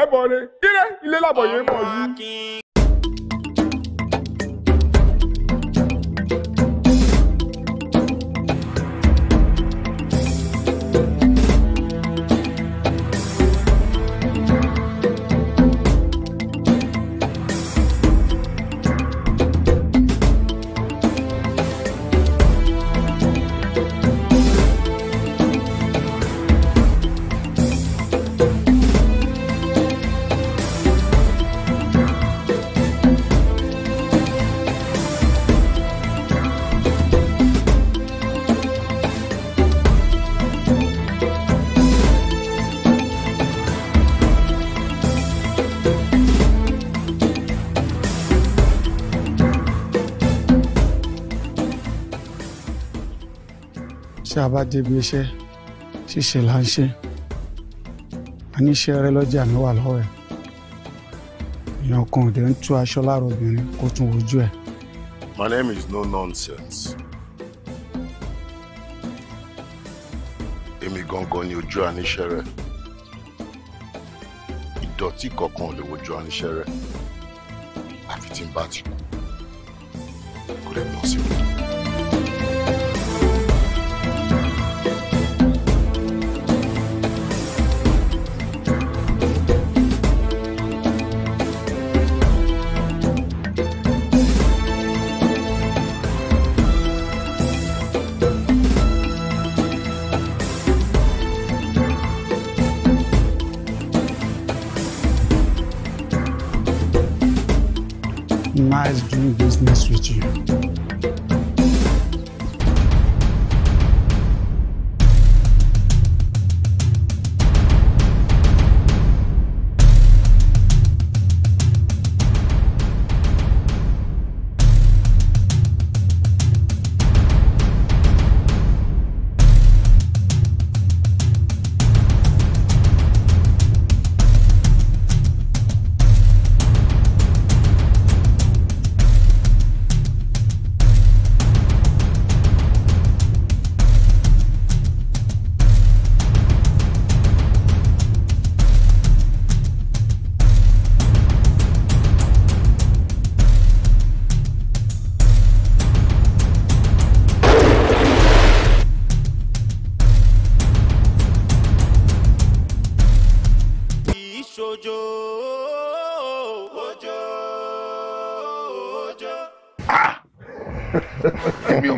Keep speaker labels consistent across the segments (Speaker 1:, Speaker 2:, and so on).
Speaker 1: ẹ bọ̀ ni kílẹ̀ ilé làbọ̀ yẹn mọ̀ yìí.
Speaker 2: tí a bá débi iṣẹ́ ṣíṣe là ń ṣe àníṣe rẹ lọ́jà mi wà lọ́wọ́ ẹ̀ èèyàn kan ò ń tú aṣọ láàrọ̀ obìnrin kó tún wojú ẹ̀.
Speaker 1: My name is no nonsense. èmi gangan ni ojú àníṣe rẹ ìdọ̀tí kankan ò lè wojú àníṣe rẹ àfi tí n bá ti kú.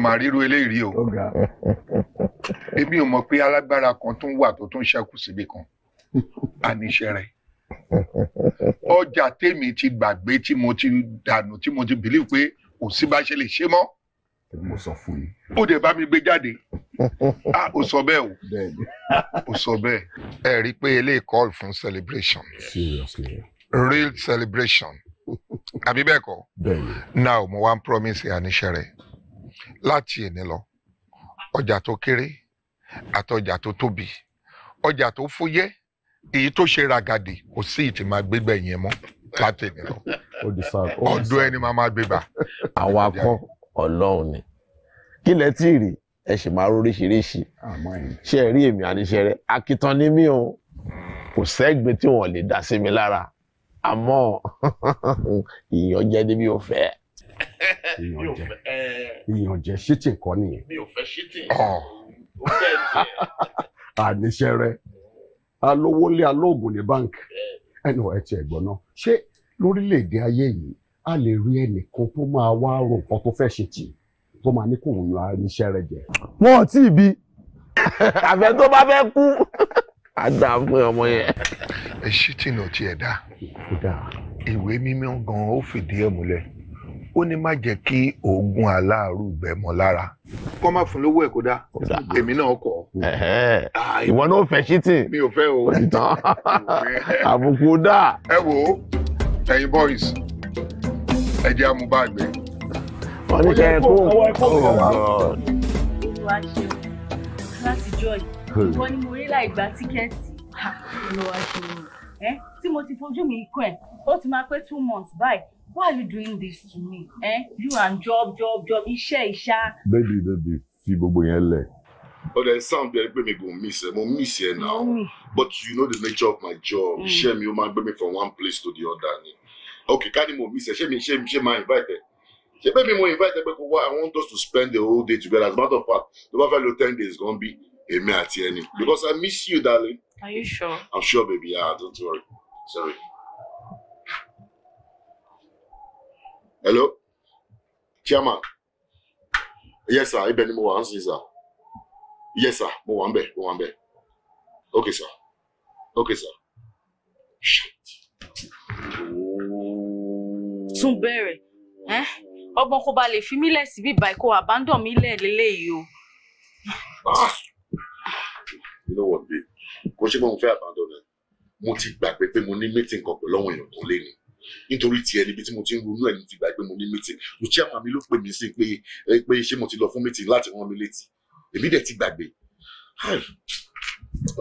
Speaker 1: máa ríro eléyìí rí o èmi ò mọ̀ pé alágbára kan tó ń wà tó tó ń ṣẹ́kù síbi kan àníṣe rẹ̀ ọjà tèmi ti gbàgbé tí mo ti dànù tí mo ti bìlíf pé kò sí bá ṣe lè ṣe mọ́ mo sọ fún yín. ó dẹ̀ bá mi gbé jáde ó sọ bẹ́ẹ̀ o ó sọ bẹ́ẹ̀. ẹ pé eléyìí call fún celebration Seriously. real celebration àbí bẹ́ẹ̀ kọ́ now mo wá promise àníṣe rẹ̀ láti èní lọ ọjà tó kéré àtọjà tó tóbi ọjà tó fúyẹ́ èyí tó ṣe ragadi kò sí ìtì máa gbégbẹ yẹn mọ́ láti èní lọ ọ̀dọ̀ ẹni máa máa gbégbà. àwọn akọ Ọlọ́run ni kí lẹ tí ì rí ẹ sì máa róríṣiríṣi ṣe é rí èmi àníṣẹrẹ akitan ni mí o kò sẹ́gbẹ́ tí wọ́n lè dá sí mi lára àmọ́ ìyànjẹ ni mi ò fẹ́ ìyànjẹ ìyànjẹ ṣítì kọ́ nìyẹn. mi ò fẹ́ ṣítì ah. àníṣe rẹ alówólé alóògùn ní báńkì ẹnu ẹ tiẹ̀ gbọ́ náà ṣé lórílẹ̀‐èdè ayé yìí a lè rí ẹnìkan tó máa wá rò nǹkan tó fẹ́ ṣe tì tó máa ní kò wù yàn àníṣe rẹ jẹ. wọn ò tí ì bí àfẹ tó bá fẹ́ kú á dà fún ọmọ yẹn. ẹ ṣí tìǹà tiẹ̀ dá ìwé mímọ́ gan-an ó fìdí ẹ̀ múlẹ̀ ó ní má jẹ́ kí oògùn aláàrù gbẹ mọ́ lára. kọ́ máa fún lówó ẹ̀ kó dá èmi náà kọ̀. ìwọ náà fẹ́ ṣítìn. mi ò fẹ́ o. àbùkù dà. ẹ wo ẹ̀yin boys ẹ jẹ́ amúbàgbé. wọ́n ní kẹ́ ẹ kó ìwà oh, ṣe o
Speaker 3: láti jọ yìí hmm. ìwọ ni mo rí láì gba tíkẹ́ẹ̀tì
Speaker 4: ìlọ wa ṣe o tí mo ti fojú mi kọ ẹ̀ ó ti máa pé two months báyìí why are you doing this to me? Eh? You and job, job, job, iṣẹ́ iṣá.
Speaker 1: Baby, baby, fi gbogbo yẹn lẹ̀. But there is something that me go miss. Mo miss here now. But you know the nature of my job. Share mm. me, ó man bring me from one place to the other Okay, can you mo miss ẹ, ṣé mi ṣé share my invite ẹ? Ṣé bẹ́ẹ̀ invite ẹ I want us to spend the whole day together. As a matter of fact, the whole fẹ́ lo ten days gan bí èmi àti ẹni. Because I miss you darling. Are you sure? I'm sure baby, ah don't worry. Sorry. hello chairman yes sir ibẹ ni mo wà sir yes sir mo wà ń bẹ mo wà okay sir okay sir shit.
Speaker 4: tún bẹ̀rẹ̀ ọgbọ́n kó ba lè fi mílẹ̀ síbí báyìí kó abandon mi lẹ̀ lélẹ́yìí o. Ah!
Speaker 1: you know what babe kò ṣe pé mo abandon ẹ mo ti gbàgbé pé mo ní meeting kan pẹ̀lú àwọn èèyàn tó nítorí tiẹ̀ níbi tí mo ti ń ronú ẹ̀ ní ti gbàgbé mo ní meeting lùchí àmà mi ló pè mí sí pé pé ṣé mo ti lọ fún meeting láti rán mi létí èmi dẹ̀ ti gbàgbé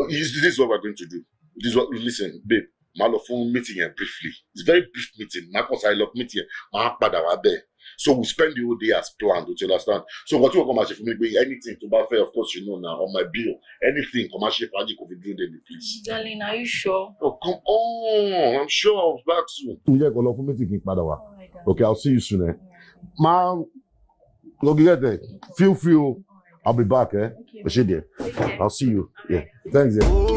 Speaker 1: this is what we are going to do this is what listen babe máa lọ fún meeting yẹn briefly it's very brief meeting máa I love meeting yẹn máa padà wá bẹ́ẹ̀. So we spend the whole day as planned, which you understand? So what you come and for me, anything to buy fair, of course, you know now, on my bill, anything, come and share could be doing the please. Darling, are you sure? Oh, come on. I'm sure I'll be back soon. Yeah, go for meeting, Padawa. Okay, I'll see you soon. Eh? Ma, look at that. Feel, feel. I'll be back, eh? Okay. I'll see you. Yeah. Thanks, yeah.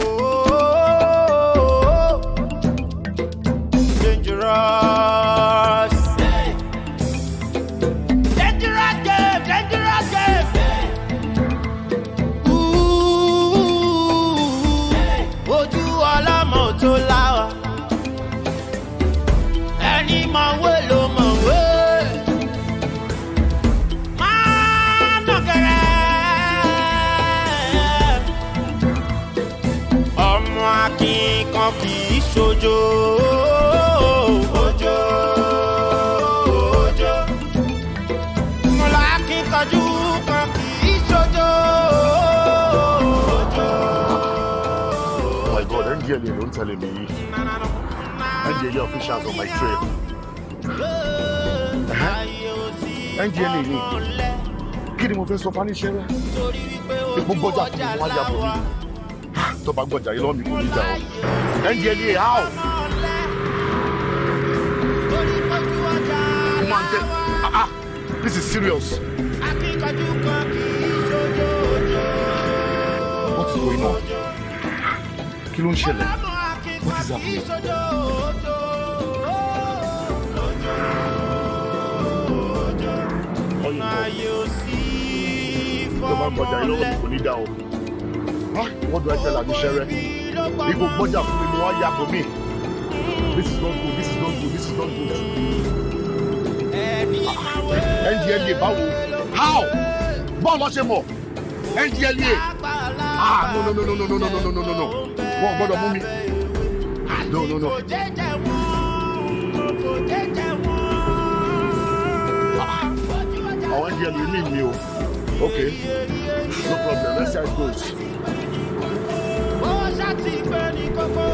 Speaker 1: And the officials on my trail. NDLA ni kí ni mo fẹ́ sọ fani ṣẹlẹ̀ epo gbọ́jà fún mi wọ́n á yàgò mi tó bá gbọ́jà yìí lọ́wọ́ mi kò ní jà o NDLA how. Man, ah, ah, this is serious. What's going on? Kí ló ń ṣẹlẹ̀? visa fún mi. tó bá kọjá ilé ọ̀rọ̀ kò ní dá o wọ́n dún ẹsẹ̀ làbí sẹ́rẹ́ ní kò gbọ́jà fún mi ni wọ́n yà fún mi this is not good this is not good this is not good. ndla báwo how bọ́ọ̀lù ọ̀ṣẹ̀ mọ̀ ndla ah no no no no no no no no no no no.
Speaker 5: wọ́n gbọ́dọ̀ mú mi no, no, no. kò jẹ́jẹ́ wọn kò jẹ́jẹ́
Speaker 1: wọn. okay no problem let's see how it goes.
Speaker 5: Oh, ṣàtì pé ní kókó.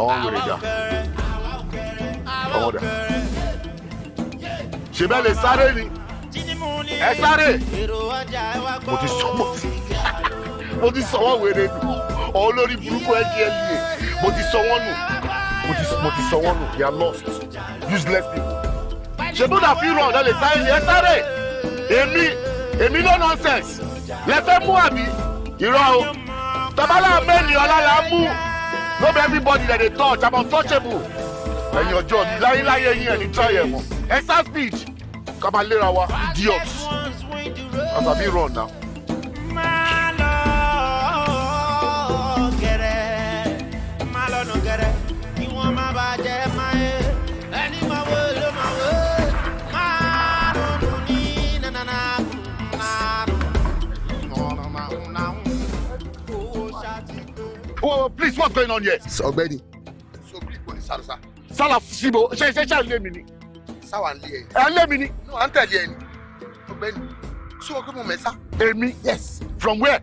Speaker 1: ọwọ́ ń wèrè dà ọwọ́ dà ṣe bẹ́ẹ̀ lè sáré ni ẹ sáré mo ti sọ mo ti sọ wọ́n wèrè nù ọ lórí burúkú ẹ jẹ́ ẹ mo ti sọ wọ́n nù mo ti sọ wọ́n nù they are lost useless people. ṣètò dà fi ràn ọ̀dọ́ lè sáré ẹ sáré èmi èmi no nonsense lẹ́fẹ́ mú àbí irọ́ o tọ́bálà mẹ́rin ọ̀la là ń mú no be everybody that dey touch i'm untouchable ẹ̀yin ọjọ́ mi láyéláyé yín ẹni tọ́ yẹn mọ́ ẹ sá speed ká máa léra wa idiots be ràn now. please what's going on here. ọ̀gbẹ́ni sọgbẹ ìpò ní sàrùsà. sálà síbo ṣe ṣe ṣe àlẹ mi ni. sáwà ń lé ẹ. àlẹ mi ni. no I'm telling you. Obedi. So, ọ̀gbẹ́ni ṣé o kí mo yes from where.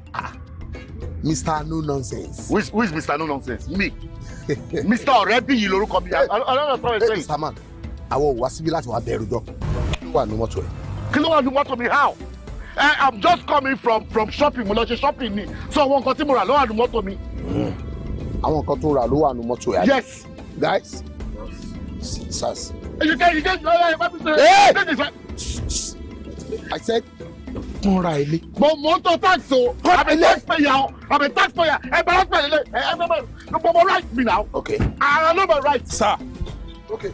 Speaker 1: Mr. No Nonsense. Who is, who is Mr. No Nonsense? Me. Mr. Ọ̀rẹ́bíyì lorúkọ mi. Ọlọ́run sọ̀rọ̀ ẹ̀sẹ̀ yìí. Mr. Man, àwọn ò wá síbí láti wá bẹ̀rù jọ. Kí ló wà ní mọ́tò ẹ̀? Kí ló wà ní mọ́tò mi? How? Eh, I'm just coming from from shopping. Mo lọ shopping ni. So I won't continue. mo rà ló wà ní mọ́tò àwọn nǹkan tó rà ló wà nù mọ́tò yàrá. yes. guys sars. èyíkẹ́ èyíkẹ́ ìjọba ẹ̀ bá mi sọ. I said kún ra ilé. mo mò ń tó tax o. kọ́ ilé. I'm a taxpayer o. I'm a taxpayer. ẹ bá lọ́pọ̀ ilé ẹ ẹ bá bá bọ̀ bọ̀ right mi now. okay. ara ló bọ̀ right. sir. okay.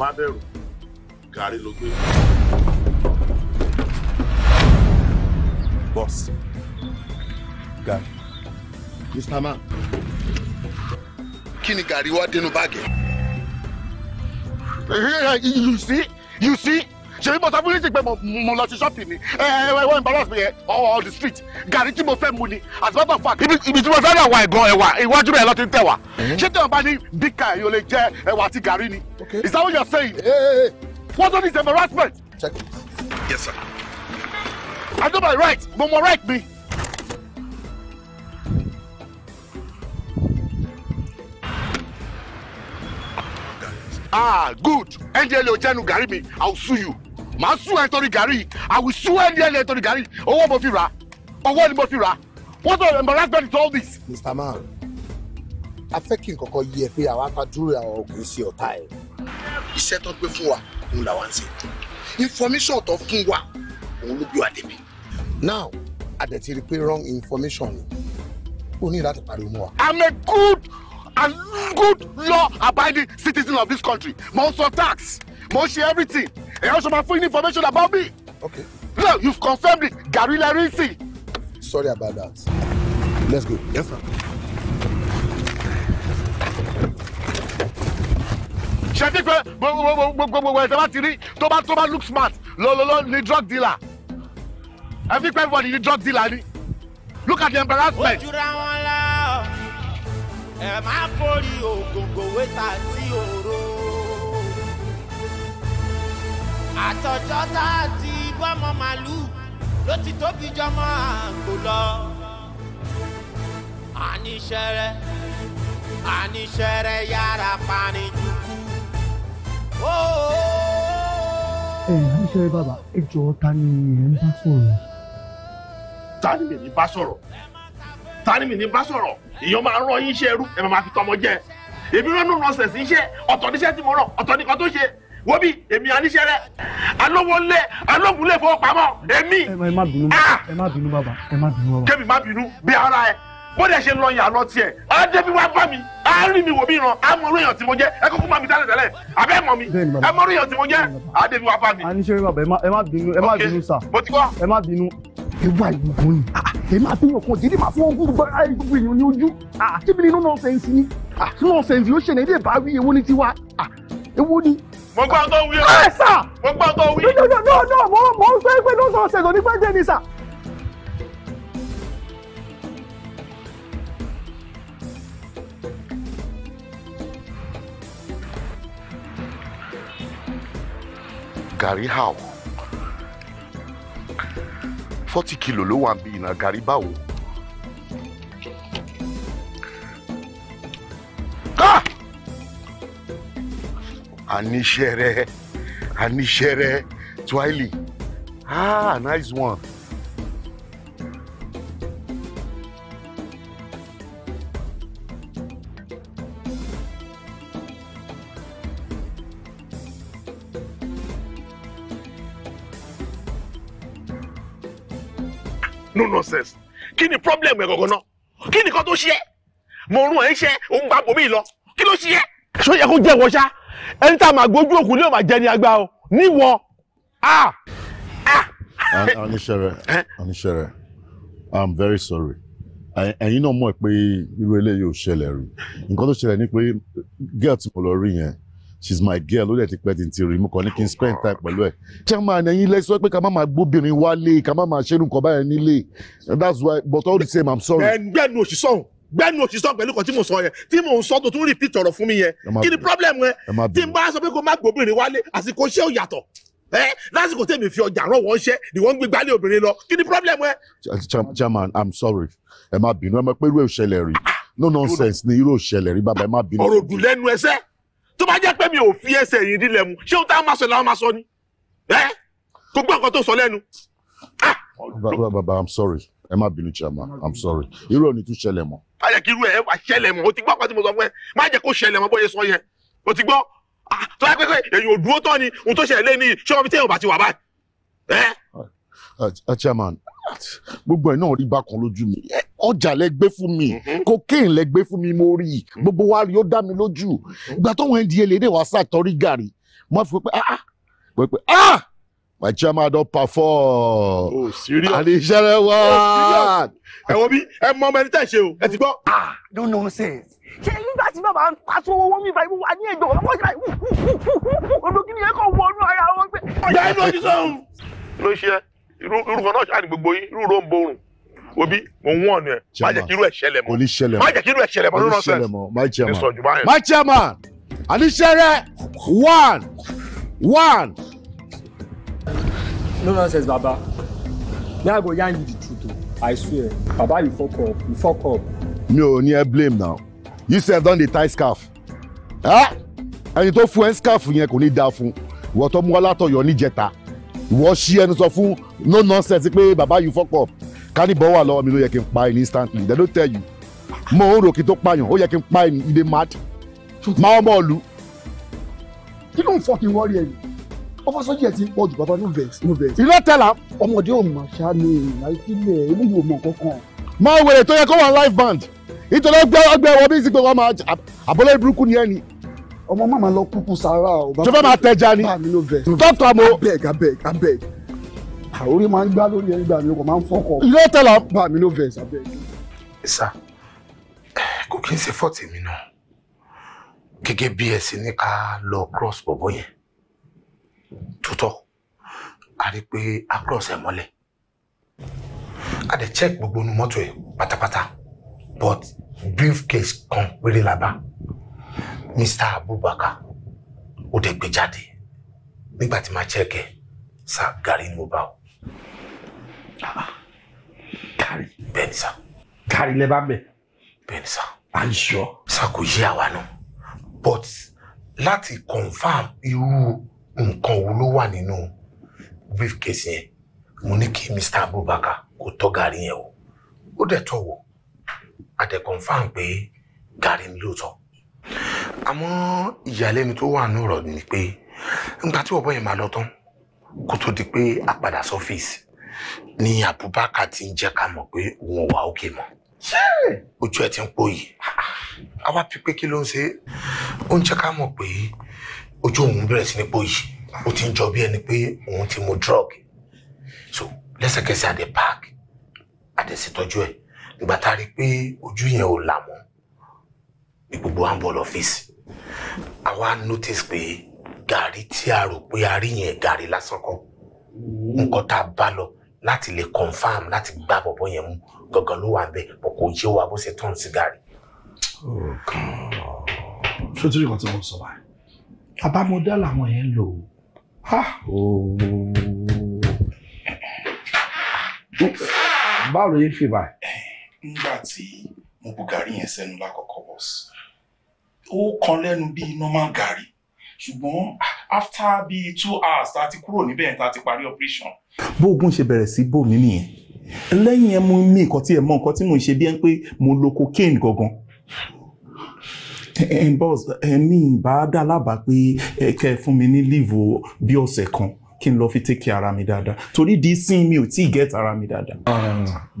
Speaker 1: má bẹ̀rù gàrí ló gbé. Boss. Gari. Mr. Man. Kí ni gàrí wá dénú báàgì? Eh, eh, eh, you see? You see? ṣe bí possibility pé mo lọ sí ṣọ́ọ̀pì mi ẹ ẹ ẹ embarrass me yẹn all the street gàrí tí mo fẹ́ mu ni as a matter of fact ibi tí mo fẹ́ rà wà ẹ̀gàn ẹ̀wà iwájú rẹ̀ lọ ti ń tẹ̀ wá ṣé tí wọ́n bá ní bíkà yóò lè jẹ ẹ̀wà àti gàrí ni is that what you are saying? Hey, hey, hey. What is embarrassment? Check it. Yes, sir. I know my right. but my right be Ah, good. NDLEA ò jẹ́nu gàrí mi. I will sue you. Màá sue ẹ torí gàrí. I will sue NDLEA torí gàrí. Owó mo fi rà. Owó ni mo fi rà. What are your embarrassment is all this? Mr. Man, I fẹ́ kí nǹkan kan yí ẹ pé àwa ká dúró àwọn ọkùnrin sí ọ̀tá ẹ̀. Iṣẹ́ tó gbé wa òun làwa ń ṣe. Information tó fún wa òun ló bí wa débi now I rí i pé wrong information ni need that láti pariwo wa. i'm a good and good law abiding citizen of this country Must ń tax must ń everything and also my full information about me. okay. no you've confirmed it gari larisi. sorry about that let's go. yes sir. ṣe ti pé gbogbo gbogbo ẹ̀sẹ̀ bá ti rí tó bá tó bá look smart lọ́lọ́lọ́ ni drug dealer I think everybody you drug dealer ni. Look at the embarrassment. Ojúra wọn la ẹ máa kórì ògògò wẹ́tà sí òru.
Speaker 5: Àtọ̀jọ́ tá a ti gbọ́mọ màlúù ló ti tóbi jọmọ àgbò lọ. Àníṣẹ́rẹ́ Àníṣẹ́rẹ́ yára pani jùkú.
Speaker 2: Ẹ Àníṣẹ́rẹ́ bàbá, ẹ jọ̀ọ́ ta ni ẹ ń bá sọ̀rọ̀?
Speaker 1: ta ni mi ní bá sọ̀rọ̀ ta ni mi ní bá sọ̀rọ̀ èèyàn máa rán yín iṣẹ́ ẹrú ẹ máa fi tọmọ jẹ èmi rán nùnú ọ̀sẹ̀ sí iṣẹ́ ọ̀tọ̀ níṣẹ́ tí mo rán ọ̀tọ̀ nìkan tó ṣe wo bí èmi àníṣe rẹ alówólé alóbùlé fowópamọ́ èmi. Ah! ẹ má bínú bàbá ẹ má bínú bàbá. kébì má bínú bí ara ẹ bó dẹ̀ ṣe lọ yàn lọ tiẹ̀ á débi wá bá mi á mi wò mí ràn á mọ orí èèyàn tí mo jẹ́ ẹ kúkú má mi tẹ́lẹ̀ tẹ́lẹ̀ àbẹ́ mọ̀ mi ẹ mọ orí èèyàn tí mo jẹ́ á wá bá mi. a ní sẹ́yìn bàbá ẹ má bínú ẹ má bínú sà ẹ má bínú. ewu àìgbùgbùn ni èmi àti èèyàn kan dídí máa fún ogún gbogbo èèyàn ní ojú síbi nínú nọ́ọ̀sẹ̀nsì ni nọ́ọ̀sẹ̀nsì ló ah, ṣẹlẹ̀ ilé ìbáwí ewu ní tiwa ewu ah, ni mo
Speaker 2: gbọ́ tó
Speaker 5: wí ẹ sà.
Speaker 1: mo gbọ́ tó wí. Gari how forty kilo ló wà bí iná gàrí báwo. àníṣẹ́rẹ́ àníṣẹ́rẹ́ twiley ah nice one. no nonsense kí ni problem ẹ gangan náà kí ni kan tó ṣe mo rún ẹ ń òun gba bòmí lọ kí ló ṣe. ṣó yẹ kó jẹ́ wọ ṣá ẹni tá a máa gbójú òkú ni yóò máa jẹ ní agbá o níwọ a. oníṣẹ́rẹ̀ oníṣẹ́rẹ̀ i'm very sorry ẹ̀yin náà mọ̀ pé irú eléyìí ò ṣẹlẹ̀ rí nǹkan tó ṣẹlẹ̀ ni pé girl tí mo lọ rí yẹn she's my girl ó dẹ̀ ti pẹ́ tí n ti rí mo kàn ní kí n oh, spend time pẹ̀lú ẹ̀ chairman ẹ̀yin lẹ́sọ̀ pé ká má máa gbóbìnrin wálé ká má máa ṣerú nǹkan báyẹn nílé that's why but all the same i'm sorry. gbẹ́nu òṣìṣọ́ òun gbẹ́nu òṣìṣọ́ pẹ̀lú kan tí mo sọ yẹn tí mo ń sọ tó tún repeat ọ̀rọ̀ fún mi yẹn kí ni problem yẹn tí n bá sọ pé kó má gbóbìnrin wálé àsìkò iṣẹ́ ò yàtọ̀ ẹ lásìkò tèmi fi ọjà rán wọn ṣẹ ni wọn ń gbé gbálẹ̀ obìnrin lọ kí ni problem ẹ. chairman i'm sorry ẹ má bínú ẹ mọ̀ pé irú ìṣẹ̀lẹ̀ rí no nonsense ni irú ìṣẹ̀lẹ̀ rí bàbá ẹ má bínú. ọ̀rọ̀ òdùn lẹ́nu ẹsẹ̀ tó bá jẹ́ pé mi ò fi ẹsẹ̀ yìí dílẹ̀ mu ṣé o tá a máa sọ làwọn máa sọ ni ẹ kò gbọ́ nǹkan tó sọ lẹ́nu. Ah! bàbá bàbá i'm sorry ẹ má bínú chairman i'm sorry irú ò ní tún ṣẹlẹ̀ mọ́. má jẹ́ kí irú ẹ̀ wá ṣẹlẹ̀ mọ́ o ti gbọ́ àpàtì mo sọ fún ẹ má jẹ́ kó ṣẹlẹ̀ mọ́ bóyá sọ yẹn o ti gbọ́ ah! tó bá pẹ́ pé èyí ò dúró tán ni ohun tó ṣẹlẹ̀ ní ṣé wọn fi téèyàn bá ti wà báyìí. Ah, chairman gbogbo ẹ náà rí bákan lójú mi ọjà lẹ gbé fún mi mhm. cocaine lẹ gbé fún mi mo rí i mhm. gbogbo wa rí ó dá mi lójú mhm. ìgbà tó wọn ndla dé wá sàtọrí gàrí wọn fi pé ah pé ah. pé ah my chairman don perform oh, àníṣẹ́rẹ́ wá. Oh, ẹ wo bí ẹ mọ ọmọ ẹni tẹ́ ṣe o ẹ ti gbọ́. ah no nonsense ṣe nígbà tí bàbá ń pàṣẹ owó wọn mi ìfà ìwúwa ní èdè ọmọ ìfà
Speaker 5: òdòkí ni ẹ kàn wọnú ara wọn pé. ọjà inú ọjọ́ sọ̀rọ̀
Speaker 1: ló ṣe irú kan náà ṣáà ní gbogbo yín irú ro ń borùn obi mo ń wọ̀n ẹ má jẹ́ kí irú ẹ̀ ṣẹlẹ̀ mọ́ má jẹ́ kí irú ẹ̀ ṣẹlẹ̀ mọ́ lọ́nà sẹ́ẹ̀ ní sọ̀jú báyẹn. my chairman àníṣẹ́rẹ́ one one. no nonsense baba me i go yarn you the truth o i swear baba you fok up you fok up. mi ò ní ẹ blame now you sef don dey tie scarf eh? ẹni tó fún ẹ scarf yẹn kò ní dáa fún ìwọ tó mú ọ látọ̀yọ́ níjẹta ìwọ ṣí ẹnu sọ fún no nonsense pé baba you fok up kánìbọ̀ wà lọ́wọ́ mi ló yẹ kí n pa ẹni instantly they don't tell you mo ń rò kí tó pààyàn ó yẹ kí n pa ẹni ìdè mad máa ọmọ ọ̀lú. kí ló ń fọ́ kí n wọ́rí ẹ̀yìn ọfọ sọjí ẹ ti ń pọ̀ jù bàbá no vex no vex. irọ́ tẹ̀lá. ọmọdé ò mọ̀ ṣá ni èèyàn ìpínlẹ̀ eléyìí ò mọ̀ kankan. máa wèrè tó yẹ kó wà live band nítorí ọgbẹ́ ọgbẹ́ wọn bí n sì pé wọ́n máa àbọ̀lẹ́ burúkú ni ẹ ni ọmọ mama lọ kúkú sara o. tó fẹ́ máa tẹja ni tọ́tọ̀ àmọ́. abeg abeg abeg àwòrí máa ń gbá lórí ẹni gbà mí kò máa ń fọkọ. ilé tẹ̀lá bá mi ló vex abẹ́ yìí. sà kò kí n ṣe fọ́ọ̀tì mi náà gẹ́gẹ́ bí ẹ sì ní ká lọ cross bọ̀bọ̀ yẹn tó tọ́ a rí pé a cross ẹ̀ mọ́lẹ̀ a dẹ̀ check gbogbo inú mọ́tò ẹ̀ pátápátá but briefcase kan péré la mr abubakar ó dẹ̀ gbé jáde nígbà tí máa check ẹ̀ sá gàrí ni mo bá o kárí. bẹ́ẹ̀ni sá. kárí lẹ bá bẹ̀. bẹ́ẹ̀ni sá. à ń sọ. sá kò yé àwa náà but láti confam irú nǹkan wo ló wà nínú briefcase yẹn mo ní kí Mr. Abubakar kó tọ́ gàrí yẹn o ó dẹ̀ tọ́ wò a dẹ̀ confam pé gàrí ni lóòótọ́ àmọ́ ìyàlẹ́nu tó wà ní ọ̀rọ̀ ni pé nígbà tí ọ̀bọ yẹn máa lọ tán kó tó di pé a padà sọ́fíìsì ni Abubakar ti ń jẹ́ ká mọ̀ pé òun ò wá òkè mọ́ ojú ẹ̀ ti ń pòyì àwa pípé kí ló ń ṣe ó ń jẹ́ ká mọ̀ pé ojú òun bẹ̀rẹ̀ sí ní pòyì ó ti ń jọ bí ẹni pé òun ti mu drug so lẹ́sẹ̀kẹsẹ̀ àdé park àdé ṣètọ́jú ẹ̀ ìgbà tá a rí i pé ojú yẹn ò là mọ́ ní gbogbo handball ọ́fíìsì àwa notice pé gàrí tí a rò pé a rí yẹn gàrí lásán kọ́ nǹkan tá a bá lọ láti lè confam láti gbá bọ̀bọ̀ yẹn mú gangan ló wà ń bẹ̀ bọ̀ kò yé wa bó ṣe tán sí gàrí.
Speaker 2: Oh, ṣé tí ìwọ̀n tí wọ́n sọ wá abámọ́dá làwọn yẹn ń lò ó.
Speaker 1: Oh. báwo ló yẹ fi báyìí. nígbà tí mo bu gàrí yẹn sẹ́nu lákọ̀ọ́kọ́ bọ́ọ̀sì ó kan lẹ́nu bíi normal gàrí ṣùgbọ́n after bíi two hours tá a ti kúrò níbẹ̀ tá a ti parí operation bóògùn ṣe bẹ̀rẹ̀ sí bò mí nìyẹn lẹ́yìn ẹ̀ mo ní nǹkan tí ẹ̀ mọ nǹkan tí mo ń ṣe bí ẹ̀ ń pé mo lo cocaine gangan ẹ̀ bọ́s ẹ̀mí ìbá dá lábàá pé ẹ̀kẹ́ fún mi ní líìvù bí ọ̀sẹ̀ kan kí n lọ fi take care ara mi dáadáa torí di sin mi ò tí ì get ara mi dáadáa.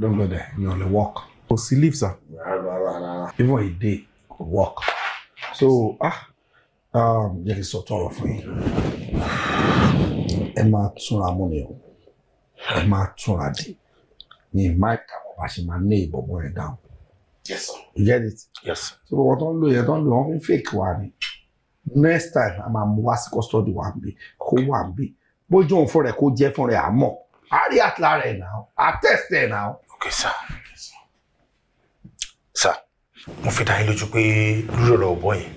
Speaker 1: don't go there you only work. kò sí leave sir. even a day go work. so ah um, jẹ́ kí n sọ tọrọ fún yín ẹ máa túnra mú ni o ẹ máa túnra dé ní mic àwọn bá ṣe máa ní ìbọ̀bọ̀ yẹn dáhùn. yes sir. you get it. yes sir. so gbogbo tó ń lò yẹn tó ń lò wọn fi fake wa ni next time a máa
Speaker 2: mú wá sí custody wa bí kó wà bí bójú òun fún rẹ kó jẹ fún rẹ àmọ́
Speaker 1: a rí àtìlá rẹ náà a test ẹ náà. ok sir sir mo fi dá yín lójú pé lórí ọ̀rọ̀ ọ̀bọ yẹn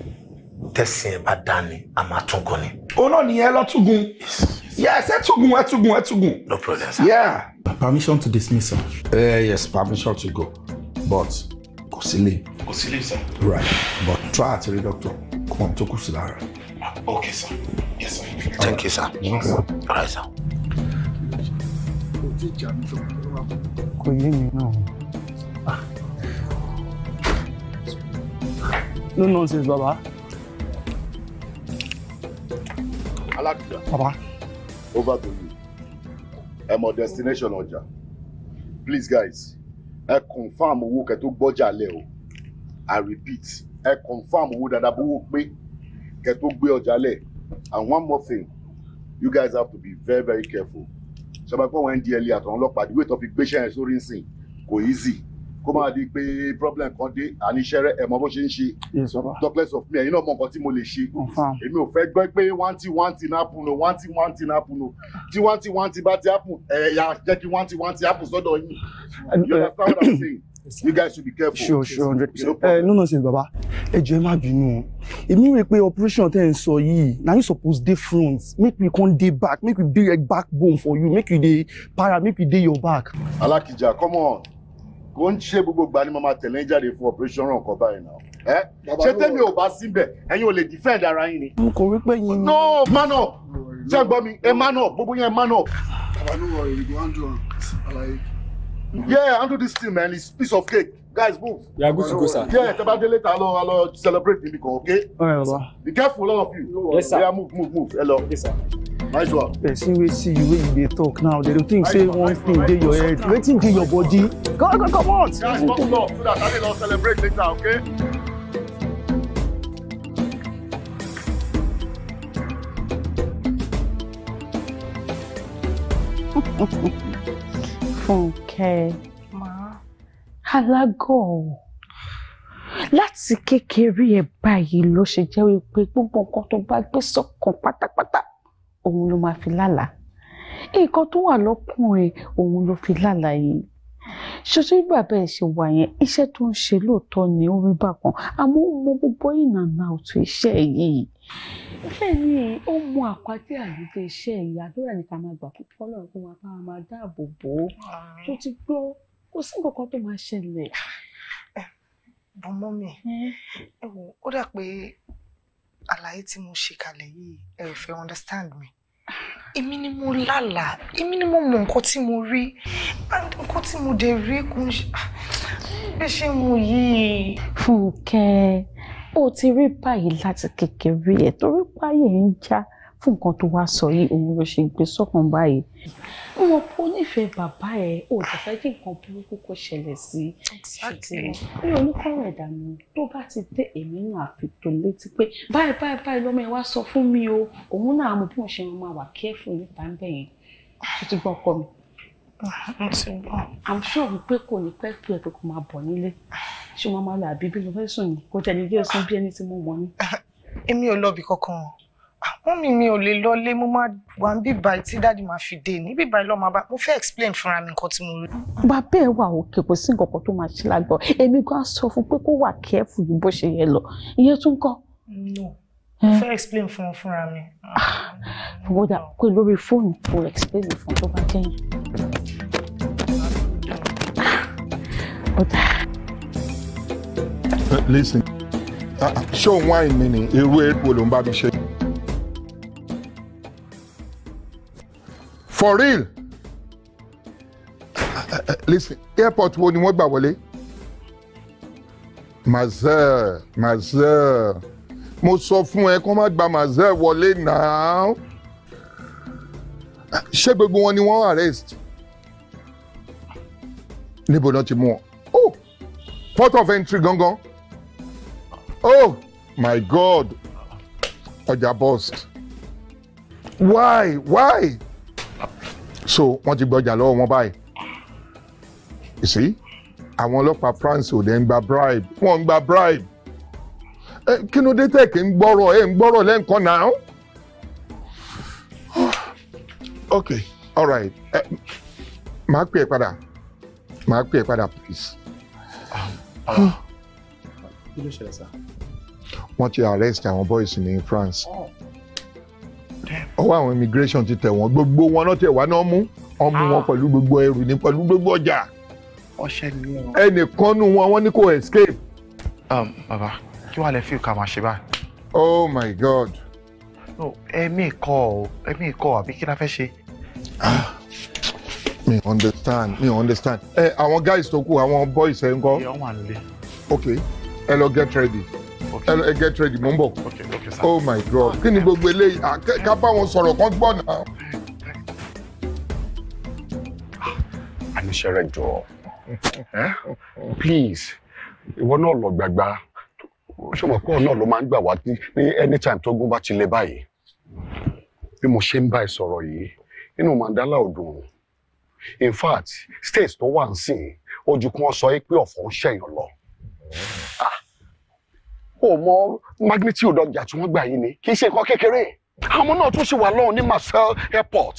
Speaker 1: tẹ̀sí ẹ̀ bá dá ni a máa tún gun ni. òun náà nìyẹn lọ́tún gun. Yes, Etugun, Etugun, Etugun. No problem, sir. Yeah. Permission to dismiss, sir. Uh, yes, permission to go. But kò sí lè. Kò sir. Right. But try àti rí doctor. Kò mọ̀ tó kù Okay, sir. Yes, sir. Thank right. you, sir. Yes, sir. All right, sir.
Speaker 2: No nonsense, Baba.
Speaker 1: I like that. Baba over to you I'm mọ destination ọjà please guys ẹ confirm owó kẹ́ tó gbọ́jà lẹ̀ o i repeat ẹ confirm owó dáadáa bówó pé kẹ́ tó gbé ọjà lẹ̀ and one more thing you guys have to be very very careful ṣọba pé wọn ndla e àtàwọn ọlọ́pàá àdúgbò ìtọ́ fi gbéṣẹ́ yẹn sórí nsìn kò easy kó máa di pé problem kan dé àníṣẹ́rẹ́ ẹ̀mọ́ bó ṣe ń ṣe doctors of me ẹ̀yin náà mọ nǹkan tí mo lè ṣe èmi ò fẹ́ gbọ́ pé wáńtí wáńtí náà pùn o wáńtí wáńtí náà pùn o tí wáńtí wáńtí bá ti hapun ẹ̀yà jẹ́ kí wáńtí wáńtí hapun sọ́dọ̀ yín you uh, understand what I'm saying you guys should be careful. sure
Speaker 2: sure hundred percent eh, no nonsense baba ẹ jọ̀ọ́ ẹ má bínú èmi rò pé operation tẹ́ ń sọ yìí na you suppose dey front make we come dey back make we build a backbone for you make you dey para make
Speaker 1: you dey your back. alakija come on kò ń ṣe gbogbo ìgbà ni mo máa tẹ̀lé jáde fún operation ràn kọ́ báyìí náà ẹ ṣé tẹ́mi ò bá síbẹ̀ ẹ̀yin ò lè defend ara yín ni. n kò rí pé yín. no man up ṣe gbọ́ mi ẹ man up gbogbo yẹn man up. bàbá ní wọ ìrìngò andrew alaye. yeah handle this thing man it's piece of cake guys move. you are good to go sir. yeah tẹ bá dé later alo alo celebrate níbi okay. all be careful all of you. yes sir. yeah move move move hello. yes sir. Nice one.
Speaker 2: Person wey see you when you dey talk now, dem dey think say one
Speaker 1: thing dey your head, wetin dey your body? Go go comot. Guys, talk more so that I dey don celebrate later, okay?
Speaker 4: Fúnkẹ́ alágọ̀ ọ̀ láti kékeré ẹ̀ báyìí ló ṣe jẹ́ wípé gbogbo nǹkan tó bá gbé sọ́kàn pátápátá òun ló máa fi lálàá nǹkan tó wà lọ́kùnrin òun ló fi lálàá yìí ṣoṣo ìgbà bẹ́ẹ̀ ṣe wà yẹn iṣẹ́ tó ń ṣe lóòótọ́ ni ó rí bákan àmọ́ ó mọ gbogbo ìnànà òtún iṣẹ́ yìí bẹ́ẹ̀ ni ó mọ àpáti àyíké iṣẹ́ yìí àdúrà ní ká máa gbà pé Ọlọ́run kó máa bá wa máa dáàbò bò ó tó ti gbọ́ kò sí nǹkan tó máa ṣẹlẹ̀. Eh, bọ́mọ́ hmm. ẹ wò ó dà pé àlàyé tí mo ṣe kalẹ̀ yìí ẹ ò fẹ́ understand me èmi ni mo lálàá èmi ni mo mọ nǹkan tí mo rí nǹkan tí mo dẹ̀ rí kò ń ṣe bí ah, ṣe mo yìí. fúnkẹ́ ó ti rí báyìí láti kékeré ẹ̀ torí páyé ń já. Ja fún nǹkan tó wá sọ yìí òun ló ṣe gbé sọ́kàn báyìí. n ò pọ nífẹ̀ẹ́ bàbá ẹ̀ ò dàgbà kí nǹkan burúkú kó ṣẹlẹ̀ sí ṣùgbọ́n mi ò ní kọ́rọ̀ ìdààmú tó bá ti dé èmi náà àfi létí pé báyìí báyìí báyìí lọ́mọ ẹ wá sọ fún mi o òun náà mo bí mo ṣe máa wà kẹ́ẹ̀fù níta ń bẹ̀yẹn tó ti gbọ́ ọkọ mi. mo ti gbọ́. i'm sure wípé kò ní pẹ́ pé ẹ̀pẹ́ kò máa bọ̀ nílé àbíbí lọ fẹ́ sùn ni kò tẹ̀lé ilé ọ̀sán bí ẹni tí mo mọ̀ ni. èmi ò lọ ibì kankan àwọn ah, mi mi ò lè lọlé mo máa wà ń bí báyìí tí dáàdì máa fi dé ní bí báyìí lọ́ọ́ máa bá mo fẹ́ explain fúnra mi nǹkan tí mo rí. bàbá ẹ wà òkè kò sí nǹkan kan tó máa ṣe lágbọ èmi gan sọ fún pé kó wà kẹ́ẹ̀fù bó ṣe yẹ lọ ìyẹn tún kọ́. no mo fẹ́ explain fún ọ fúnra mi. bọ́dà ah, ah, pé lórí fóònù kò explain fún tó bá kẹ́yìn. ọ̀dà.
Speaker 1: listen ṣé òun wáìnì ni irú èèpo ló ń bá mi ṣe. for real listen airport wo ni wọ́n gbà wọlé mazel mazel mo sọ fún ẹ kó má gba mazel wọlé náà ṣé gbogbo wọn ni wọ́n arrest níbo náà ti mú wọn oh port of entry gangan oh my god ọjà burst why why so wọ́n ti gbọ́jà lọ́wọ́ wọn báyìí you see àwọn ọlọ́pàá France ò dẹ̀ ń gba bribe wọ́n ń gba bribe ẹ kí ló dé tẹ̀ kí ń gbọ́rọ̀ ẹ ń gbọ́rọ̀ lẹ́ǹkan náà ok all right ẹ màá pè é padà màá pè é padà please. Ah, ah. wọ́n ti arrest àwọn boys ní France. Oh ọwọ́ àwọn immigration ti tẹ̀ wọ́n gbogbo wọn náà tẹ̀ wá náà mú ọmú wọn ah. pẹ̀lú gbogbo ẹrù ní pẹ̀lú gbogbo ọjà ẹnìkan nù wọn wọn ní kò escape. Um, bàbá kí wàá lè fi ìka máa ṣe báyìí. oh my god. ẹ̀mí ìkọ́ ọ̀ ẹ̀mí ìkọ́ àbí kí la fẹ́ ṣe. Ah, mi understand mi understand ẹ àwọn guys tó kù àwọn boys ẹ ń kọ́. ìyá ok ẹ lọ get ready ẹ get ready mo ń bọ̀ oh my god kí ni gbogbo eléyìí ká bá wọn sọ̀rọ̀ kán gbọ́ náà. Ah, àníṣe rẹ jọ please ìwọ náà lọ gbàgbà ṣé mo pọ̀ náà ló máa ń gbà wá ní anytime tó gún bá ti lè báyìí bí mo ṣe ń bá ẹ sọ̀rọ̀ yìí inú mandala ò dùn in fact state tó wà ń sìn ojú kan sọ pé ọ̀fọ̀ ń ṣẹ̀yàn lọ. Ah o mọ magnitude ọjà tí wọ́n gbà yìí ni kì í ṣe nǹkan kékeré àwọn ọmọ náà tún ṣe wà lọ́hùn ní Marseille airport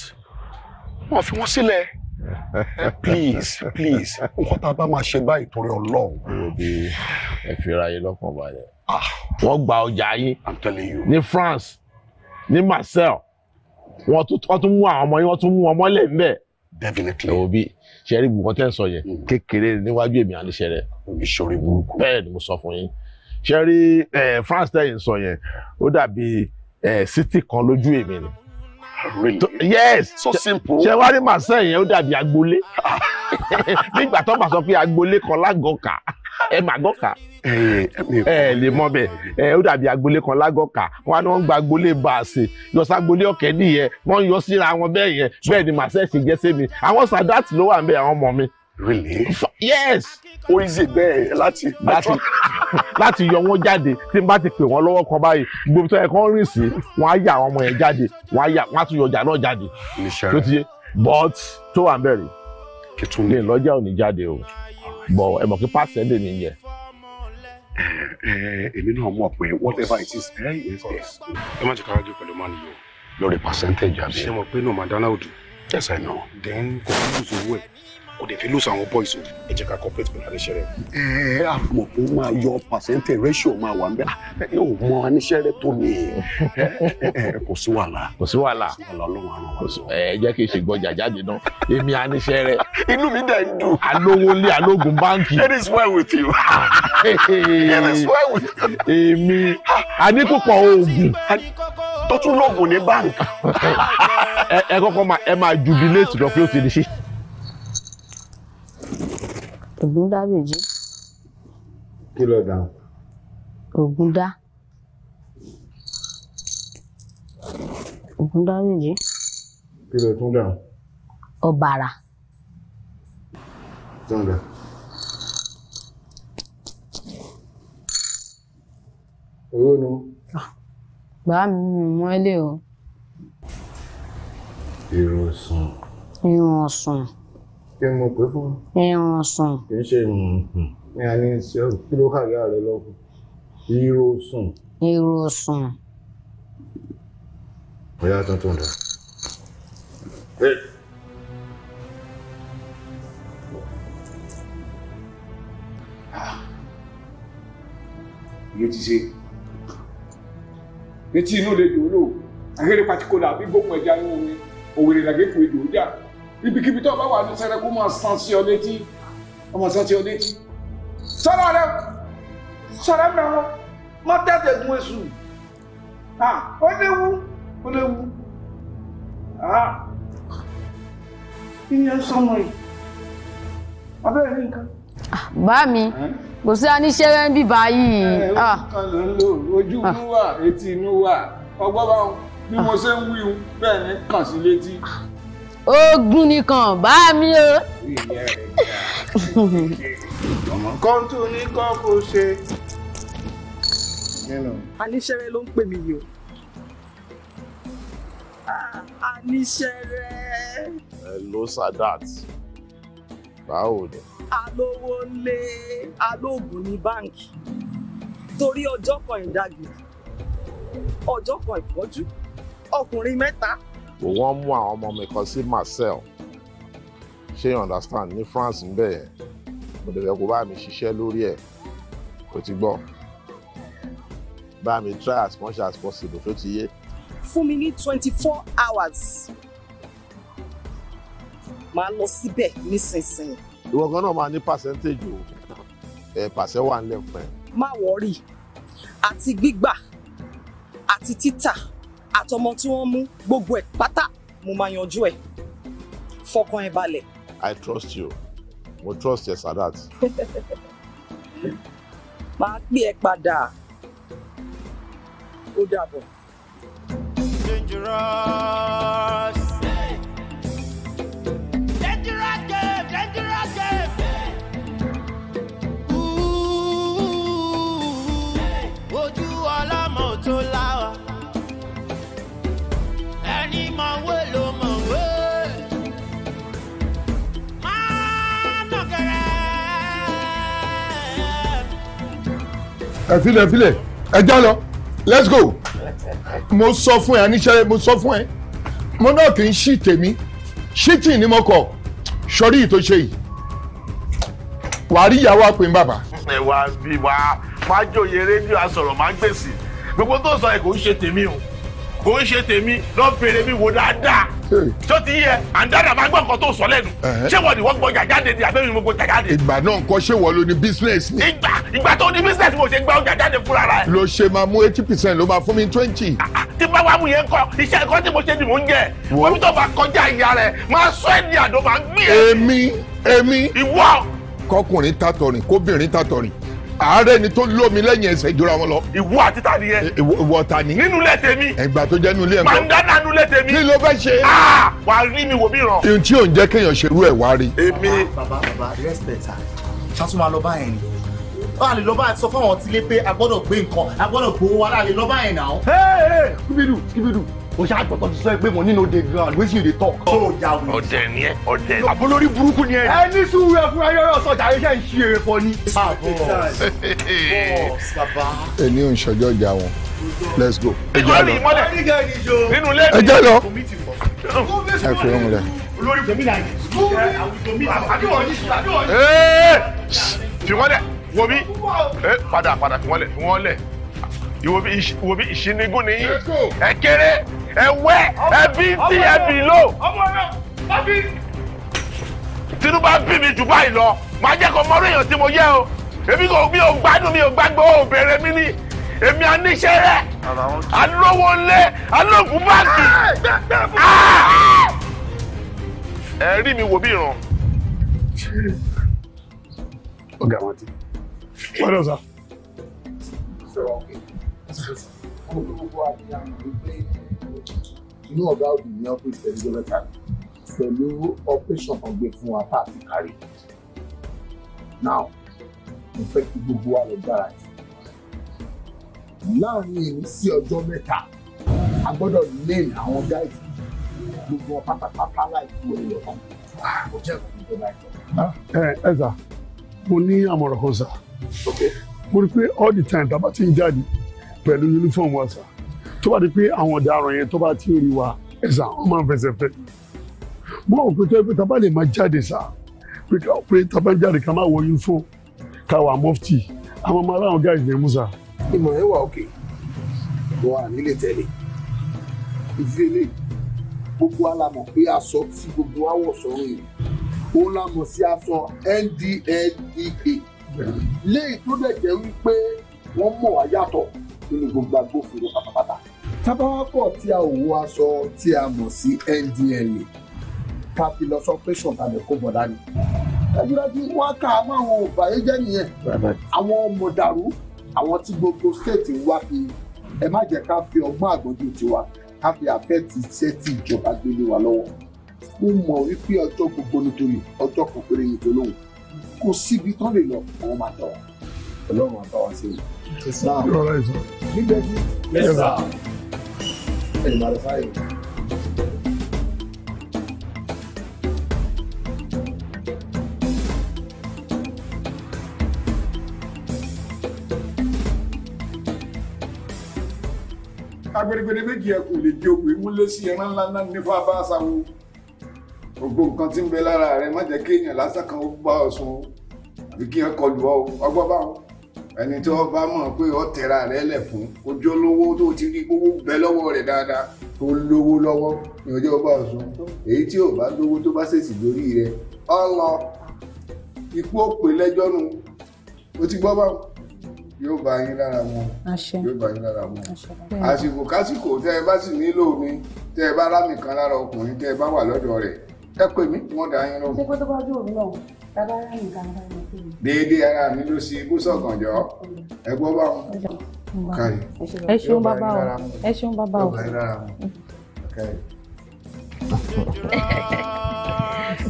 Speaker 1: wọ́n fi wọ́n sílẹ̀ eh, please please nǹkan tá a bá máa ṣe báyìí torí Ọlọ́run. ìròbí ẹ fi ra yín lọ́kàn balẹ̀. Ah. wọ́n gba ọjà yín ní France ní Marseille wọ́n tún mú àwọn ọmọ yín wọ́n tún mú wọn mọ́lẹ̀ ńbẹ̀. definitely ìròbí ṣe rí ibùkún tẹ́ ń sọ yẹn hmm. kékeré níwájú èmi àníṣe rẹ̀. omi ṣorí burúkú. bẹ́ẹ̀ ni mo sọ fún yín ṣe rí France tẹ̀yìn sọ yẹn ó dàbí city kan lójú èmi ni.
Speaker 6: yes so simple. ṣe wá rí
Speaker 1: Marseille yẹn ó dàbí agboolé nígbà tó bá sọ pé agboolé kan lágọ̀ọ́kà ẹ mà gọ́kà ẹ lè mọ bẹ ẹ ó dàbí agboolé kan lágọ́kà wọn ni wọn gba agboolé baasi yọsá agboolé ọ̀kẹ́ nìyẹn wọn yọ síra wọn bẹ́ẹ̀ yẹn bẹ́ẹ̀ ni màá ṣẹ́ẹ̀ṣì gẹ́sẹ́ mi àwọn sadat ló wà ń bẹ àwọn ọmọ mi really. yes. ó easy bẹ́ẹ̀ láti. láti láti yọ wọn jáde tí n bá ti pè wọn lọ́wọ́ kan báyìí gbogbo tó yẹ kán rìn sí wọn á yà àwọn ọmọ yẹn jáde wọn á yà wọn á tún yọ ọjà náà jáde. tó ti yé but tó wà bẹ̀rẹ̀ ní ìlọ́jà ò ní jáde o bọ̀ ẹ mọ̀ kí pàṣẹ dè nìyẹn èmi náà mọ̀ pé whatever it is ẹ yẹ sọ. ẹ má ti kára jù pẹ̀lú mọ́ni o. lórí percentage àbí. ṣé mo pé náà madana odù. yes I know. then kò ní ìṣòwò ẹ̀ kò dẹ̀ fi lose àwọn boys o ẹ jẹ́ ká cooperate pẹ̀lú aníṣẹ́rẹ́. ẹ ẹ àmọ̀ tó máa yọ percentage ratio máa wà nbẹ ẹ ò mọ aníṣẹ́rẹ́ tó ní ẹ ẹ kò sí wàhálà. kò sí wàhálà ẹ jẹ́ kí n ṣe gbọ́jà jáde náà èmi aníṣẹ́rẹ́. inú mi dẹ̀ ń dùn. alówólé alógun báńkì. it is well with you. it is well with you. èmi aníkùkọ̀ oògùn tó tún lóògùn ní báńkì. ẹ kọ́kọ́ máa ẹ máa jubilate lọ pé ó ti di ṣe
Speaker 7: ògúndábèjì.
Speaker 1: kí ló dáhùn.
Speaker 3: ògúndá. ògúndábèjì.
Speaker 1: kí ló tún dáhùn. ọ̀bàrà. tún dáhùn.
Speaker 8: owó nu.
Speaker 3: bàá mi mú ẹ lé o.
Speaker 8: irun sùn.
Speaker 3: irun sùn
Speaker 8: kí ni mo pè fún.
Speaker 3: irun sùn.
Speaker 8: kì í ṣe hmm, hmm. ní a ní ṣe kí ló kàgé ààrẹ
Speaker 1: lọ́kùn ìró sùn.
Speaker 3: ìró sùn.
Speaker 6: ọ̀yá tuntun dà.
Speaker 9: ìyẹn
Speaker 1: ah. ti ṣe etí inú lè dòó lò àgẹ́rẹ́ pàtíkọ́là àbí gbókùn ẹja ní omi òwèrè làgẹ́kù èdò ó jà ibikíbi tó bá wà ní sẹ́rẹ́ kó máa san sí ọ létí ọmọ san sí ọ létí. sọ́dọ̀ rẹ
Speaker 2: sọ́dọ̀ mẹ́wọ́ má tẹ̀tẹ̀ gun èṣù ó léwu ó léwu ìyẹn sọmọ yìí
Speaker 5: abẹ́rẹ́ ní nǹkan.
Speaker 7: bá mi kò sí aníṣẹ́rẹ́ ń bì
Speaker 3: báyìí.
Speaker 1: ojú inú wà etí inú wà ọgbọ́n bá bí mo ṣe ń wí bẹ́ẹ̀ ni kàn sí létí
Speaker 4: ogun nìkan bá mi o. ọmọ kan tó
Speaker 1: ní kọ́ kó ṣe.
Speaker 4: aníṣẹ́rẹ́ ló ń pè mí yìí o. Ah, aníṣẹ́rẹ́.
Speaker 1: hello Sadat báwo ni.
Speaker 4: alówó lé alóògùn ní báǹkì torí ọjọ́ kan ìdágìrì ọjọ́ kan ìpọ́jú
Speaker 1: ọkùnrin mẹ́ta pé wọ́n mú àwọn ọmọ mi kan sí Marseille ṣé you understand ní France ń bẹ̀ yẹn mo lè fẹ́ kó bá mi ṣiṣẹ́ lórí ẹ̀ kò ti gbọ́ bá mi try as much as possible tó ti yé.
Speaker 4: fún mi ní twenty four hours máa lọ síbẹ̀ nísinsìnyí.
Speaker 1: ìwọ gan náà máa ní percentage o ẹ pàṣẹ wà ń lẹ́kùn ẹ.
Speaker 4: má wọrí àti gbígbà àti títà àtọmọ tí wọ́n mú gbogbo ẹ̀ pátá mo máa yanjú ẹ̀ fọkàn ẹ balẹ̀. I
Speaker 1: trust you mo trust ẹ Sadat.
Speaker 4: máa pè ẹ́ padà ó dàbọ̀.
Speaker 5: dangerous. ẹ
Speaker 1: filẹ̀ filẹ̀ ẹ já lọ let's go mo sọ fún ẹ aníṣẹ́ mo sọ fún ẹ mo náà kì í ṣí tèmi ṣítì ni mo kọ sọrí ìtò ṣe yìí wàá rí ìyàwó àpín bàbá. ẹ wá bí wàá máa jòyè rédíò asọ̀rọ̀ máa gbèsè gbogbo tó sọ ẹ kò ń ṣe tèmi o kò ń ṣe tèmi lọ bèrè mi wò dáadáa tó ti yẹ àǹdáàdà máa gbọ́ nǹkan tó sọ lẹ́nu uh-huh. ṣé wọ́n ni wọ́n gbọ́ jàjáde ni àbẹ́mi gbogbo jàjáde. ìgbà náà kọ́ ṣé wọ́n ló ní business ni. ìgbà ìgbà tó ní business mo ṣe gba ọjà jáde fúnra rẹ. ló ṣe máa mú eighty percent ló máa fún mi twenty. Ah, ah, tí bá wàá mú yẹn kọ iṣẹ́ ẹ̀kọ́ tí mo ṣe ni mò ń jẹ wọ́n mi tó bá kọjá ìyá rẹ̀ máa sọ ẹ̀ ní àdó máa ń gbé. èmi èmi. ìwọ. kọkùnrin tatọrin kóbìnrin tatọrin àárẹ̀ ni tó lómi lẹ́yìn ẹsẹ̀ ìjọra wọn lọ. ìwọ àti ta yẹn. ìwọ ta nínú ilé tèmi. ẹgbà tó jẹ́ nínú ilé ẹ̀ mọ́. mandana nínú ilé tèmi. kí ló fẹ́ ṣe. wà á rí mi wò mí ràn. ohun tí ò ń jẹ́ kéèyàn ṣerú ẹ̀ wá rí. èmi. bàbá bàbá respect ah ṣàtúmọ̀ lọ bá yẹn ni a lè lọ bá sọ fún àwọn tílé pé a gbọ́dọ̀ gbé nǹkan a gbọ́dọ̀ gbowó wa láàlè lọ bá yẹn náà o ṣáà tọ̀tọ̀ ti sọ pé mo ní no dey ground wetin you dey talk. ó ya wuli. ọ̀dẹ̀ ni ẹ ọ̀dẹ̀ ni. àbólórí burúkú ni ẹ. ẹ ní sùúrù ẹ fún ayọyọ sọjà iṣẹ ìṣirò fọ ni. ẹni ò ń ṣọjọ́ ìjà wọn let's go. ẹjọ́ lọ ẹjọ́ lọ ẹ fi ohun rẹ. fi wọ́n lẹ̀ wọ́n mi padà padà fi wọ́n lẹ̀ fi wọ́n lẹ̀ ìwò bí ìṣínígún ni yín ẹ kéré ẹ wẹ ẹ bí tí ẹ bì lò. tinubu á bí mi jù báyìí lọ màá jẹ́ kó mọ́rú èèyàn tí mo yẹ o èmi kò mi o gbádùn mi ò gbàgbọ́ ò bèrè mi ni èmi àníṣe rẹ alówó lé alóògùn báńkì ah! ẹ rí mi wò bí ìran. ọ̀gá wọn ti. wọ́n lọ sá fóònù gbogbo àdìyà mi pé inú ọ̀gá òbí ní ọ́fíìsì pẹ̀lú gọ́mẹ̀ntà pẹ̀lú operation kan gbé fún apá àti kárí now mo fẹ́ kí gbogbo wa lọ gbára jù láàrin èmi sí ọjọ́ mẹ́ta a gbọ́dọ̀ nail àwọn gáìsì gbogbo pátápátá láìpẹ́ òye ọ̀kan kò jẹ́ kó ìjọba ìjọba. ẹ ẹ sà mo ní àmọ̀ràn kan sà mo rí i pé all the time tá a bá ti ń jáde pẹ̀lú yunifọ̀mù ọ̀sà tó bá di pé àwọn ọ̀daràn yẹn tó bá ti rí wa ẹ̀sà wọ́n máa ń fẹsẹ̀ fẹ́ mọ́ òkú tó pé tábà lè máa jáde sá pé tábà jáde ká máa wọ yunifọ̀mù ká wà mọ́fìtì àwọn ọmọ aláwọn gáàsì yẹn musa. ìmọ̀ ẹ̀ wà òkè wà nílé tẹ̀lé ìdílé gbogbo alamọ̀ pé aṣọ tí gbogbo wa wọ̀ sọ́run yìí ó lámọ̀ sí aṣọ NDLEA léyìí tó dẹ̀ jẹ́ wípé wọ́n mọ̀ wá yàtọ̀ nínú gbogbo agbófinró pátápátá. tábàwákọ̀ tí a ò wọ aṣọ tí a mọ̀ sí NDLEA ká fi lọ sọ pé ṣọ̀kalẹ̀ kó bọ̀ dání. dájúdájú wọn kà á mọ àwọn òbáyéjẹ́ nìyẹn àwọn mọ̀dàrú àwọn tí gbogbo stéètì wá fi ẹ má jẹ́ ká fi ọgbọ́n àgbọ́njú tiwa ká fi àfẹ́ẹ̀tì iṣẹ́ tí ìjọba gbélé wa lọ́wọ́ mo mọ̀ wípé ọjọ́ gbogbo nítorí ọjọ́ kan péré yìí tó kò síbi tán lè lọ àwọn máa tọ̀ ọlọ́run àbáwá sí i. Yes, sir. All right, sir. Liberty. Yes, sir. Hey, modify it. agbẹ̀rẹ̀gbẹ̀rẹ̀ méjì ẹ kò lè jẹ òkú ìmúlé sí ẹran ńlá náà nífa bá a sáwó gbogbo nǹkan tí ń bẹ lára rẹ má jẹ́ kéèyàn lásán kan ó bá ọ sùn àbí kí ẹ kọlù ọ ọgbọ́n báwọn. ẹni tí wọ́n bá mọ̀ pé ọ tẹ̀ra rẹ̀ lẹ̀ fún ojú olówó tó ti rí gbogbo bẹ lọ́wọ́ rẹ̀ dáadáa tó lówó lọ́wọ́ ní ọjọ́ ọba ọ̀sùn èyí tí ò bá lówó tó bá ṣèṣì lórí rẹ̀ ọ lọ ikú òpè lẹ́jọ́ nu o ti gbọ́ báwọn yóò bá yín lára mọ́ yóò bá yín lára mọ́ àsìkò kásìkò tẹ́ ẹ bá sì nílò mi tẹ́ ẹ bá rámì kan lára ọkùnrin tẹ́ ẹ bá wà lọ́dọ̀ rẹ̀ ẹ pè mí
Speaker 4: wọ́n dá yín lóhùn. ṣé kó tó bá dùn mí náà bàbá rà mí kan bá yẹn
Speaker 1: pè mí. déédéé ara mi ló ṣe ibú sọ̀gànjọ́ ẹ gbọ́ bá wọn. káyì ẹ ṣeun bàbá o ẹ ṣeun bàbá o.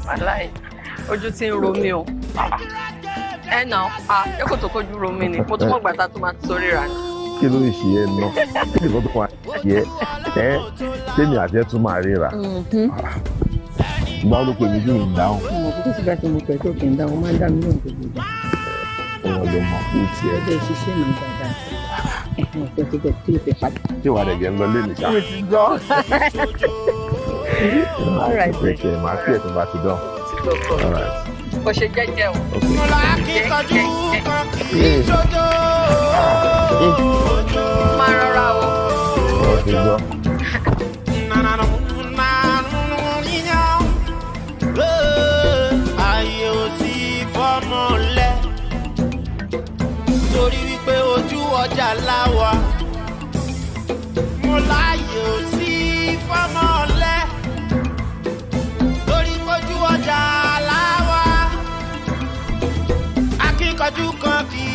Speaker 10: wàláì
Speaker 7: ojú ti ń ro mí o ẹ nà á ẹ kò tó kojú ro mí ni mo tún mọ̀ gbàtà tó máa ti sórí rà ni
Speaker 1: kí ló ń ṣe ẹ ná kí ló ń pa ẹ ẹ tèmi àti ẹ tún máa ríra
Speaker 7: mm-hmm. ah
Speaker 1: ìgbà wo ló pè mí dáhùn. mo
Speaker 7: kò tún sígbà tí mo pẹ̀ tó kì dáhùn máa ń dá mi lóhùn gbogbo ìgbà.
Speaker 1: ọ̀rọ̀ ló mọ̀ kú tiẹ̀. ọjọ́
Speaker 7: ìṣiṣẹ́
Speaker 10: mi dáadáa ẹ̀hún ọ̀tọ̀ ti gbọ́ tí o fẹ́ pàdé.
Speaker 1: tí wàá dẹ̀ jẹ́ ń lọ lé mi sá. mo ti gbọ́. ọ̀rọ̀ ìṣe máa fi ẹ̀sìn bá ti dán.
Speaker 5: kò ṣe jẹ́jẹ́ o. mo lọ akíkanjú kan ìjọjọ́. máa rọra o.
Speaker 6: ọ̀rọ̀ ti gbọ́.
Speaker 5: torí wípé ojú ọjà láwa. mo láàyè ò sí fọ́mọ ọ̀lẹ torí ojú ọjà láwa. akíkanjú kan kì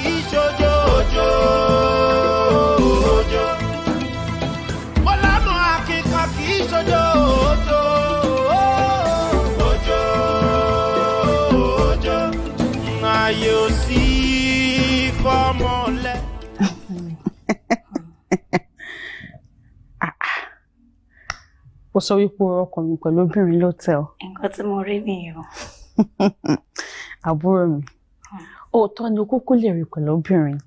Speaker 4: ó sọ wípé o rọkùnrin pẹ̀lú obìnrin lọ́tẹ̀l.
Speaker 3: nǹkan tí mo rí nìyẹn o.
Speaker 4: àbúrò mi hmm. òótọ́ ni o kúkú lè rí pẹ̀lú obìnrin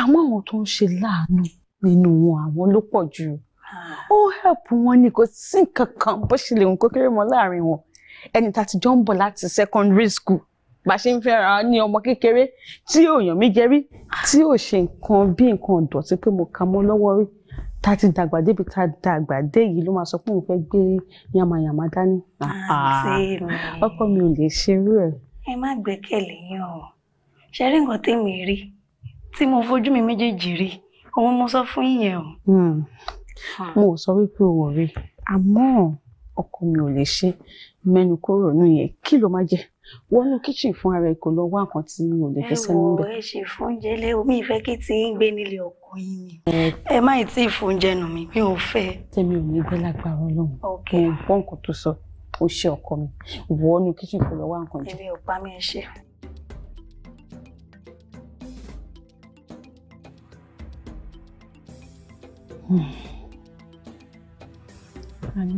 Speaker 4: àmọ́ àwọn tó ń ṣe láàánú nínú wọn àwọn ló pọ̀ jù hmm. ó help wọn ni kò sí nǹkan kan bó ṣe lè hùn kó mọ́ láàrin wọn ẹni tá a ti jọ ń bọ̀ láti
Speaker 10: secondary school bá ṣe ń fẹ́ra ní ọmọ kékeré tí òòyàn mi jẹ rí
Speaker 4: tí ò ṣe nǹkan bí nǹkan ọ̀dọ̀ tí pé mo kà mọ́ lọ́wọ́ rí tá a ti dàgbà débi tá a dàgbà dé yìí ló máa sọ pé òun fẹ́ gbé yamayama dání. Ah, ah, ah. ọkọ mi ò lè ṣerú ẹ̀. ẹ má gbẹ́kẹ̀lé yín o ṣe rí nǹkan tèmi rí tí mo
Speaker 3: fojú mi méjèèjì rí òun mo sọ fún yín o.
Speaker 4: Hmm. Hmm. mo ò sọ wípé o ò rí àmọ́ ọkọ mi ò lè ṣe mẹ́nu kúrò nù yẹn kí ló máa jẹ́ wọnú kíchìn fún ara ẹ kò lọ wá nǹkan tí mi ò lè fẹ́ sẹ́nu bẹ́ẹ̀. ẹ wò ẹ ṣe fúnjẹ lé omi ìfẹ́ kí ti ń gbé nílé ọkọ yín ni ẹ má tí ì fúnjẹ nù mí mi ò fẹ́. tèmi ò ní gbé lágbára Ọlọ́run mo gbọ́ nǹkan tó sọ ó ṣe ọkọ mi wọnú kíchìn kò lọ wá nǹkan jẹ. èmi ò pa mí ẹ hmm.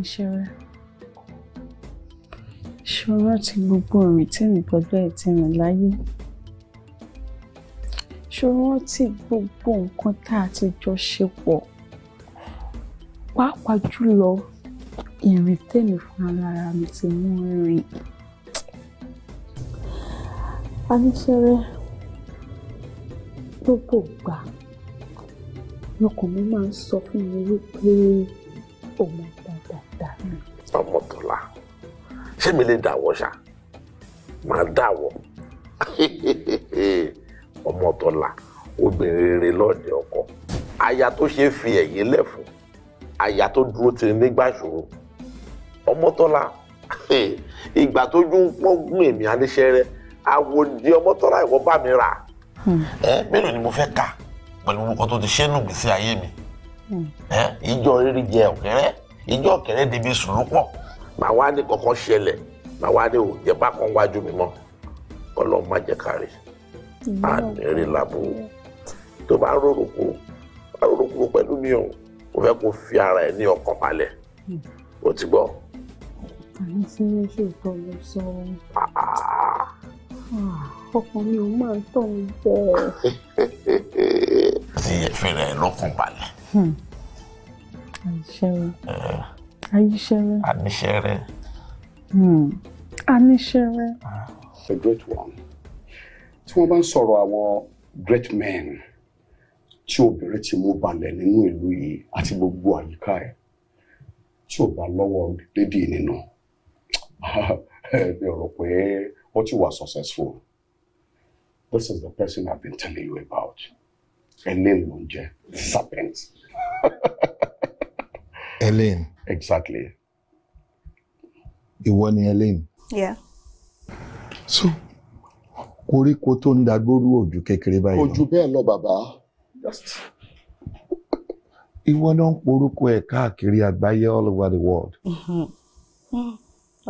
Speaker 4: ṣe. Hmm ṣọ́ra ti gbogbo ìrètí mi pẹ̀lú ẹ̀tí mi láyé ṣọ́ra ti gbogbo nǹkan tá a ti jọ ṣe pọ̀ pàápàá jùlọ ìrìn tèmi fún ara mi ti mú rìn. aníṣẹ́rẹ́ gbogbo ìgbà lọkàn mi máa ń sọ fún mi wípé òun dáadáa ni. ọmọ tó la
Speaker 1: ṣé mi lè dà wọ́ ṣá màá dà wọ́ ọmọ tọ́lá obìnrin rere lọ́ọ̀dẹ ọkọ aya tó ṣe é fi ẹ̀yìn lẹ́fun aya tó dúró tiri nígbà ìṣòro ọmọ tọ́lá ìgbà tójú ń pọ́ngún èmi aníṣẹ́rẹ́ àwọ̀ di ọmọ tọ́lá ìwọ bá mi rà hmm. ẹ mélòó ni mo fẹ́ kà pẹ̀lú orúkọ tó ti ṣe é nù gbèsè ayé mi hmm. ìjọ rírí jẹ ọ̀kẹ́rẹ́ ìjọ ọ̀kẹ́rẹ́ débi sùúrù pọ̀ màá wá ní kọ̀ọ̀kan ṣẹlẹ̀ màá wá ní òjẹ́ bá kan wájú mi mọ́ kọ́lọ́ má jẹ́ kárí àníírí làbò tó bá rorokò bá rorokò pẹ̀lú mi o mo fẹ́ kó fi ara ẹ̀ ní ọkàn balẹ̀ o ti gbọ́.
Speaker 4: àní tí mo ṣe ìtọ́ lọ sọ ah. Ah, ọkàn mi ò máa tọ̀ mí bẹ́ẹ̀.
Speaker 1: tí ẹ fẹ́rẹ̀ lọ́kàn balẹ̀.
Speaker 4: Hmm. àìṣe o. Eh. Aníṣẹ́rẹ́.
Speaker 1: Aníṣẹ́rẹ́. Aníṣẹ́rẹ́.
Speaker 4: Hmm. Ah,
Speaker 1: the great one. Tí wọ́n bá ń sọ̀rọ̀ àwọn great men tí obìnrin ti mú balẹ̀ nínú ìlú yìí àti gbogbo àyíká ẹ̀ tí ò bá lọ́wọ́ lédè nínú mi ò rò pé wọ́n ti wà successful. This is the person I've been telling you about. Elaine ló ń jẹ́ serpent. Elaine. Exactly. Ìwọ ni Elaine. Yeah. So, koríko tó ń dagbóru ojú kékeré báyìí. Ojú bẹ́ẹ̀ lọ bàbá. Ìwọ náà ń porúkọ ẹ̀ káàkiri àgbáyé all over the world.
Speaker 4: Mm-hmm. Mm.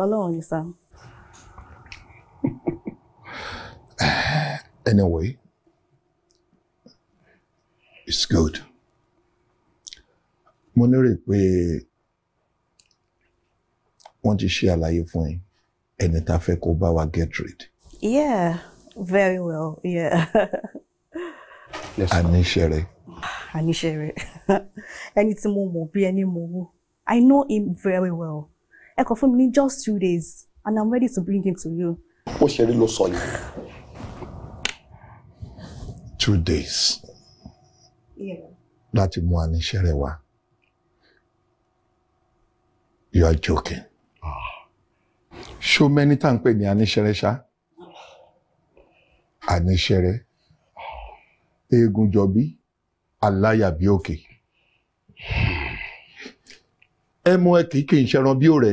Speaker 4: Ọlọ́run ni sá.
Speaker 1: Anyway, it's good. Mo nírò pé wọ́n ti ṣe àlàyé fún ẹ ẹni tá a fẹ́ kó bá wa get rid.
Speaker 4: yeah very well yeah.
Speaker 1: àníṣe rẹ.
Speaker 4: àníṣe rẹ ẹni tí mo mọ̀ bí ẹni mo wò i know him very well ẹ kàn fún mi ní just two days and i'm ready to bring him to you.
Speaker 1: ó ṣe rí ló sọ yìí. two days. Yeah. láti mú àníṣe rẹ wá. you are joking ṣó mẹ́ni tá à ń pè ní aníṣẹ́rẹ́ ṣá aníṣẹ́rẹ́ eégún jọbí aláyàbí òkè ẹ mú ẹ kì í kì í ṣẹran bí ó rẹ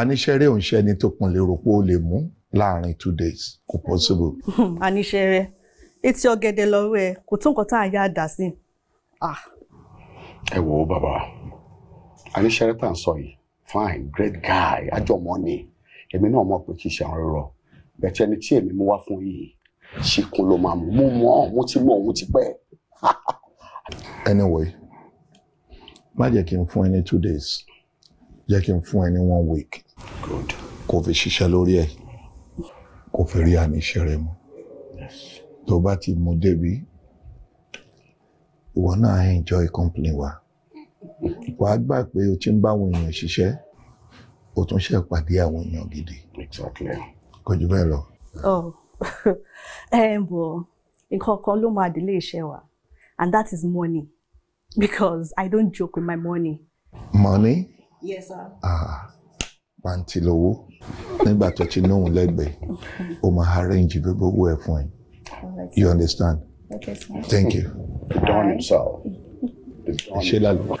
Speaker 1: aníṣẹ́rẹ́ ò ń ṣẹni tó pọn lérò pé ó lè mú láàrin two days kò possible.
Speaker 4: Hmm, aníṣẹ́rẹ́ etí ọ̀gẹ̀dẹ̀ lọ́wọ́
Speaker 3: ẹ kò tó nǹkan tá à ń yá àdá sí.
Speaker 1: ẹ wo bàbá aníṣẹ́rẹ́ tá à ń sọ yìí fine great guy àjọmọ ni èmi náà mọ̀ pé kì í ṣe àwọn rírọ bẹtẹ ẹni tí èmi mú wá fún yìí ṣìkun ló máa mú mọ mo ti mọ òun ti pẹ́. anyway má jẹ́ kí n fún ẹ ní two days jẹ́ kí n fún ẹ ní one week good kò fi ṣiṣẹ́ lórí ẹ̀ kò fi rí àmì iṣẹ́ rẹ mu tó bá ti mú débi ìwọ náà enjoy company wa. Wow wà á gbà pé o ti ń bá àwọn èèyàn ṣiṣẹ́ o tún ṣe pàdé àwọn èèyàn gidi. kò jù bẹ́ẹ̀ lọ.
Speaker 4: ẹ ẹ bọ nǹkan kan ló máa délé iṣẹ́ wa and that is money because I don't joke with my money. money. yes sir.
Speaker 1: ah pàǹtí lówó nígbà tó ti nóhun lẹ́gbẹ̀ẹ́ o máa arrange gbogbo ẹ̀ fún ẹ you understand. thank you. don himself. the don himself.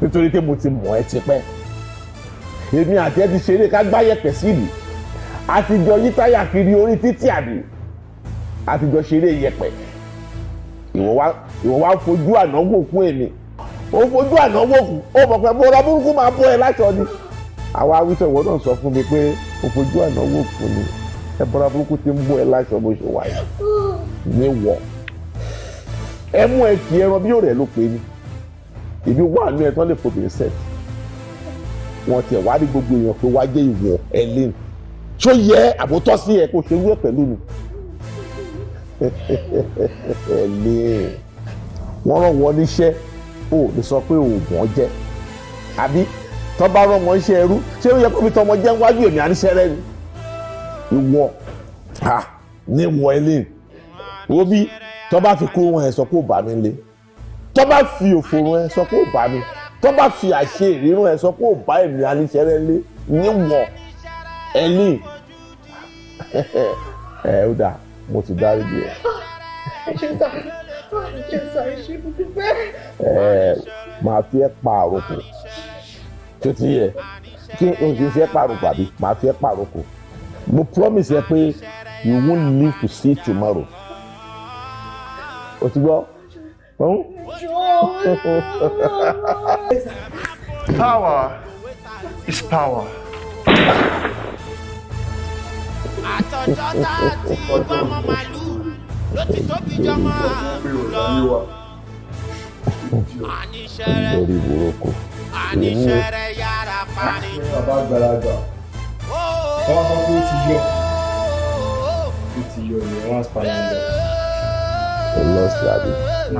Speaker 1: nítorí pé mo ti mọ̀ ẹ́ tipẹ́ èmi àti ẹ ti ṣeré ká gbáyẹ̀pẹ̀ sílì àtijọ́ yí táyà kiri orí títì àbí àtijọ́ ṣeré yẹ̀pẹ̀ ìwọ wá ìwọ wá fojú ànáwó kún èmi ó fojú ànáwó kún ó mọ̀ pé mo rọ burúkú máa bọ́ ẹ láṣọ ni àwa awísọ ìwọ náà sọ fún mi pé ó fojú ànáwó kún ni ẹ bọ́ra burúkú ti ń bọ́ ẹ láṣọ bó ṣe wáyé níwọ̀ ẹ mú ẹ kì ẹran bí yóò rẹ̀ ló pé ni ìbí wà nú ẹ tán lè fòbìnrin sẹ wọn tiẹ̀ wá rí gbogbo èèyàn pé wá jẹ ìwọ ẹ lẹ́nu tó yẹ àbótọ́ sí ẹ kó ṣe wú ẹ pẹ̀lú mi ẹ lé wọn rán wọn níṣẹ́ ò lè sọ pé oògùn ọjẹ àbí tọ́ bá rán wọn iṣẹ́ ẹrú ṣé ó yẹ kó fi tọmọ jẹ́ wájú èmi àníṣẹ́ rẹ ni ìwọ ha ní ìwọ ẹ lẹ́nu wo bí tọ́ bá fi kó wọn ẹ̀ sọ pé bà mí lé tó bá fi òfòrò ẹ sọ pé ò bá mi tó bá fi àṣe ìrírùn ẹ sọ pé ò bá èmi alíṣẹ́rẹ́ lé níwọ̀n ẹ ní ẹ ó dà mo ti dárí bí ẹ. ẹ máa fi ẹ pa àròkò tó ti yẹ kí n kì í fi ẹ pa àròkò àbí máa fi ẹ pa àròkò mo promise ẹ pé you won't live to see tomorrow. o ti gbọ́. Vamos? power is power.
Speaker 6: àtọ̀jọ́ tá a ti
Speaker 2: bọ́mọ màlúù
Speaker 5: ló ti tóbi jọmọ
Speaker 2: àrùn lọ.
Speaker 5: àníṣẹ́rẹ́ àníṣẹ́rẹ́ yára
Speaker 1: parí. bàbá àgbàlagbà wọn sọ pé ó ti yọ ó
Speaker 9: ti yọ ìyẹn wọn á pa ẹ̀ lọ lọ́ọ̀sì àbí ẹ̀yin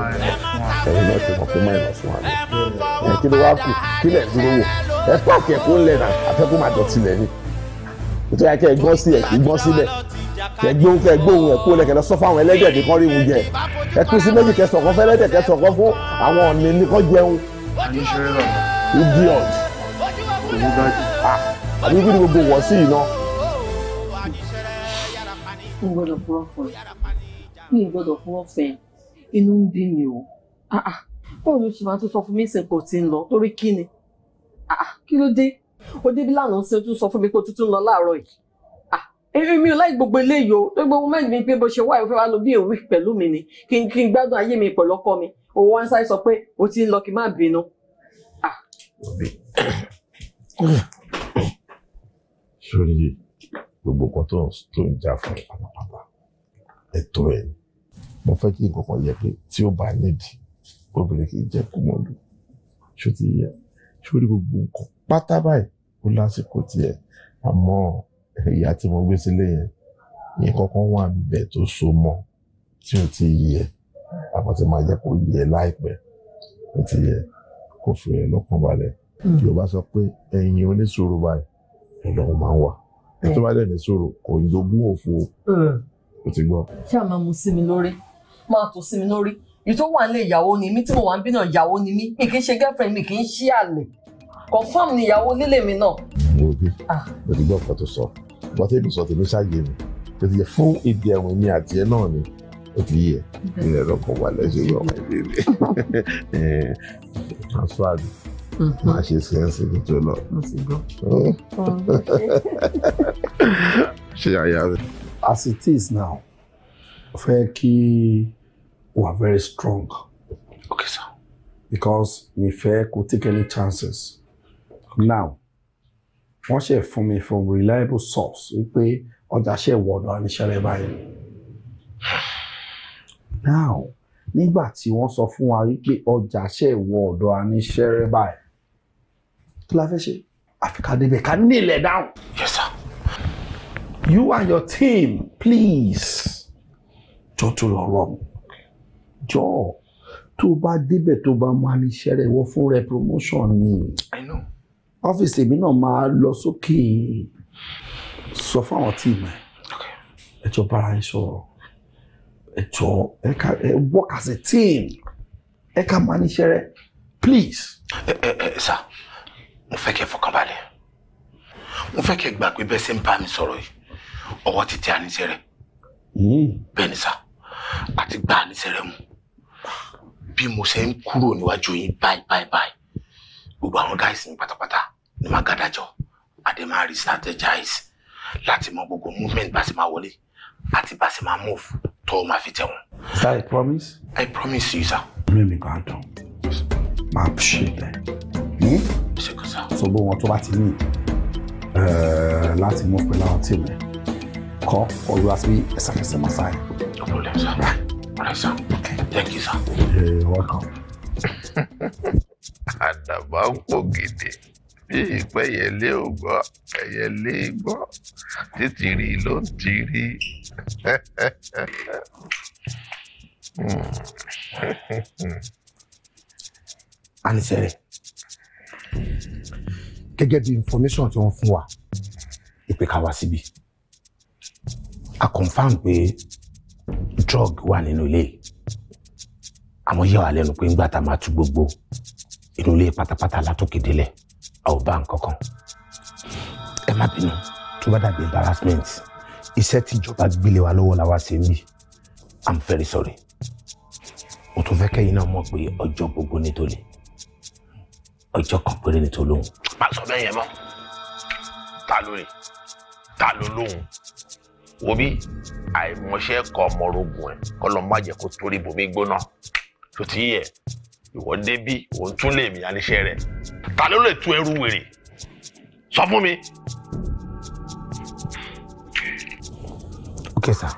Speaker 9: náà
Speaker 1: ti mọ̀ pé mọ̀ ìmọ̀ sùn àbí
Speaker 9: ẹ̀
Speaker 1: kí ló wá kù kí lẹ̀ dúró wò ẹ páàkì ẹ̀kọ́ ńlẹ̀ náà afẹ́kọ́ máa dọ̀tí lẹ̀ ni ètò yà kẹ́ ẹ gbọ́n sí ẹ̀ kì í gbọ́n sílẹ̀ kẹ́ gbóhùn kẹ́ gbóhùn ẹ̀kọ́ lẹ̀ kẹ́ lọ sọ fún àwọn ẹlẹ́dẹ̀ nìkan rí wù jẹ ẹ kú sí méjì kẹ́ sọ̀kan fún ẹlẹ́dẹ̀ kẹ́ sọ̀kan fún àwọn ọ̀nì nìkan jẹun. idiot ah, àbí kí ni gbogbo wọ̀ sí iná.
Speaker 7: n gbọ́dọ̀ fọwọ́ fọ mi gbọ́dọ̀ fọwọ́ fẹ́ inú ń bí mi o ah, ah. báwo ló ṣe máa tún sọ fún mi ìsìnkú tí ń lọ torí kí ni ah, kí ló dé ó débi lánàá sí tún sọ fún mi pé tuntun ń lọ láàárọ̀ yìí èmi eh, eh, mi ò láì gbogbo eléyìí o tó gbogbo mẹ́rin mi pé bó ṣe wá ìfẹ́ wa lọ bí òwe pẹ̀lú mi ni kí n kí n gbádùn ayé mi pẹ̀lú ọkọ mi òun wá ń sáré sọ pé o ti ń lọ kí n má bínú.
Speaker 1: sórí gbogbo nǹkan tó ń jà fún ẹ pátápátá ẹ̀tọ́ ẹ ni mo fẹ́ kí nǹkan kan yẹ pé tí ó bá nídìí obìnrin kì í jẹ́ kó mọ̀ lù ṣó ti yẹ ṣó rí gbogbo nǹkan pátá báyìí ó lásìkò tiẹ̀ àmọ́ ìyá tí mo gbé sílé yẹn nǹkan kan wà níbẹ̀ tó so mọ́ tí ó ti yẹ àmọ́ tí máa jẹ́ kó yẹ láìpẹ́ ó ti yẹ kó fi rẹ̀ lọ́kàn balẹ̀ hmm. tí o bá sọ pé ẹ̀yin oníṣòro báyìí ọlọ́run máa ń wà tó bá dẹ̀ ní kò ń jogún òfo hmm. ó ti gbọ́.
Speaker 7: ṣáà máa mu sí mi lórí máa tò sí mi lórí èyí tó wà nílé ìyàwó ni mí tí mo wà ń bí ìyàwó ni mí mi kì ṣe girlfriend mi kì ṣí àlè confam ni ìyàwó nílé mi náà.
Speaker 1: òbí òbí ah. gbọ́ ọ̀pọ̀ tó sọ wọ́n ti bù sọ tèmi ṣáàyè mi tó ti yẹ fún ìdí ẹ̀wọ̀n mi àti ẹ náà ni ó ti yẹ mm-hmm. ilẹ̀ lọ́kàn wà lẹ́sẹ̀ yọ ọmọ ìdí mi transfer mm-hmm. máa ṣe sẹ́ǹsì nítorí lọ. ṣe àyà rẹ. as it is now fẹ́ kí. Ki who are very strong. Okay, sir. Because mi fẹ́ take any chances. Now, wọ́n ṣe fún mi from reliable source wípé ọjà ṣe wọ̀dọ̀ àníṣẹ́lẹ̀ báyìí.
Speaker 2: Now, nígbà tí wọ́n sọ fún wa wípé ọjà ṣe wọ̀dọ̀ àníṣẹ́lẹ̀ báyìí, kí la fẹ́ ṣe? Àfikà débẹ̀
Speaker 1: ká nílẹ̀ dáhùn. Yes, sir. You and your team, please, don't do lọ rọrùn jọ̀ọ́ tó bá débẹ̀
Speaker 2: tó bá máa ní iṣẹ́ rẹ̀ wọ́n fún rẹ promotion ni ọ́fíìsì mi náà máa
Speaker 1: lọ sókè sọ fáwọn tíìmù ẹ̀ ẹjọ́ bára ẹ sọ̀rọ̀ ẹjọ́ ẹ ká ẹ work as a team ẹ ká
Speaker 2: máa ní iṣẹ́ rẹ please.
Speaker 1: ẹ ẹ ẹ sá mo fẹ́ kẹ́ fọkànbalẹ̀ mo fẹ́ kẹ́ gbà pé bẹ́ẹ̀ ṣe ń bá mi sọ̀rọ̀ yìí ọwọ́ ti tẹ àníṣe rẹ̀ hmm. bẹ́ẹ̀ ni sá àti gbà àníṣe rẹ̀ mu bí mo ṣe ń kúrò níwájú yín báyìí báyìí báyìí gbogbo àwọn guys mi pátápátá ni máa gàdájọ adé strategize láti mọ gbogbo movement bá ṣe máa wọlé àti bá ṣe máa move tó o máa fi tẹ̀ wọ́n. sir i promise. i promise you sir. inú mi kàn dùn máa ṣe bẹ́ẹ̀ ní hmm? ṣògbọ́n wọn tó bá ti ní eh, láti mú pẹ̀lú àwọn tí mi kọ́ olúwa sí ẹsẹ̀kẹsẹ̀ mọ́sáyà. no problem sir. Right. right, sir. Thank you, sir. You're welcome. Àdàbà ń pò gidi bí ìpẹ́yẹlé ò gbọ́ ẹ̀yẹlé gbọ́ títìrì ló ń tìrì. Anisẹ̀rẹ̀ gẹ́gẹ́ bí information tí wọ́n fún wa ìpè ká wá síbi a confam pé drug wà nínú ilé yìí àmọ́ yà wá lẹ́nu pé ńgbà tá a máa tú gbogbo inú ilé pátápátá látòkè délẹ̀ a ò bá nǹkan ẹ má bínú tó bá dàbí embarrassment iṣẹ́ tí ìjọba gbélé wa lọ́wọ́ la wá ṣe ń bì i'm very sorry mo tún fẹ́ kẹ́yìn náà mọ̀ pé ọjọ́ gbogbo ní tó le ọjọ́ kan péré ní tó lóhùn. má sọ bẹ́ẹ̀ yẹn mọ́ ta ló rè ta ló lóhùn wo bí àìmọṣẹ́ kọ ọmọ orogun ẹ̀ kọ́ ló má jẹ́ kó torí bòmí gbóná tó yẹ ìwọ débí òun tún lè mí aníṣẹ́ rẹ̀ ta ló lè tú ẹrú wèrè sọ fún mi. okay sir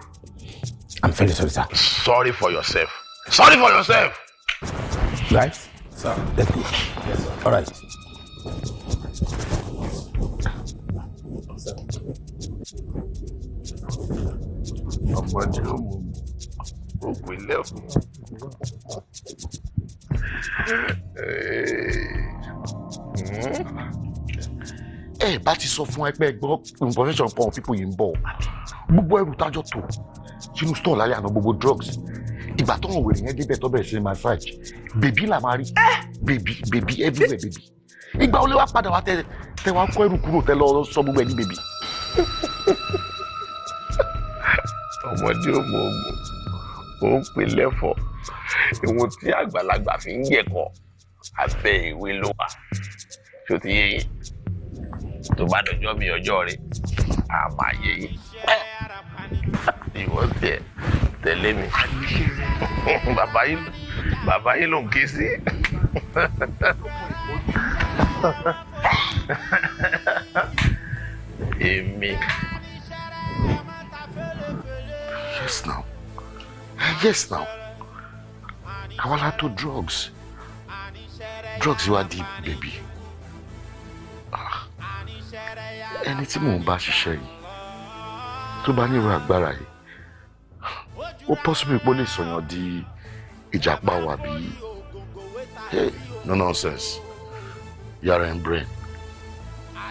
Speaker 1: i'm very sorry sir. sorry for yourself sorry for yourself. right sir let's go yes, sir. all right.
Speaker 6: ọmọdé ló mú mi gbogbo ilé ọ̀hún.
Speaker 1: ẹ bá ti sọ fún ẹgbẹ́ gbọ́ information pọ̀ fífò yìí ń bọ̀ gbogbo ẹrù tájọ tó sínú store lálẹ́ àná gbogbo drugs ìgbà tó ń wèrè yẹn débẹ̀ tó bẹ̀rẹ̀ sí massage bèbí là máa rí bèbí bèbí everywhere bèbí ìgbà olè wa padà wá tẹ tẹ wá kọ ẹrù kúrò tẹ lọ sọ gbogbo ẹ bèbí. ọmọdé ò mọ ogun ó ń pè lẹ́fọ̀ọ́ ìwọ̀n tí àgbàlagbà fi ń yẹ̀kọ́ abẹ́ ìwé ló wà tó ti yé yín tó bá dọjọ́ mi ọjọ́ rẹ̀ á máa yé yín ìwọ́n tiẹ̀ tẹ̀lé mi bàbá yìí bàbá yìí ló ń ké sí. èmi. yes now yes now I àwa la to drugs drugs wá di bèbí ah. ẹni tí mò ń bá ṣiṣẹ́ yìí tó bá nírú agbára yìí ó possible pé ó lè sọ̀yàn di ìjàpá wa bí hey no nonsense yàrá ń brain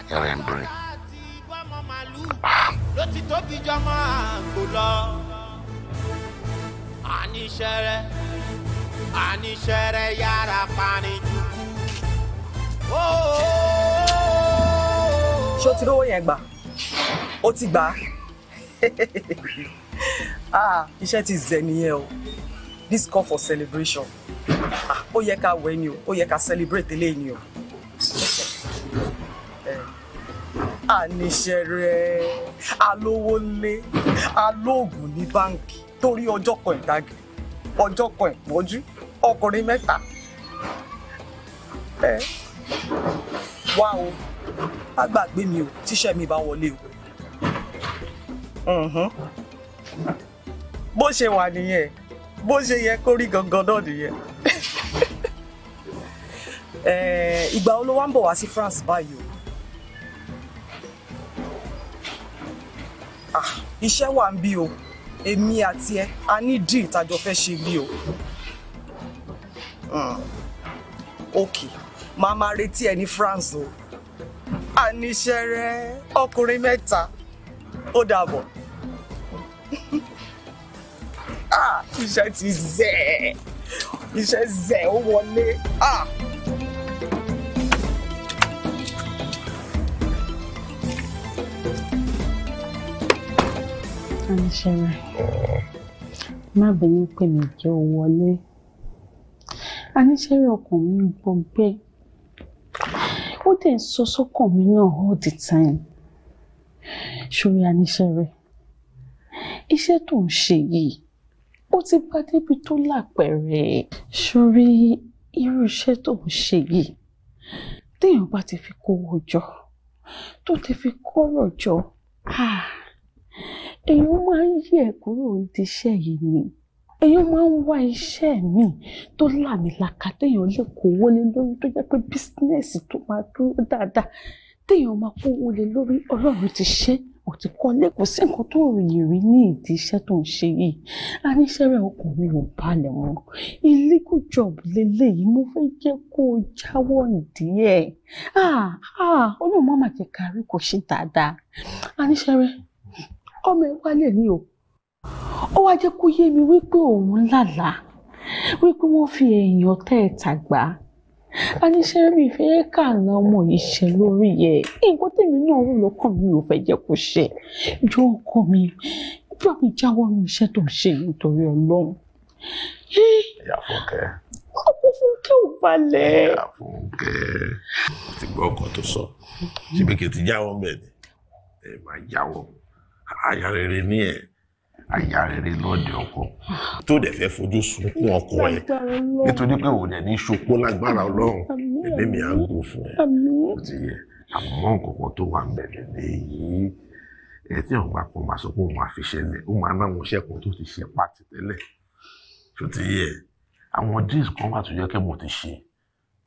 Speaker 1: yàrá ń brain.
Speaker 5: Ah. ló ti tóbi jọmọ àgò lọ àníṣẹ́rẹ́ àníṣẹ́rẹ́ yara pani jùkú.
Speaker 10: ṣé o ti rówó yẹn gbà ó ti gbà á
Speaker 2: ah, iṣẹ́ ti zẹ̀ nìyẹn o this call for celebration ah, ó yẹ ká wẹ̀ ni o ó yẹ ká
Speaker 8: celebrate eléyìí ni o
Speaker 2: àníṣẹ́rẹ́ eh, alówó lé alóògùn ní báǹkì torí ọjọ́ kan ìdágì ọjọ́ kan ìpọ́njú ọkùnrin mẹ́ta ẹ wá o á gbàgbé
Speaker 4: mi o tíṣẹ́ mi bá wọlé o bó ṣe wà nìyẹn bó ṣe yẹ kó rí gangan náà nìyẹn ìgbà wo ló wá ń bọ̀ wá sí France báyìí o ah, iṣẹ́ wà ń bí o èmi àti ẹ a ní díì tàjọ fẹ́ ṣe rí o hmm.
Speaker 2: ok màá máa retí ẹ ní France o àníṣẹrẹ ọkùnrin mẹ́ta ó dàbọ̀ ah, iṣẹ́ ti zẹ̀ iṣẹ́ zẹ̀ ó wọlé. Ah.
Speaker 4: Anṣẹ́ra, má bínú pé mi jẹ́ wọlé. Aníṣẹ́ra ọkàn mi ń gbọgbẹ́. Ó dẹ̀ ń sọ sọ́kàn mi náà all the time. Ṣorí Aníṣẹ́ra, iṣẹ́ tó ń ṣe yìí, ó ti bá débi tó lápẹ̀rẹ̀. Ṣorí irú iṣẹ́ tó ń ṣe yìí, téèyàn bá ti fi kówó jọ, tó ti fi kọ́rọ̀ jọ, ah! èèyàn máa ń yí ẹ̀ kúrò ti iṣẹ́ yìí ni èèyàn máa ń wá iṣẹ́ mi tó làmìlàkà téèyàn lè kówó lé lórí tó jẹ́ pé bísínẹ́sì tó máa dúró dáadáa téèyàn máa kówó lé lórí ọlọ́run ti ṣe ò ti kọ́lé kò sí nǹkan tó rìn rí ní ìdí iṣẹ́ tó ń ṣe yìí a ní sẹ́rẹ̀ ọkàn mi ò balẹ̀ mọ́ illegal job leléyìí mo fẹ́ jẹ́ kó o jáwọ́ díẹ̀ ah ah olóòmọ́ màjẹ̀kárí kò ṣe dáadáa a ní sẹ́rẹ̀ ọmọ ẹ wálé ni o ó wá jẹ́ kó yé mi wípé òun lálàá wípé wọ́n fi èèyàn tẹ́ ẹ tàgbà aníṣẹ́ mi fẹ́ kà ná ọmọ yìí ṣe lórí ẹ̀ nǹkan tèmi náà rò lọ́kàn mi ò fẹ́ jẹ́ kó ṣe jọ ọkọ mi bá mi jáwọ́ nínú iṣẹ́ tó ń ṣe nítorí ọlọ́run. ìyá fúnkẹ́. ọkọ fúnkẹ́ ò balẹ̀. ìyá
Speaker 1: fúnkẹ́ ti gbọ́ ọkọ tó sọ ṣé bí kìí ti jáwọ́ bẹ́ẹ̀ ni ẹ máa jáwọ́ aya rere ní ẹ aya rere lọ́dẹ ọkọ ah. tó dẹ̀ fẹ́ fojú sunkún ọkọ ẹ nítorí pé òun dẹ̀ ní ṣokó lágbára ọlọ́run ẹ̀mí mi á gùn fún ẹ ó ti yẹ àmọ́ nǹkan tó wà ń bẹ̀rẹ̀ nìyí ẹ tí àwọn bá kan máa sọ pé òun àfiṣẹlẹ̀ ó máa ná àwọn iṣẹ́ kan tó ti ṣe pàtì tẹ́lẹ̀ tó ti yẹ àwọn díìs kan wà tó yẹ kẹ́ mo ti ṣe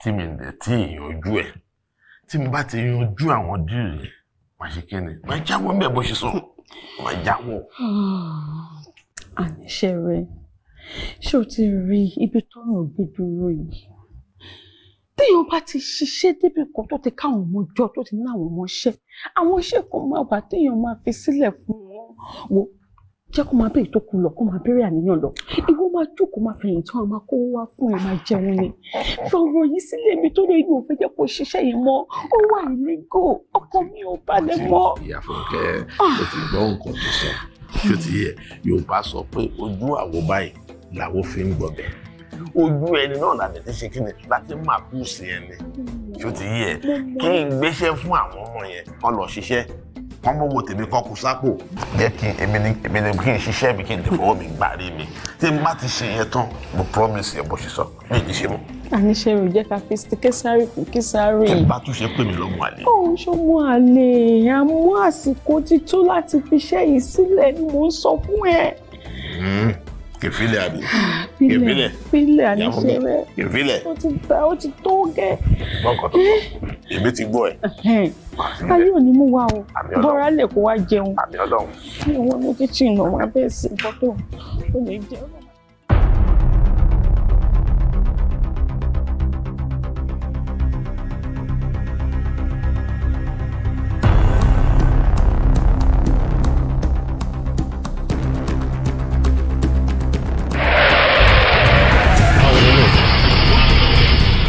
Speaker 1: tí mi dẹ̀ tí ìyanjú ẹ̀ tí mo bá ti yanjú àwọn díìs yẹn máa ṣe kí ni máa jáwọ́ ń ṣe sọ wọ́n yáwó.
Speaker 4: Ah, àníṣe rẹ ṣé o ti rí ibi tó ràn gbé dúró yìí téèyàn bá ti ṣiṣẹ́ débi kan tó ti káwọn ọmọ jọ tó ti ní àwọn ọmọ iṣẹ́ àwọn iṣẹ́ kan máa wà téèyàn máa fi sílẹ̀ fún wọn wò jẹ́ kó máa bẹ́ẹ̀ tó kù lọ kó máa bẹ̀rẹ̀ àníyàn lọ ìwọ máa jókòó máa fẹ̀yìn tán máa kó wá fún ẹ máa jẹun ni fọ̀rọ̀ yìí sílẹ̀ mi tó lè yóò fẹ́ jẹ́ kó ṣiṣẹ́ yìí mọ́ ó wà ìlégò ọkọ mi ò balẹ̀ mọ́. ìyá
Speaker 1: fúnkẹ́ ah. o ti gbọ́ nǹkan tó sọ tí ó ti yẹ yorùbá sọ pé ojú àwo báyìí làwo fi ń gbọ̀bẹ̀ ojú ẹni náà làbẹ̀ ti ṣe kíni láti máa kú sí ẹni tí ó ti yẹ kí n gbéṣẹ́ fún àwọn ọmọ yẹn kó lọ ṣiṣẹ́ kán mọ́wọ́ tèmi kọ́ kù sápò jẹ́ kí èmi ni èmi ni kí n ṣiṣẹ́ mi kí n lè fọwọ́ mi gbà rí mi tí n bá ti ṣe yẹn tán mo promise yẹn bó ṣe sọ mi ì ṣe mọ́.
Speaker 10: àníṣe rò jẹ́ ká fi sí késàrì kù késàrì. tí n
Speaker 4: bá
Speaker 1: tún ṣe pé mi lọ́mọ àlè.
Speaker 10: ó ń ṣọmọ àlè
Speaker 4: àmú àsìkò ti tó láti fi iṣẹ́ yìí sílẹ̀ ni mò ń sọ fún ẹ.
Speaker 1: Hmm. kèfílẹ̀ àbí ah, kèfílẹ̀ kèfílẹ̀ àníṣe rẹ̀ kèfílẹ̀
Speaker 4: ó ti tó gẹ́. èmi ti gbọ́ ẹ. Eh, ayọ̀ ni
Speaker 10: mo wà o bọ́ra lè kó wá jẹun mi ò wọnú kíchìnì wọn abẹ́ sí bọ́tò ó lè jẹun.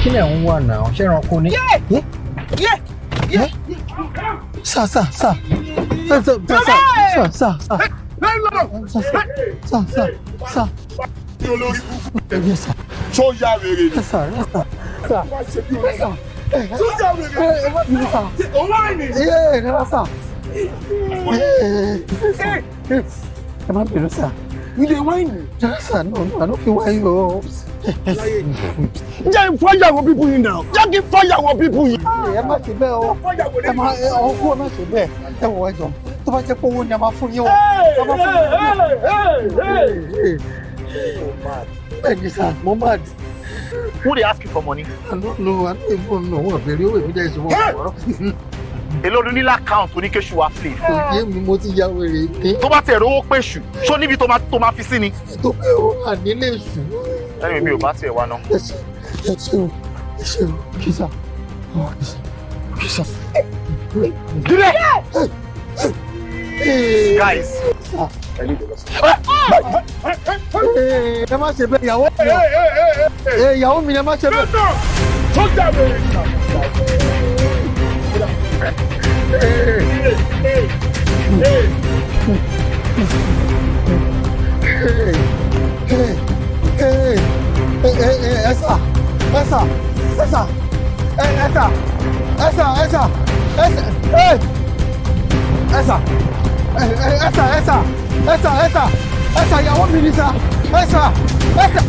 Speaker 9: kílẹ̀ ń wà náà ṣẹ́ranko ni. yé hm? yé yé. Hm? sir sir sir sir sir sir sir sir
Speaker 4: sir sir sir. bí olórí burúkú tẹ̀ tó yá rere ni. sir sir
Speaker 3: sir
Speaker 6: tó yá rere ni. òun wà ní. ẹ ẹ
Speaker 3: rárá
Speaker 9: sir. ẹ má bẹ̀rù sir you dey whine. Jansa no no I no fit whine you o. Jẹ́
Speaker 1: ìfọ́yàwó people yìí náà. Jẹ́ kí ìfọ́yàwó people yìí. Ah, ẹ má ṣe bẹ́ẹ̀ o. Ẹ má ọkú ẹ
Speaker 2: má ṣe bẹ́ẹ̀. Ẹ wọ ẹjọ́ tó bá jẹ́ pé owó ni a máa fún yín o. Bẹ́ẹ̀ni sá, mo mad. Who dey ask you for
Speaker 1: money? I no know, I no even know. Wọ́n bèrè owó èmi dẹ́ ìṣòwò ọ̀rọ̀. èló ló ní lákàùnt oníkéṣù wa play. òye mi mo ti ya wèrè dé. tó bá tẹ̀ rówó péṣù ṣó níbi tó máa fi sí ni. tó pé o wà nílé èṣù. ẹni mi ò bá tiẹ̀ wá ná. ẹ ṣe
Speaker 4: ẹ ṣe o ẹ ṣe o kìsà ọ kìsà kìsà. dílé.
Speaker 2: guys.
Speaker 1: ẹ má ṣe bẹ́ẹ̀ ìyàwó mi ìyàwó mi ẹ má ṣe bẹ́ẹ̀. tó jà wèrè. Ẹ̀sà ẹ̀sà ẹ̀sà ẹ̀sà ẹ̀sà ẹ̀sà ẹ̀sà ẹ̀sà
Speaker 5: ẹ̀sà ẹ̀sà ẹ̀sà ẹ̀sà ìyàwó mi ni sa ẹ̀sà ẹ̀sà.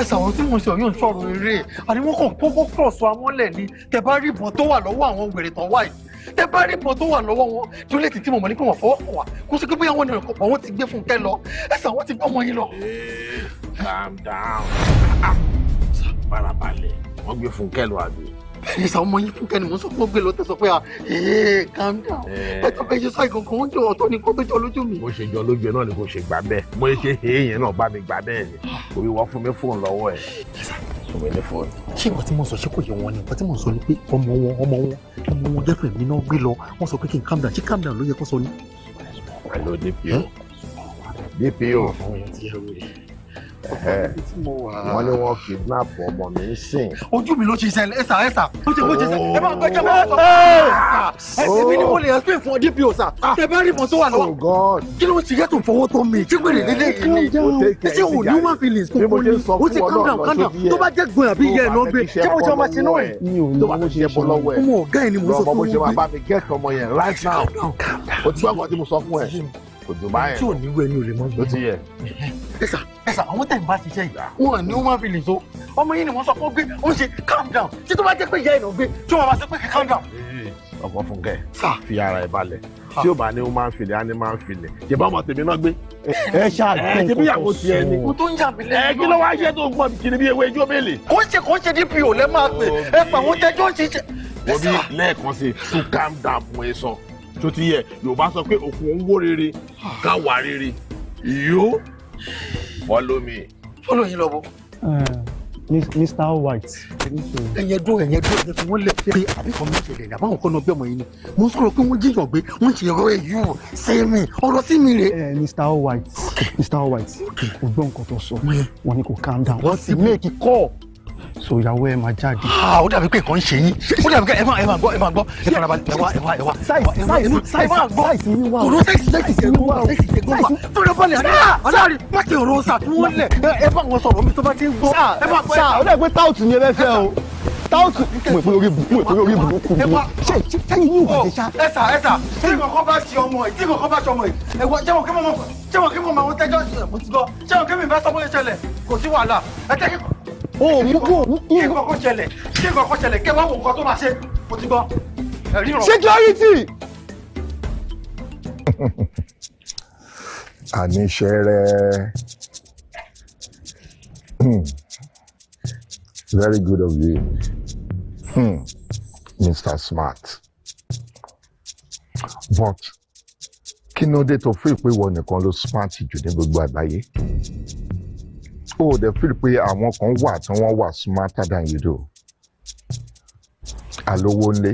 Speaker 5: ẹ̀sà àwọn tí wọ́n ṣe ọ̀yọ́ ń sọ̀rọ̀ eré àní wọ́n kàn
Speaker 1: kókó pọ̀ sọ amọ́lẹ̀ ni tẹ̀ bá rí ìbọn tó wà lọ́wọ́ àwọn wèrè tán wáyé tẹ bá rí ìbọn tó wà lọ́wọ́ wọn tí ó lè tètè mọ̀mọ́ ní pé wọ́n fọwọ́ kàn wá kó sí pé bóyá wọn nìyẹn kò pọ̀ ti gbé Fúnkẹ́ lọ ẹ̀sán wọ́n ti gbọ́ ọmọ yín lọ. Eh, calm down ah, ah. farabalẹ̀ wọ́n gbé Fúnkẹ́ lọ àbí. bẹ́ẹ̀ni sàwọn ọmọ yín Fúnkẹ́ ni mo sọ fún gbé lọ tẹ̀sán pé ah, eh,
Speaker 9: calm down
Speaker 6: ẹ̀tọ́
Speaker 1: bẹ́ẹ̀ ṣe sọ ìkọ̀kan wọ́n jọ ọ̀tọ̀ ni kó tó jọ lójú mi. mo ṣe jọ lójú ẹ náà ni kò ṣe fún mi ní fóònù. ṣé ìwọ
Speaker 2: tí mo sọ ṣé kò yẹ wọn ni ìwọ tí mo sọ ni pé ọmọ wọn ọmọ wọn ọmọ wọn gẹ́fẹ̀ mi náà gbé lọ wọ́n sọ pé kí n calm down ṣé calm down ló yẹ kó sọ ni.
Speaker 1: pẹ̀lú dpo dpo wọ́n ní wọ́n kidnap ọmọ mi sìn. ojú mi ló ṣe
Speaker 2: ṣẹlẹ̀ ẹ̀sà ẹ̀sà ó ṣe kó ṣe ṣe ẹ gbé jẹ́ bẹ́ẹ̀ sọ ẹ̀sìn mi ni mo lè oh! explain fún ọdí bí o sà ah! bá rí ìbọn tó wà lọ́wọ́ oh, kí ló ń ṣe yẹ́tò fọwọ́ tó mi tí gbèrè nílé yìí ni ẹ ṣe wò
Speaker 1: ní one sọ fún mi kò jù báyẹn lọ. tí ò ní wẹ́nu rẹ̀ mọ́. ló ti yẹ. ẹ̀sà ẹ̀sà àwọn tẹ̀ ń bá ṣiṣẹ́ yìí wọn ò ní human feeling so ọmọ yìí ni wọ́n sọ pé ó gbé ó ń ṣe calm down tí tó bá jẹ́ pé ìyá ẹ̀ náà gbé tí wọ́n máa sọ pé calm down. ọkọ Fúnkẹ́ fi ara ẹ balẹ̀ tí o bá ní human feeling á ní man feeling ṣe bá ọmọ tèmi náà gbé. ẹ ṣáà o tó ń yà mí lẹ́yìn. ẹ kí ṣe bí ewé ijó bẹ́ẹ̀lì.
Speaker 2: kò ń ń ṣe é pàwọn tẹjọ́ ń ṣiṣẹ́
Speaker 1: tó ti yẹ yorùbá sọ pé òkun ń wó rere ká wà rere yó follow me. follow yín lọ
Speaker 2: eh, Mr. White. ẹyẹ dún ẹyẹ dún ẹyẹ fún wọn lẹ pé àbí kan mi ṣẹlẹ̀ ní àbáwọn kan náà bẹmọ yìí ni mo ń pé wọn jíyàn gbé wọn ṣe ọ̀rọ̀ ẹ yóò ṣe mí sí mi rè. Eh, Mr. White Mr. White o gbọ́ nǹkan tó sọ wọn ni kò calm down wọ́n sì make call so ìyàwó ẹ máa jáde. ó dàbí pé nǹkan ń ṣe yín ó dàbí pé ẹ máa ẹ máa gbọ́ ẹ máa gbọ́ ẹ fara balẹ̀ ẹ wá ẹ wá ẹ wá. ṣáìsì ṣáìsì yín wá
Speaker 5: o
Speaker 1: ṣáìsì yín wá o ṣáìsì yín wá o fara balẹ̀ ọ̀dà ọ̀dà rí má ti rò sà tí wọ́n lẹ̀ ẹ bá wọn sọ̀rọ̀ mi tó bá ti ń gbọ́. ṣá ó dàbí pé táùtù ni ẹ bẹ fẹ́ o táùtù mo ìpè orí mo ìpè orí burúkú burú ṣe ṣẹyìn yóò wà dẹṣà.
Speaker 5: ẹ sà ẹ sà tí kòkó bá ṣe ọmọ yìí tí kòkó bá ṣe ọmọ yìí ẹ wá jẹ́wọ̀n kí mo mọ̀ jẹ́wọ̀n kí mo mọ̀ àwọn tẹ́jọ́ ṣe mo ti gbọ́
Speaker 2: jẹ́wọ̀n kí mi bá sọ bóyá ṣẹlẹ̀ kò sí wàhálà ẹ jẹ́ kí o mú kó. kí nǹkan ṣẹlẹ̀ kí nǹkan ṣẹlẹ̀ kí ẹ wá wo nǹkan tó máa ṣe mo ti gbọ́ security.
Speaker 1: àníṣe rẹ hmm. very good of you hmm. Mr. Smart but kí ló dé tó fún ìpéwọ nìkan ló smart jù ní gbogbo àgbáyé o dẹ̀ feel pé àwọn kan wà tí wọ́n wà smarter than you do alówó ńlé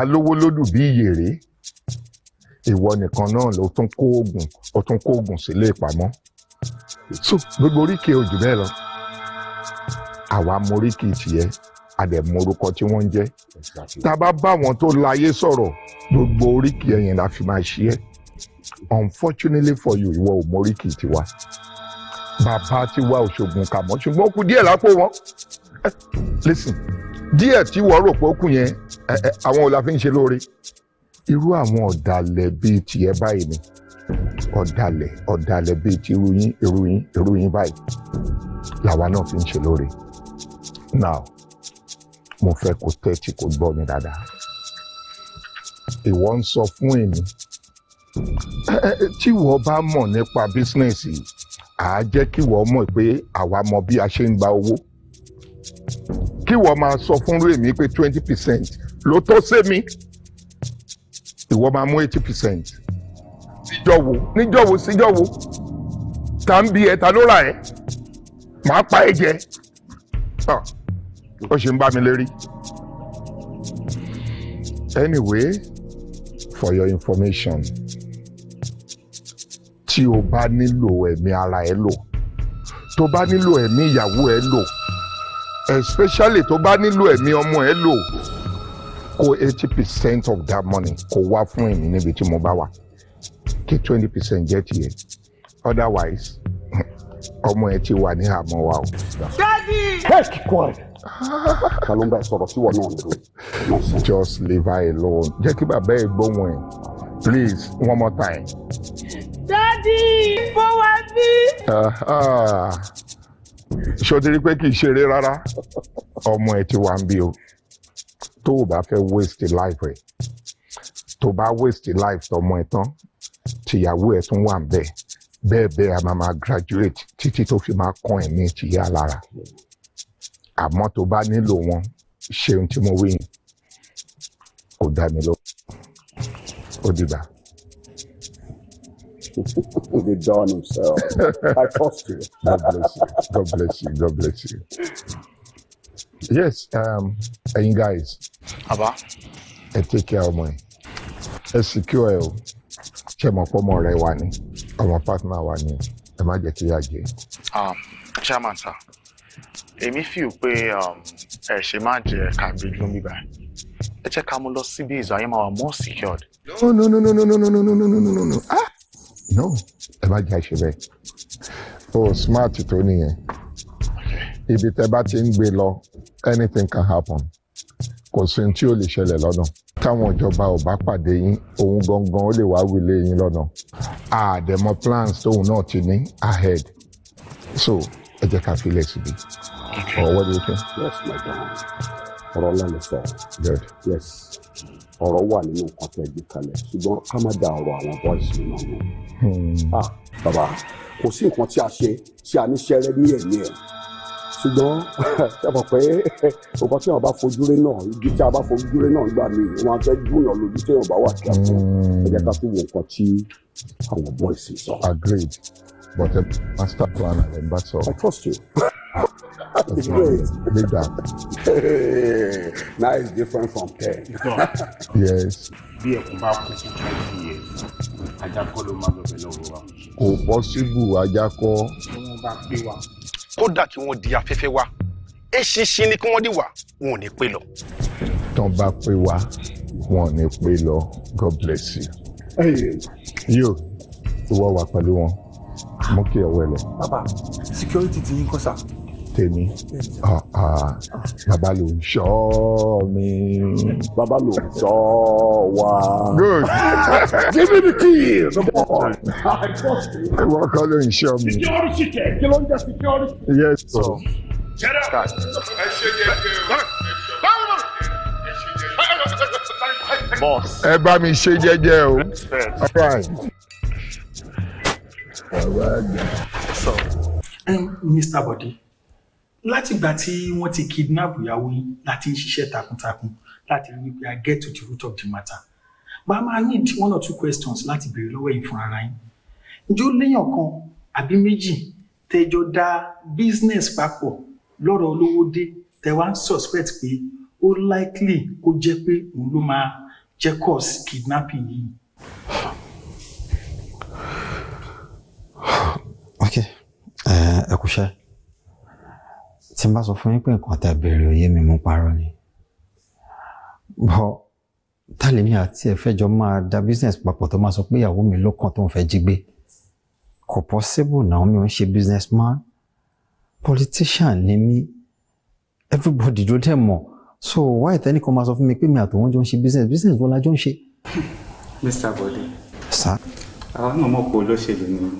Speaker 1: alówó lódù bí ìyèrè ìwọ nìkan náà ló tún kó oògùn ó tún kó oògùn sílé ìpamọ́ so gbogbo oríkè ojú bẹ́ẹ̀ lọ àwa moríkì tiẹ̀ àdẹ̀morúkọ tí wọ́n ń jẹ́ tá a bá bá àwọn tó láyé sọ̀rọ̀ gbogbo oríkì ẹ̀yìn la fi máa ṣe é unfortunately for you ìwọ ò móríkì tiwa bàbá tiwa òṣogùn kà mọ́ ṣùgbọ́n ó kù díẹ̀ lápò wọn listen díẹ̀ tí wọ́n rò pé ó kù yẹn àwọn ò la fi ń ṣe lóore irú àwọn ọ̀dàlẹ̀ bíi tìẹ báyìí ni ọ̀dàlẹ̀ ọ̀dàlẹ̀ bíi ti irú yín irú báyìí làwa náà fi ń ṣe lóore now mo fẹ́ kó tẹ́tí kó gbọ́ mi dáadáa ìwọ ń sọ fún èmi tí wọ́n bá mọ̀ nípa bísínẹ́sì àá jẹ́ kí wọ́n mọ̀ pé àwa mọ̀ bí a ṣe ń gba owó kí wọ́n máa sọ fún rèmi pé twenty percent ló tó sẹ́mi ìwọ máa mú eighty percent síjọ́ wo níjọ́ ta ń bi ẹ ta ló rà ẹ màá pa ẹ jẹ ah, ó ṣe ń bá mi lérí. Anyway, for your information tí o bá nílò ẹ̀mí ara ẹ lò tó bá nílò ẹ̀mí ìyàwó ẹ lò especially tó bá nílò ẹ̀mí ọmọ ẹ lò kó eighty percent of that money kó wá fún èmi níbi tí mo bá wà kí twenty percent jẹ́ tiẹ̀ otherwise ọmọ ẹ ti wà ní àmọ́ wa o.
Speaker 6: daddy. take
Speaker 1: quiet. ta ló sí wọn náà just leave her alone jẹ́ kí bàbá ẹ gbóhùn ẹ̀. Please, one more time.
Speaker 4: Daddy, mo wá bí.
Speaker 1: Ṣé o ti rí pé kì í ṣeré rárá? Ọmọ ẹ ti wá ń bí o. Tó o bá fẹ́ waste life rẹ̀. Tó o bá waste life tọmọ ẹ tán, tìyàwó ẹ tún wà ń bẹ̀. Bẹ́ẹ̀ a máa máa graduate títí tó fi máa kàn ẹ̀ ní tìyà lára. Àmọ́ tó o bá nílò wọn, ṣe tí mo wí yìí. Kò dá mi lọ ó dìgbà. the Don himself. I trust you. God bless you. God bless you. God bless you. Yes, um, you guys. Aba, I take care of yìí. Ẹ secure ẹ o. Ṣé mo pọ́ ọmọ rẹ wà ní? Ọmọ partner wà ní? Ẹ má jẹ́ um, Chairman sir, èmi feel pé um, ẹ ṣe má jẹ kàbí lómi báyìí ẹ jẹ́ ká mú lọ síbi ìzọ ayé máa wà more secured.
Speaker 6: no no no no no no no no no no no no no ah
Speaker 1: no ẹ má jẹ́ àṣẹ bẹ́ẹ̀ o smart tó nìyẹn ibi tẹ bá ti ń gbé lọ anything can happen kò sí ní tí ó lè ṣẹlẹ̀ lọ́nà táwọn ìjọba ò bá pàdé yín òun gangan ó lè wá wílé yín lọ́nà àdèmọ plans tóun náà ti ní ahead so ẹ jẹ́ ká fi lẹ̀ síbi ọ̀wọ́ ni ó tún. yes my darling ọ̀rọ̀ ńlá sọ yes ọ̀rọ̀ wà nínú nǹkan tẹ́ kalẹ̀ ṣùgbọ́n ká má da ọ̀rọ̀ àwọn bọ́ìsì náà mọ́ hmm. ah, bàbá kò sí nǹkan tí a ṣe tí a ní ṣẹrẹ ní ẹ̀mí ẹ̀ ṣùgbọ́n ẹ mọ̀ pé nǹkan tí wọ́n bá fojú rẹ náà ibi tí a bá fojú rẹ náà gbà mí wọ́n fẹ́ dúnyàn lójú tí wọ́n bá wà kí a fún ẹ jẹ́ ká tún wo nǹkan tí àwọn bọ́ìsì sọ. agreed but uh, master plan and ambassador. i trust you. great. Big Now it's different from 10. yes. Bí ẹkùn bá kú sí twenty years, ajá kọ́ ló máa bẹ̀rẹ̀ lọ́wọ́ wa. Kò possible ajá kọ́. Tí wọ́n bá pé wa. Kódà kí wọ́n di afẹ́fẹ́ wa, eṣinṣin ni kí wọ́n dì wá, wọn ò ní pé lọ. Tán bá pé wa, wọn ò ní pé lọ. God bless you. Yóò, ìwọ wà pẹ̀lú wọn, mú kí ọwọ́ ẹ lọ.
Speaker 2: Bàbá, security ti yín kọ́ sá
Speaker 1: tèmi bàbá ló ń ṣọ́ mi. bàbá ló ń ṣọ́ wa. good give me the key. ìwọ kọ́ ló ń ṣọ́ mi. security check kí ló security. yes sir. jẹ́rẹ̀ ẹ boss. ẹ bá mi ṣe jẹ́jẹ́ o.
Speaker 2: so. Um, eh, Mr. Body látìgbà tí wọ́n ti kidnap ìyàwó yín láti ń ṣiṣẹ́ takuntakun láti rí wípé i get to the root of the matter bá a máa need one or two questions láti béèrè lọ́wọ́ yín fún ara yín ǹjọ́ léèyàn kan àbí méjì tẹjọ dá business papọ̀ lọ́rọ̀ olówó dé tẹ wá ń suspect pé ó likely kó jẹ́ pé òun ló máa jẹ́ cause kidnapping yìí.
Speaker 9: ok ẹ kú ṣe tí n bá sọ fún yín pé nǹkan a béèrè òye mi mú parọ́ ni bọ́ tálẹ́mí àti ẹ̀fẹ́jọ máa da business papọ̀ tó máa sọ pé ìyàwó mi ló kàn tó ń fẹ́ jí gbé kò possible náà mi ò ń ṣe businessman politician ni mí everybody ló dẹ̀ mọ̀ so why tẹ́ni kan máa sọ fún mi pé mi àtòun jọ ń ṣe business business wọn la jọ ń ṣe.
Speaker 8: Mr. Bode. sa. àwa náà mọ̀ pé olóṣèlú ni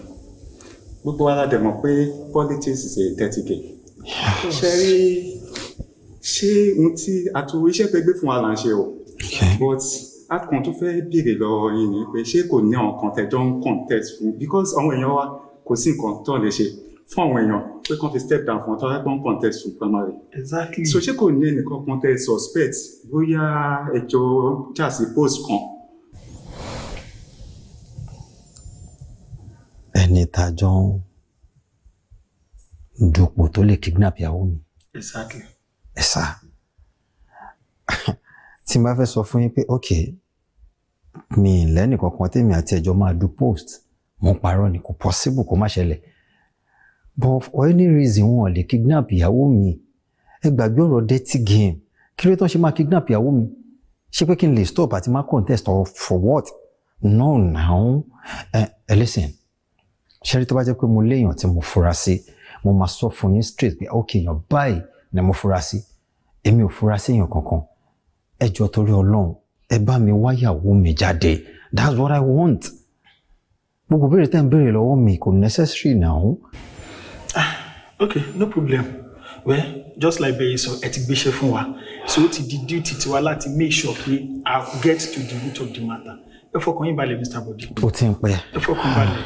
Speaker 2: gbogbo wa la dẹ̀ mọ̀ pé politics is a dirty game ṣe rí ṣé ohun tí àtò iṣẹ́ fẹ́ gbé fún wa là ń ṣe o but atkan tó fẹ́ béèrè lọ́wọ́ yín ni pé ṣé kò ní àwọn kan tẹjọ́ ń contest fún because àwọn èèyàn wa kò sí nǹkan tó lè ṣe fún àwọn èèyàn pé kàn fi step down fún ọtọ́ lágbọ́n contest fún primary. exactly so ṣé kò ní ẹnìkan contest suspect bóyá ẹjọ́ jà post kan.
Speaker 9: ẹni tá a jọ ń dupò tó lè kidnap ìyàwó mi. exactly. ẹ sá tí n bá fẹ́ sọ fún yín pé ok mi lẹ́nì kankan tèmi àti ẹ̀jọ́ máa du post mo parọ́ ni kò possible kó má ṣẹlẹ̀ but for any reason wọn lè kidnap ìyàwó mi ẹ gbàgbé ọ̀rọ̀ dirty game kí ló tán ṣe máa kidnap ìyàwó mi ṣé pé kí n lè stop àti má contest or for what no now ẹ eh, eh, listen ṣẹ́rí tó bá jẹ́ pé mo léèyàn tí mo fura sí mo máa sọ fún yín straight pé ok èèyàn báyìí ni mo fura sí èmi ò fura sí èèyàn kankan ẹ torí ọlọ́run ẹ bá mi wáyàwó mi jáde that's what i want gbogbo béèrè tẹ́ ń béèrè lọ́wọ́ mi kò necessary now.
Speaker 2: ah ok no problem well just like bẹ́ẹ̀ sọ ẹ ti gbéṣẹ́ fún wa so ó ti di duty tiwa láti make sure pé i get to the root of the matter ẹ fọkàn yín balẹ̀ mr bodi.
Speaker 9: ó ti ń pẹ́. ẹ fọkàn balẹ̀.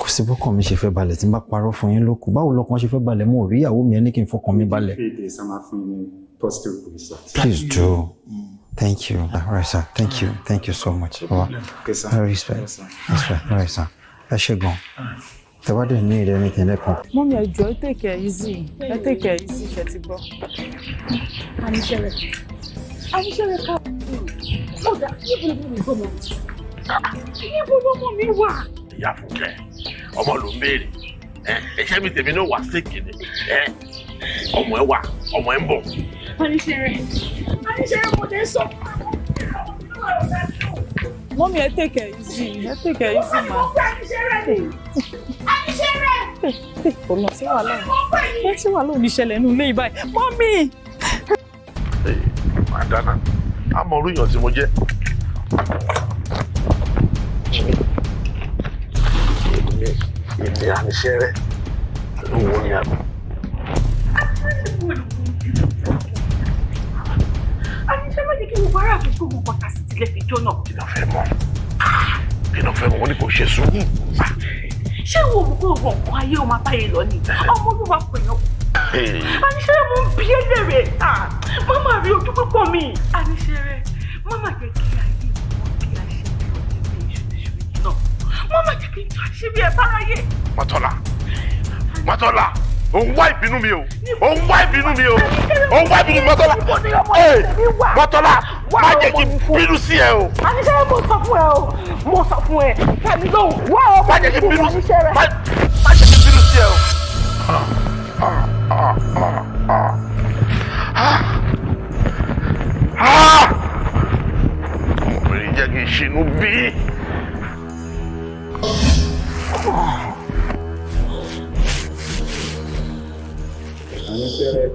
Speaker 9: kò sí bọ́kàn mi ṣe fẹ́ balẹ̀ tí n bá parọ́ fún yín lókun báwo lọ́kàn ṣe fẹ́ balẹ̀ mo rí ìyàwó mi ẹ ní kí n fọkàn mi balẹ̀. please do thank you ah, all right sir thank you ah. thank you so much. No respect respect all right sir ẹ ṣe gan ah. tẹwádé ní ìrẹ ní tẹlẹ kan.
Speaker 4: mú mi ẹjọ ẹ tẹkẹ easy ẹ tẹkẹ easy ṣe ti gbọ́. àníṣe rẹ àníṣe rẹ ká ọ̀dà yóò fún mi gbọ́mọ ibo lọmọ mi wà.
Speaker 1: ìyá fúnkẹ́ ọmọ ló ń béèrè ẹ̀ṣẹ́ mi tèmi náà wà síkì ni ọmọ ẹ wà ọmọ ẹ ń bọ̀.
Speaker 10: àníṣe rẹ àníṣe rẹ mo lè sọ mọ́mí ẹ take it easy ẹ take it easy ma.
Speaker 4: kò lọ sí wàhálà ẹ sí wàhálà ò ní ṣẹlẹ̀ nínú ilé yìí báyìí
Speaker 10: mọ́mí.
Speaker 1: màá dáná àmọ́ orí èèyàn tí mo jẹ́ yɛde anehyɛrɛ ne wɔ nua
Speaker 4: no
Speaker 1: Pinofẹ́ mọ̀ wọ́n ní kò ṣe sùúrù.
Speaker 4: Ṣé wo òun kò rọ̀ nǹkan ayé o máa báyìí lọ ni? Ọmọ olúwa kò yàn. Àníṣe mo ń bí ẹlẹ́rẹ̀ẹ́. Màmá ah, rí ojú púpọ̀ mi. Àníṣe rẹ̀, màmá jẹ́ kí má má jẹ́ kí n tó àṣírí ẹ̀ báráyé.
Speaker 1: mọ́tọ́lá mọ́tọ́lá ò wá ìbínú mi o ò ń wá ìbínú mi o
Speaker 10: ò ń wá ìbínú mi mọ́tọ́lá ee mọ́tọ́lá má jẹ́ kí n bínú sí ẹ o. àníṣe mo sọ fún ẹ o mo sọ fún ẹ kẹmi ló wá ọmọ mi kú àníṣe rẹ. má jẹ́ kí n bínú sí ẹ o. Ah,
Speaker 6: ah,
Speaker 1: ah, ọmọbìnrin jẹ́ kí n ṣinú bí. Anisere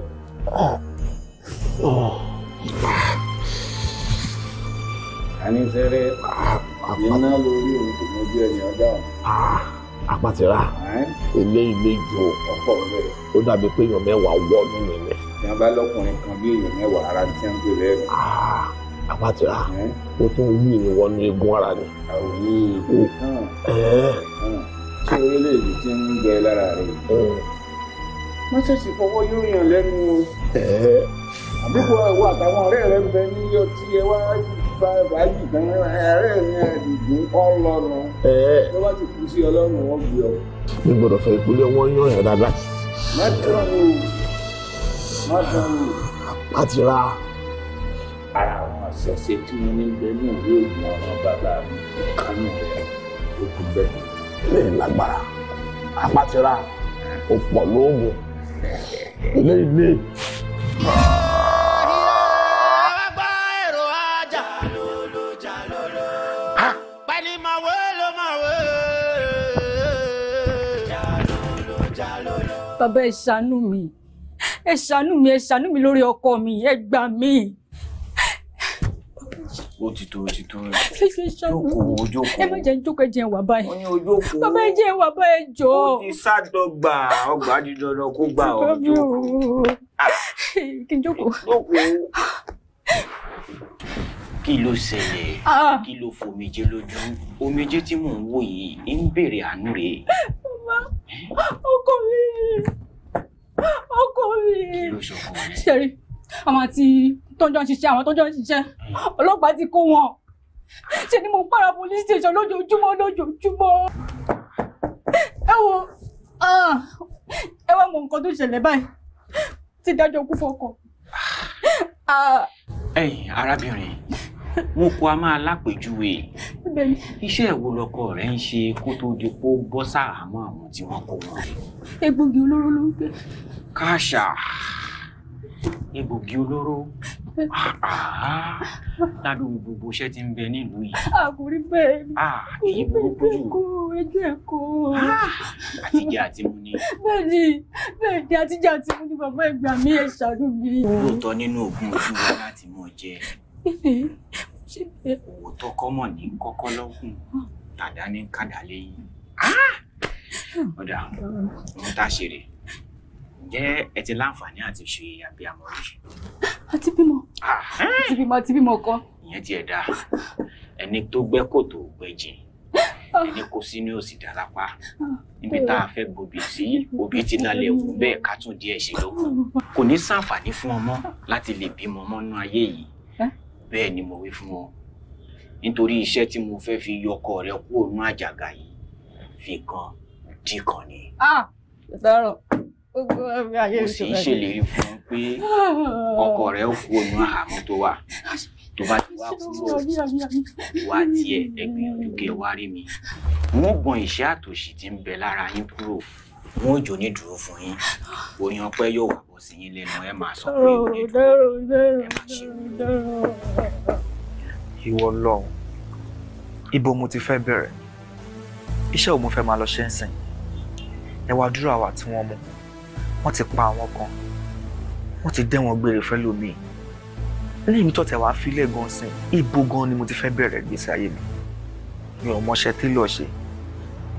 Speaker 8: iná lórí òkú mojú ẹni ọjà ọ̀hún.
Speaker 9: Apatira
Speaker 1: ilé ilé ju ọ̀pọ̀ rẹ̀. Ó dàbí pé èèyàn mẹ́wàá wọ́ọ̀dù nìyẹn.
Speaker 8: Ìyá bá lọ́kùnrin kan bí èèyàn mẹ́wàá ara ti ń gbé lẹ́rù. Ah àwa ti rà
Speaker 1: ó tún wí ìwọ ní egun ara ni.
Speaker 8: ṣé orílẹ̀-èdè ti ń gbẹ lára rẹ̀?
Speaker 4: wọ́n ṣèṣì fọwọ́ yóò yàn lẹ́nu o.
Speaker 1: dípò ẹ̀wọ̀ àtàwọn ọ̀rẹ́ rẹ̀ ń bẹ ní ọtí ẹ wá fa báyìí gan ẹ̀rẹ́ ní àdìgún ọlọ́run ló bá ti kú sí ọlọ́run wọn gbé ọ. mi gbọ́dọ̀ fẹ́ ìpínlẹ̀ wọn yàn yàn dáadáa. má dán o má dán o. a ti ara àwọn ṣẹ̀ṣẹ̀ tí mo ní bẹ ní ìwé ìgbìmọ̀ ọ̀rọ̀ bàbá mi kánú rẹ̀ ló kú bẹ́ẹ̀. bẹ́ẹ̀ lágbára apátira ó pọ̀ lóògùn ilé ilé.
Speaker 3: bàbá ẹ ṣàánú mi ẹ ṣàánú mi ẹ ṣàánú mi lórí ọkọ mi ẹ gbà mí
Speaker 8: ó ti tó ó ti tó
Speaker 3: jókòó jókòó ẹ má jẹ́ jókòó ẹ jẹ́ wà báyìí ó ní ojókòó bàbá ẹ
Speaker 10: jẹ́ wà báyìí
Speaker 8: jọ. ó ti sádọgba ọgbà di dandan kó gbà ọ
Speaker 3: jókòó.
Speaker 8: Ah. kí n jókòó. kí ló ṣẹlẹ̀ ah. kí ló fòmijé lójú omijé tí mò ń wò yìí ń béèrè àánú rè é.
Speaker 4: ọkọ mi ọkọ mi
Speaker 3: ṣẹ́rí àwọn àti tọ́jọ́ ń ṣiṣẹ́ àwọn tọ́jọ́ ń ṣiṣẹ́ ọlọ́pàá ti kó wọn
Speaker 4: ṣe ni mo ń para police station lójoojúmọ́ lójoojúmọ́ ẹ wo ẹ wá mọ nǹkan tó ṣẹlẹ̀ báyìí ti dájọ́ kú fọkọ.
Speaker 8: arábìnrin wọn kò a máa lápèjúwe iṣẹ́ ìwo lọkọ rẹ̀ ń ṣe kó tó di kó bọ́ sáàmú àwọn tí wọ́n kó wọn.
Speaker 4: egbògi olóró ló ń gbé.
Speaker 8: káṣá egbògi olóró ah, ah, lábẹ́ gbogbo iṣẹ́ tí ń bẹ nílùú yìí.
Speaker 4: àkùrí ah, bẹ́ẹ̀
Speaker 8: ni ìbò èkó ẹjọ́ èkó. àtijọ́ àti mu ni.
Speaker 4: bẹ́ẹ̀ni bẹ́ẹ̀ni àtijọ́ àti mu ni bàbá ìgbà mi ẹ̀ ṣàánú
Speaker 10: mi. lóòótọ́
Speaker 8: nínú oògùn ojú wa láti mọ̀ jẹ. owó tọkọ mọ̀ ní kọ́kọ́ lọ́gùn tàdá ní lẹ́yìn. ọ̀dà
Speaker 6: ohun
Speaker 8: ṣe rèé ǹjẹ́ ẹ ti láǹfààní àti ṣe abiyamọ rí. àti bímọ
Speaker 7: àti ah, bímọ àti bímọ kan.
Speaker 8: ìyẹn tiẹ̀ dáa ẹni tó gbẹ́ kòtò gbẹ́jìn ẹni kò sí ní òsì dálápá níbi tá a fẹ́ gbòbì sí òbí tí nalẹ̀ wù bẹ́ẹ̀ ká tún díẹ̀ ṣe lókun kò ní sàǹfààní fún ọmọ láti lè bímọ mọ́nú ayé yìí bẹ́ẹ̀ ni mo wí fún ọ nítorí iṣẹ́ tí mo fẹ́ fi yọkọ rẹ kúrò nú àjàgà yìí fi kan dì kan
Speaker 7: ni. ah ìtọ́rọ̀ ó sì ń
Speaker 8: fún un pé ọkọ rẹ ó fún òun àhámọ́ tó wà tó bá ti wá kúrò wá tiẹ̀ ẹgbìyànjú kẹ wá rí mi wọ́n gbọ̀n ìṣẹ́ àtòṣì tí ń bẹ lára yín kúrò wọn jò ní dúró fún yín oyan pẹ yóò wà bọ sí yín lẹ́nu ẹ máa sọ
Speaker 4: pé ìwé dúró ẹ máa ṣe.
Speaker 8: ìwọ lọ́hùn
Speaker 2: ibo mo ti fẹ́ bẹ̀rẹ̀ iṣẹ́ ò mo fẹ́ máa lọ ṣe ń sìn ẹ wá dúró àwa tí wọ́n mú wọ́n ti pa àwọn kan wọ́n ti dẹ́ wọn gbére fẹ́ lómi lẹ́yìn tó tẹ̀ wáá filẹ̀ gan sin ibo gan ni mo ti fẹ́ bẹ̀rẹ̀ gbèsè ayé mi mi ò mọṣẹ́ télọ̀ ṣe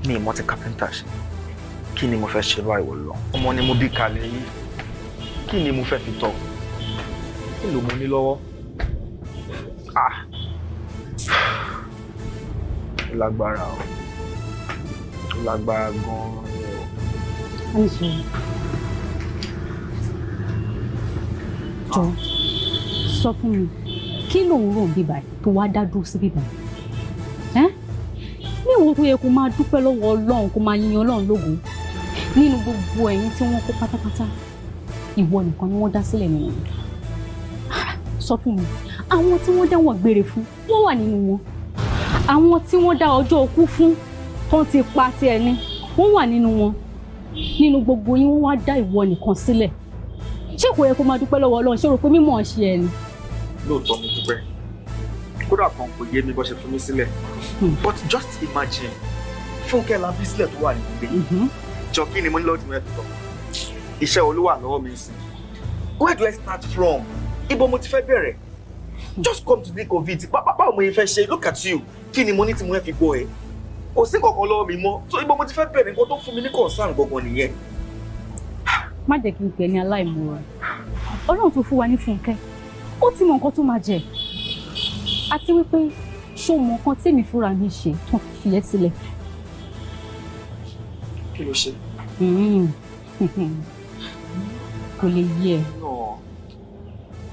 Speaker 2: mi ì mọ kápẹ́ńtà ṣe kí ni mo fẹ́ ṣe báyìí wọ̀ lọ ọmọ ni mo bí kalẹ̀ yìí kí ni mo fẹ́ fi tọ́ kí ló mo ní lọ́wọ́ ah ó lágbára o ó lágbára gan-an
Speaker 3: ni o jọ sọ fún mi kí lòun rò ń bíbà tó wá dá dúró sí bíbà ẹ ní ìwọ tó yẹ kó máa dúpẹ́ lọ́wọ́ Ọlọ́run kó máa yin Ọlọ́run lógun nínú gbogbo ẹ̀yin tí wọ́n kó pátápátá ìwọ nìkan ni wọ́n dá sílẹ̀ nínú sọ fún mi àwọn tí wọ́n dẹ́wọ̀n gbére fún wọ́n wà nínú wọn àwọn tí wọ́n dá ọjọ́ òkú fún tó ti pa ti ẹni wọ́n wà nínú wọn nínú gbogbo yín wọ́n wá dá ìwọ nìkan sílẹ̀. Si ṣé kò yẹ kó máa dúpẹ́ lọ́wọ́ ọlọ́run ṣé o rò pé mímọ̀ ṣe ẹ ni.
Speaker 2: lóòótọ́ mo dúpẹ́ kódà kan kò yé mi bó ṣe fún mi sílẹ̀ hmm. but just imagine fúnkẹ́ la fi sílẹ̀ tó wà nílé mm-hmm. jọkí ni mo ní lọ́dún ẹ̀tọ́ iṣẹ́ olúwa lọ́wọ́ mi sí where do I start from ibo mo ti fẹ́ bẹ̀rẹ̀ just come to think of it báwo mo yẹ fẹ́ ṣe look at you kí ni mo ní tí mo fẹ́ fi gbọ́ ẹ kò sí kankan lọ́wọ́ mi mọ́ so ibo mo ti fẹ́ bẹ̀rẹ̀ nǹkan tó fún mi ní concern gbọ̀ngàn nìyẹn
Speaker 3: má jẹ́ kí n pè ní aláìmoore ọlọ́run tó fún wa ní fúnkẹ́ ó ti mọ nǹkan tó máa jẹ àti wípé ṣó mọ nǹkan tèmi fúnra mi ṣe tó fi ẹ́ sílẹ̀. kí ló ṣe. Hmm. kò lè yí ẹ.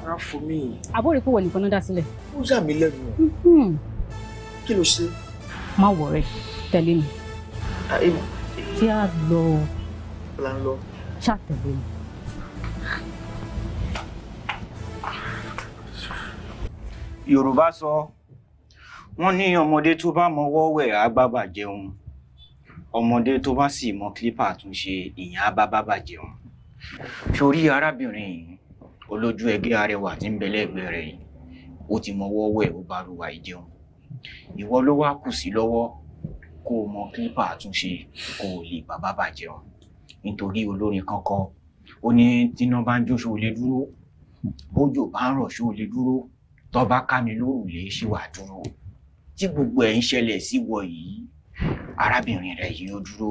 Speaker 3: ara fún mi. àbúrò ìpò wọ nìkan náà dá sílẹ̀. ó yà mí lẹ́nu. Hmm. kí ló ṣe. má wọ̀ rẹ̀ tẹ̀lé mi. kí a lọ. la lọ ṣàtẹ̀lé mi.
Speaker 8: yorùbá sọ wọ́n ní ọmọdé tó bá mọwọ́ wẹ̀ àgbàbà jẹun ọmọdé tó bá sì mọ clipper àtúnṣe ìyẹn àbábàbà jẹun sórí arábìnrin yìí olójú ẹgbẹ́ arẹwà tí ń bẹ lẹ́gbẹ̀ẹ́ rẹ̀ yìí ó ti mọwọ́ wẹ̀ ó bá ruwa ìjẹun ìwọ ló wá kù sí lọ́wọ́ kó o mọ clipper àtúnṣe kó o lè bàbá bàjẹun nítorí olórin kan kọ ó ní tíná bá ń jó ṣó lè dúró bójò bá ń rọ̀ ṣó lè dúró tọ́ba ká mi lórùlé ṣì wà dúró tí gbogbo ẹ̀ ń ṣẹlẹ̀ sí wọ yìí arábìnrin rẹ̀ yìí ó dúró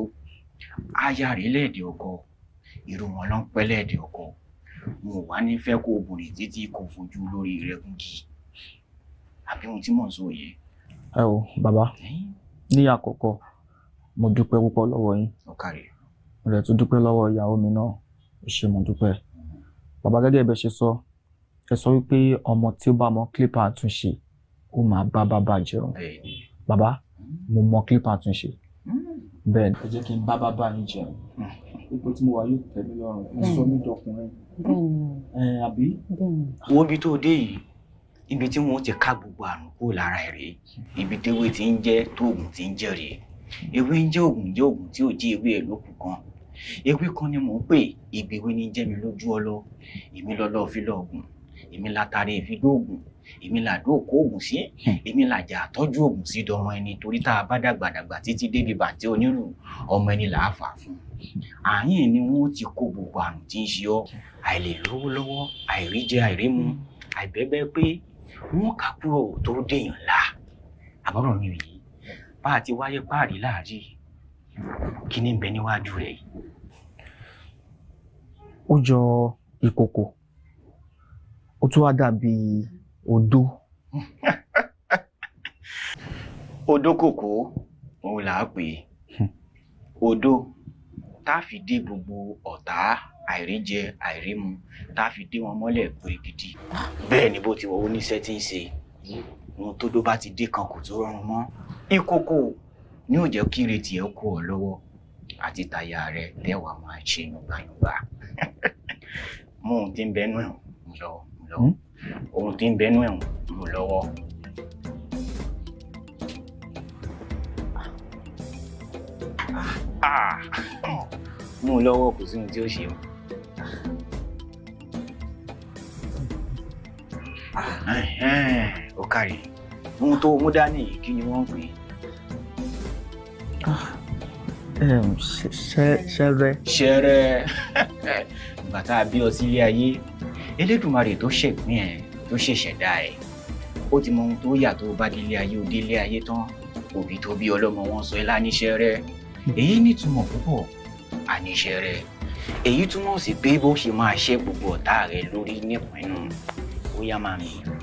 Speaker 8: aya rẹ̀ lẹ́ẹ̀dẹ̀ ọkọ irú wọn ló ń pẹ́ lẹ́ẹ̀dẹ̀ ọkọ mo wá nífẹ̀ẹ́ kó obìnrin títí kò fojú lórí rẹ̀ gúngi àbí ohun tí mò ń sọ yìí.
Speaker 2: ẹ o bàbá ní àkọ́kọ́ mo dúpẹ́ púpọ̀ lọ́wọ́ yín. ọ̀kàrẹ̀ mo rẹ̀ tún dúpẹ́ lọ́wọ́ ìyàwó mi náà ó ṣe mo dúpẹ́ bàbá gẹ́gẹ́ bẹ́ẹ̀ ṣe sọ ẹ sọ wípé ọmọ tí ó bá mọ clipper àtúnṣe ó máa bá bàbá jẹun bàbá mo mọ clipper àtúnṣe hmm. bẹ́ẹ̀ ni. ẹ jẹ́ kí n bá bàbá yín jẹun hmm.
Speaker 8: ipò tí mo wà yóò tẹ̀ mí lọ́rùn ẹ sọ mí dọkùnrin ẹ àbí. wo ibi tó dé yìí ibi tí wọn ti ká gbogbo àrùn kúrò lára ẹ rèé ibi téwé ti ń jẹ tóògùn ti ń jẹ rèé ewé ń jẹ òògùn jẹ òògùn tí ò jí ewé ẹ lókun kan ewé kan ni mò ń pè ìgbèwé ní jẹ́mi lójú ọlọ èmi lọ́lọ́ fi lọ́ọ̀gùn èmi látàrí ìfidóògùn èmi làdó òkó ògùn sí èmi làjà àtọ́jú ògùn sí dọmọ ẹni torí tá a bá dàgbàdàgbà títí débi bàtí onírù ọmọ ẹni là á fà fún àyìn ni wọn ti kó gbogbo àrùn tí ń ṣe ọ àìlè lówó lọ́wọ́ àìríjẹ àìrímu àìbẹ́bẹ́ pé wọn kà kúrò tó déèyàn la àbọ̀rọ̀ mi yìí bá a ti wáyé páàrí láàrí kí ni bẹ níwájú rẹ̀ yìí
Speaker 2: ó jọ ìkòkò ó tún wá dàbí odó.
Speaker 8: odó kòkó òun là á pè é odó tá a fi dé gbogbo ọ̀tá àìríjẹ àìrímu tá a fi dé wọn mọ́lẹ̀ pé gidi bẹ́ẹ̀ ni bó ti wọ oníṣẹ́ tí ń ṣe ohun tó dó bá ti dé kan kò tó rọrùn mọ́ ìkòkò ni yóò kí ìrètí ẹ̀ kó ọ lọ́wọ́ àti táyà rẹ lẹ́wàá máa ṣe yùngbàyùngbà mú ohun tí ń bẹnu ẹ̀ mú lọ́wọ́ mú lọ́wọ́ hmm? ohun tí ń bẹnu ẹ̀ mú lọ́wọ́. Ah. Ah. mú lọ́wọ́ kò sí ohun tí ó ṣe o. Ah. ó kárí ohun tó mú dání kí ni wọ́n ń pè
Speaker 2: é. Ehm, ṣẹrẹ.
Speaker 8: ṣẹrẹ ìgbà tá a bí ọ sílé ayé elédùnmarè tó ṣègbín ẹ tó ṣèṣẹ̀dá ẹ ó ti mọ ohun tó yà tó bá délé ayé ó délé ayé tán òbí tó bí ọlọ́mọ wọn sọ ẹ láníṣẹ́ rẹ èyí nítumọ̀ púpọ̀ àníṣẹ́ rẹ èyí túmọ̀ sí pé bó ṣe máa ṣe gbogbo ọ̀tá rẹ lórí nípinnu ó yá máa mìíràn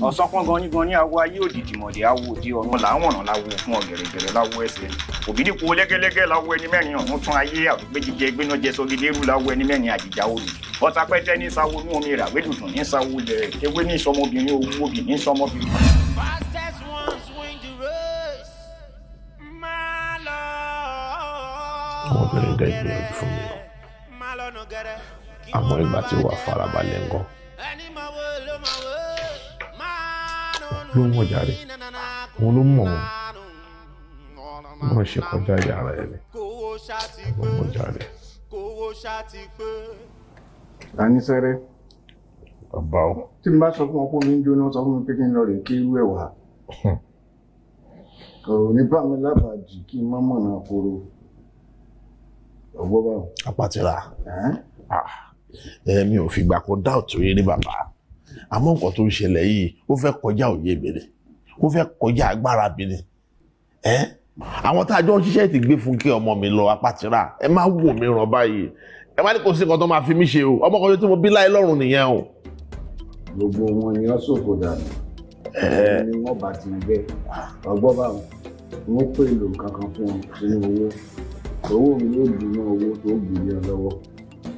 Speaker 8: ọ̀sán pọ́n gan nígan ní awo ayé òdìdì mọ̀dé awo òde ọ̀run làwọ̀ràn láwo fún ọ̀gẹ̀rẹ̀gẹ̀rẹ̀ láwo ẹsẹ̀ òbídìpọ̀ lẹ́gẹ́lẹ́gẹ́ láwo ẹni mẹ́rin ọ̀run tún ayé àdúgbèjìjẹ gbéná jẹ sọgidérú láwo ẹni mẹ́rin àjìjà olù ọ̀tàpẹ́tẹ́ ní sawo inú omi rà
Speaker 2: wẹ́dùtùn ní sawo ilẹ̀ ewé ní sọmọbìnrin owó ní sọmọbìnrin.
Speaker 1: àwọn obìnrin gbìyànjú fún mi àmọ́ ìgbà tí wàá farabalẹ̀ gan ló mọ̀ jáde òun ló mọ̀ wọn wọn ṣe
Speaker 8: kọjá ìyá ara ẹni ló mọ̀ jáde. àníṣẹ́rẹ́ bàbá o.
Speaker 2: tí n bá sọ fún ọ pé mi ń jóná sọ fún mi pé kí n
Speaker 8: lọ rè kí irú ẹ̀ wá ọ̀rọ̀ ní bá mi lábàájì kí n má mọ̀nà koro ọgbọ́n báwo. apatira ah,
Speaker 1: èmi ò fìgbà kan dáòtú rí rí bàbá àmọ́ nǹkan tó ń ṣẹlẹ̀ yìí ó fẹ́ kọjá òye mi ni ó fẹ́ kọjá agbára mi ni ẹ́ àwọn tá a jọ ń ṣiṣẹ́ ti gbé fún kí ọmọ mi lọ apátìrà ẹ má wò mí ràn báyìí ẹ má ní kò sí nǹkan tó máa fi mí ṣe o ọmọ kan tí mo bí láì lọ́rùn nìyẹn o.
Speaker 8: gbogbo wọn ni wọn ṣòfò dànù ni wọn bá ti gbẹ ah. ọgbọ́n báwọn wọn pè lò kankan fún wọn sínú owó owó mi yóò dùn mọ́ owó tó gbìn ní tí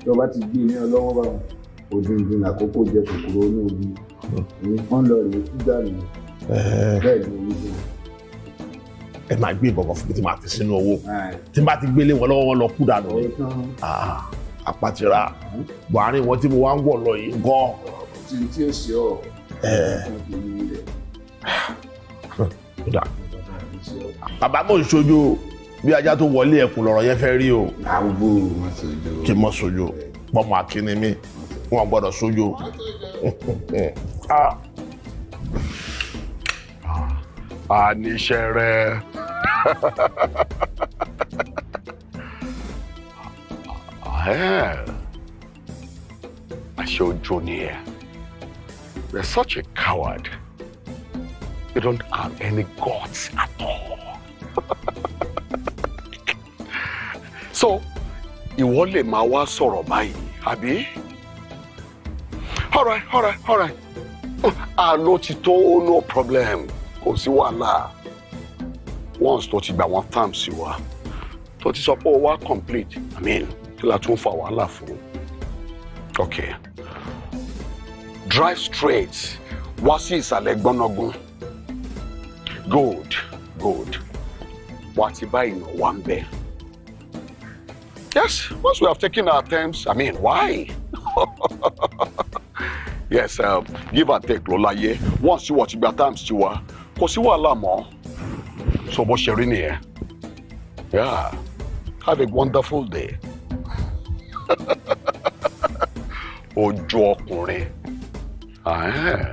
Speaker 8: wọ́n bá ti gbìn ní
Speaker 1: báwọn odundun àkókò jẹ kòkòrò ní omi nǹkan lọ rèé sígbà mi bẹ́ẹ̀ ni omi tó. ẹ máa gbé ìbọ̀wọ̀ fún mi tí màá fi sínú owó tí n bá ti gbélé wọn lọ́wọ́ lọ kú dànù ni apatira buhari wọn tí mo wá ń wọ̀ lọ yìí gan. tí tí ó ṣe ọ bàbá mò ń ṣojú bí ajá tó wọlé ẹkùn lọ́rọ̀ yẹn fẹ́ rí o. àwọn bò wọn ṣojú. kí n mọ ṣojú pọmọ akínní mi wọn gbọ́dọ̀ sójú. àníṣe ah. ah. ah, rẹ àṣẹ ojú ni ẹ you are such a coward you don't have any guts at all so ìwọ lè máa wá sọ̀rọ̀ báyìí àbí all right all right all right àlọ́ ti tó no problem kò sí wàhálà once tó ti gba one time sí wa tó ti sọ pé ó wá complete i mean kí la tún fa wàhálà fún ok drive straight wá sí ìsàlẹ̀ gbọ́nọ́gún good good wá ti báyìí nà wá ń bẹ. yes once we have taken our attempts i mean why. yes um, give and take ló láyé wọ́n sì wọ́n ti gba times ti wa kò sí wàhálà mọ́ so bó ṣe rí nìyẹn yeah have a wonderful day ojú ọkùnrin ah, eh.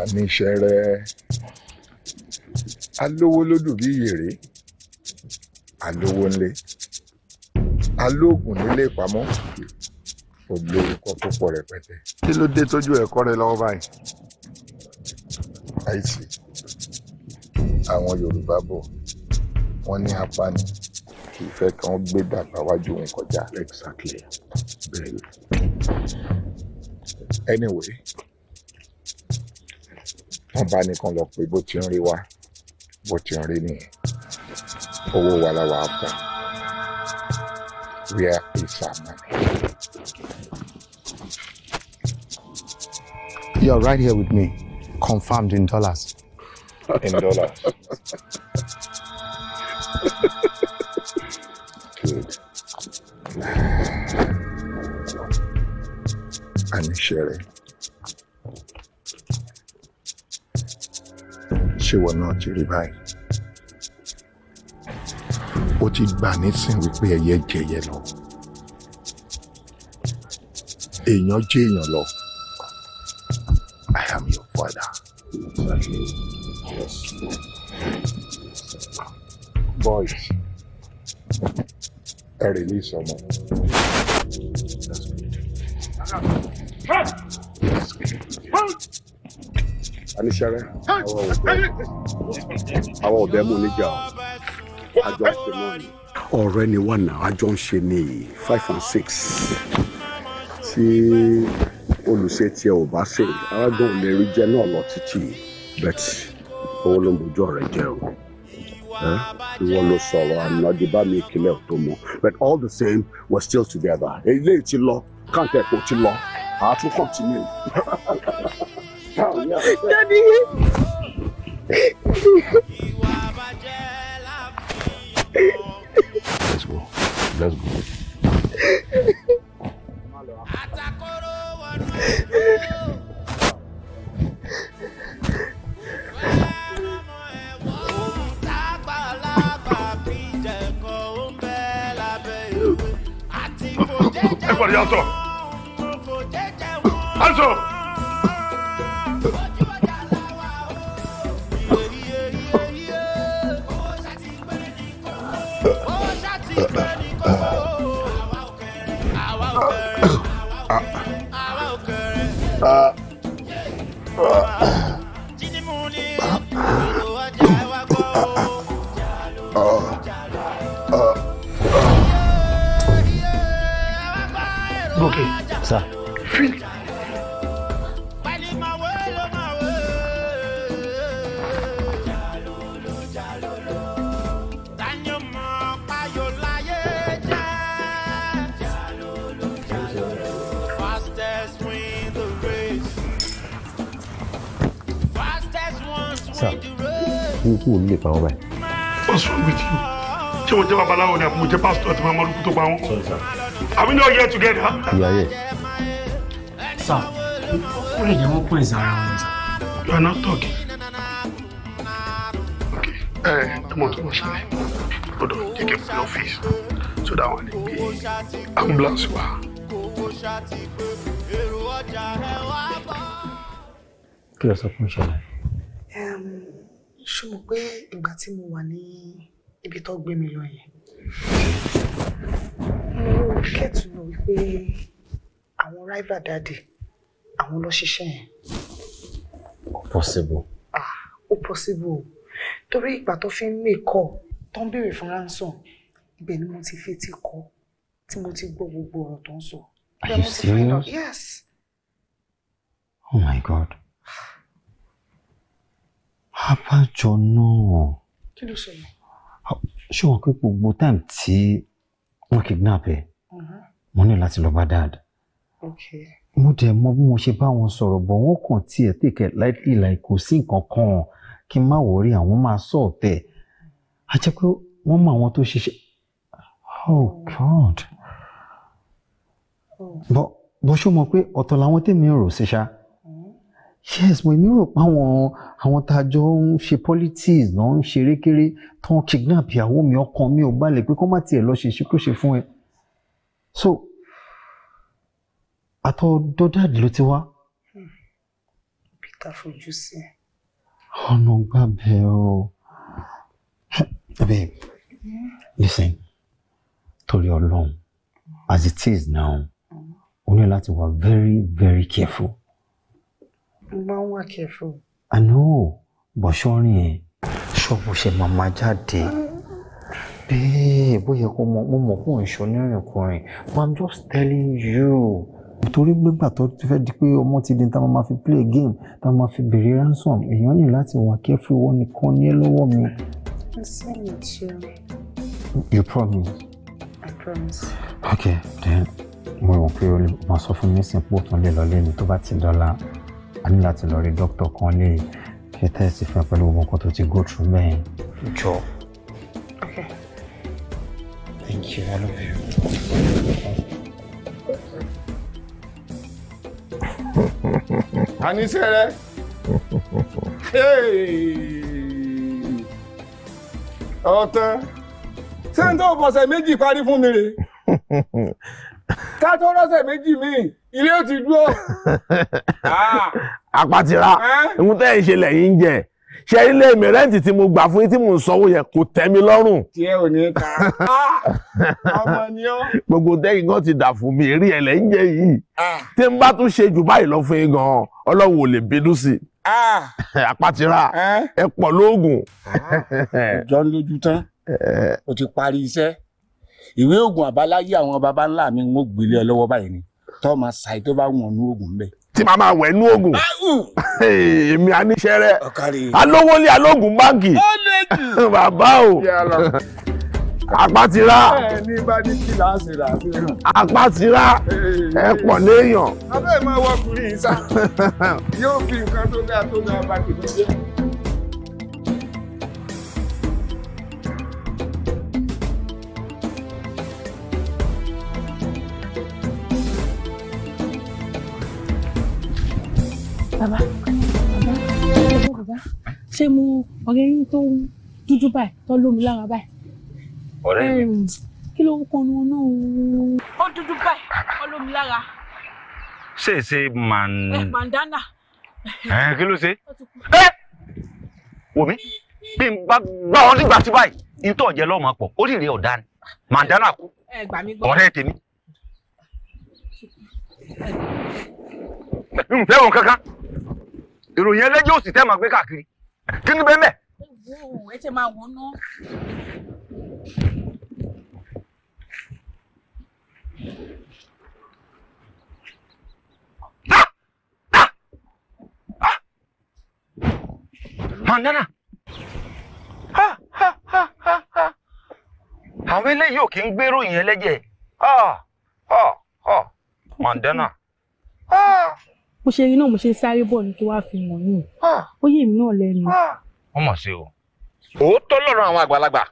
Speaker 1: àníṣe rẹ alówó lódù bí yèrè alówó ńlẹ alóògùn nílé ìpamọ́ kò gbé orúkọ tó rẹpẹtẹ. kí ló dé tójú ẹ̀kọ́ rẹ lọ́wọ́ báyìí. àìsí àwọn yorùbá bọ̀ wọ́n ní apani kì í fẹ́ kí wọ́n gbé dàgbà wájú wọn kọjá. exactly bẹ́ẹ̀ ni. anyway wọ́n bá nìkan lọ pé bó ti ń rí wa bó ti ń rí nìyẹn owó wa la wà fún un. we he money. You're right here with me, confirmed in dollars. In dollars. Good. And Sherry. She will not, really right. ó ti gbà nísìn wípé ẹyẹ jẹyẹ lọ èèyàn jẹ èèyàn lọ I am your father. Boys, ẹ release ọmọ. Aníṣẹ́rẹ́, àwọn òbẹ́ mú níjà o àjọ ṣe náà ni. ọ̀rẹ́ ni wà náà àjọ ń ṣe ní five and six tí olùṣe tiẹ̀ ò bá ṣe arágbọ́n ò lè rí jẹ́ náà lọ títí bẹ́ẹ̀ owó ló ń bójú ọ̀rẹ́ jẹ́ o ìwọ ló sọ̀rọ̀ àná dìbà mi ìkìlẹ̀ tó mọ̀ but all the same we're still together ilé ti lọ káńtẹ̀ kò ti lọ àá tún continue. Daddy. das Grutas. jẹ́ babaláwo ni àpòmọ̀jẹ́ pásítọ̀ ti máa mọ pa wọn. Are we not here together?
Speaker 9: We are
Speaker 2: here.
Speaker 1: Sir, ó lè jẹ́ wọ́n pọ̀ ẹ̀sán ara wọn. You are not talking. Okay, ẹ ẹ mọ̀ tó mọ̀ ṣẹlẹ̀. Gbọ́dọ̀ jẹ́ kí n fi ọ́fíìsì so that one, lè gbé
Speaker 5: ambulance wá.
Speaker 9: Kí ló sọ fún ìṣẹ̀lẹ̀?
Speaker 4: tó gbé mi lọ yẹn mo kẹ́tù wípé àwọn rival dáàdì àwọn lọ yẹn. possible. ah ó possible torí ìgbà tó fi ń mèkọ́ tó ń béèrè fún ransom ibẹ̀ ni mo ti fetí kọ́ tí mo ti gbọ́ gbogbo ọ̀rọ̀ tó ń sọ. are you serious? yes.
Speaker 9: oh my god. abájọ náà. kí ló ṣẹlẹ̀? ṣé wọn pé gbogbo time tí wọn kidnap ẹ mo mm-hmm. ní láti lọ bá dad mo dẹ̀ mọ bí mo ṣe bá wọn sọ̀rọ̀ bọ̀ wọ́n kàn tiẹ̀ tèkẹ́ láìpẹ́ láì kò sí nǹkan kan kí n má wọrí àwọn máa sọ ọ̀tẹ̀ a jẹ́ pé wọ́n mọ àwọn tó ṣiṣẹ́ oh, oh god bọ́ bọ́ ṣó mọ̀ pé ọ̀tọ̀ làwọn tèmi ń rò sí yes mo ní rò pé àwọn àwọn tá a jọ ń ṣe politics náà ń ṣe rékéré tán kidnap ìyàwó mi ọkàn mi ò balẹ̀ pé kó má tiẹ̀ lọ ṣe ṣíkúṣe fún ẹ so àtọ̀dọ̀ dáàdì ló ti wá.
Speaker 4: peter fojú sí.
Speaker 9: ọ̀nà gbàgbé o babe listen torí ọlọ́run as it is now o ní láti wà very very careful
Speaker 4: mo máa ń wà careful.
Speaker 9: àná bọ̀ṣọ́rin ẹ̀ ṣọ́ọ̀bù ṣe màmá jáde mm. bẹ́ẹ̀ bóyá kó mọ mo mọ̀ kó n ṣọ nírìnkùnrin but i'm just telling you. torí gbégbà tó ti fẹ́ di pé ọmọ ti di táwọn máa fi play a game táwọn máa fi béèrè ransom èèyàn ní láti wà careful wọ́n nìkan ní ẹ lọ́wọ́ mi.
Speaker 6: i swear you too. you promise. i promise.
Speaker 9: okay then mo rò pé o máa sọ fún mi sí pé o tún lè lọ lẹ́nu tó bá ti dọ́là a ní láti lọ rí dókítà kan lè ṣe tẹ́sì fún ẹ pẹ̀lú gbogbo nǹkan tó ti go through mẹ́yìn. jọ okay thank you i love you.
Speaker 1: a ní sẹ́rẹ́ ọ̀tán ṣé n tó fọ̀sẹ̀ méjì parí fún mi rè ká tó rọ́ṣẹ̀ méjì
Speaker 8: míì ilé ò ti dúró.
Speaker 1: Ah. àpàtìrà eh? ohun tẹ́ ẹ̀ ń ń jẹ ṣe ilé mi rẹ́ǹtì tí mo gbà fún yín tí mò ń sanwó yẹn kò tẹ́ mi lọ́rùn.
Speaker 8: tiẹ̀ ò ní ká ah. ọmọ ni ó.
Speaker 1: gbogbo dẹ́yìn gan ti dà fún mi eré ẹ̀ lẹ́ jẹ yìí ah. tí n bá tún ṣe jù báyìí lọ fún yín gan Ọlọ́run lè bínú sí i àpàtìrà eh? ẹ pọ̀ lóògùn. ìjọ lójú tán eh. o ti parí iṣẹ́ ìwé oògùn àbáláyé àwọn baba ńlá mi ń gbélé ọ lọ́wọ́ báyìí ni tó máa ṣàì tó bá wọn nú oògùn bẹ́ẹ̀. tí màá máa wẹ̀ nú oògùn èmi àníṣe rẹ alówó ní alóògùn báǹkì bàbá o apá ti rá apá ti rá ẹ pọ̀ léèyàn. abẹ́ẹ̀ máa wọkùnrin yìí sá yóò fi nǹkan tó dáa tó dáa bá kìí jẹ́.
Speaker 4: bàbá bàbá ṣé mo ọ̀rẹ́ yín tó dúdú báyìí tó lómi lára báyìí. ọ̀rẹ́ mi. kí ló ń kọ́ ọ́nà náà. ó dúdú báyìí ó lómi
Speaker 2: lára. ṣé ṣe màn. ẹ eh, màndánà. ẹ kí ló ṣe. ẹ eh! wò mí bí n bá gbá ọ nígbà tí báyìí ntọ́ ọ̀jẹ̀ lọ́mọ pọ̀ ó
Speaker 1: sì rí ọ̀dà ni màndánà kú ọ̀rẹ́ tèmi. mi fẹ́ wọn kankan ìròyìn ẹlẹ́jọ́ òsì tẹ́ máa
Speaker 2: gbé káàkiri kí ni bẹ́ẹ̀ mẹ́.
Speaker 4: ẹ ti máa wò ná.
Speaker 2: mandana àwọn eléyìí ò kí ń gbèrò ìyẹn lẹ́jẹ̀
Speaker 1: mandana
Speaker 4: mo ṣe rí náà mo ṣe sáré bọ̀ ní kí wàá fi hàn yín ah. ó yé mi náà lẹ́nu.
Speaker 1: wọ́n ah. mọ̀ sí o. òótọ́ lọ́rọ̀ àwọn àgbàlagbà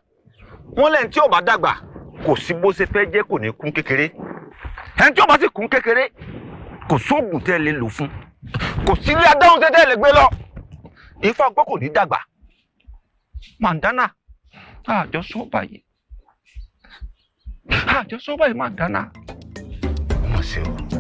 Speaker 4: wọ́n lẹ́yìn
Speaker 2: tí ò bá dàgbà kò sí bó ṣe fẹ́ jẹ́ kò ní kún kékeré ẹni tí ò bá sì kún kékeré kò sóògùn tẹ́ lè lò fún kò sí ilé adáhùn tẹ́ lè gbé lọ
Speaker 1: ifá ọgbọ́n kò ní dàgbà
Speaker 2: mandana àjọ sọ́ọ̀bà yìí àjọ sọ́ọ̀bà yìí mandana
Speaker 1: wọ́n mọ̀ sí o.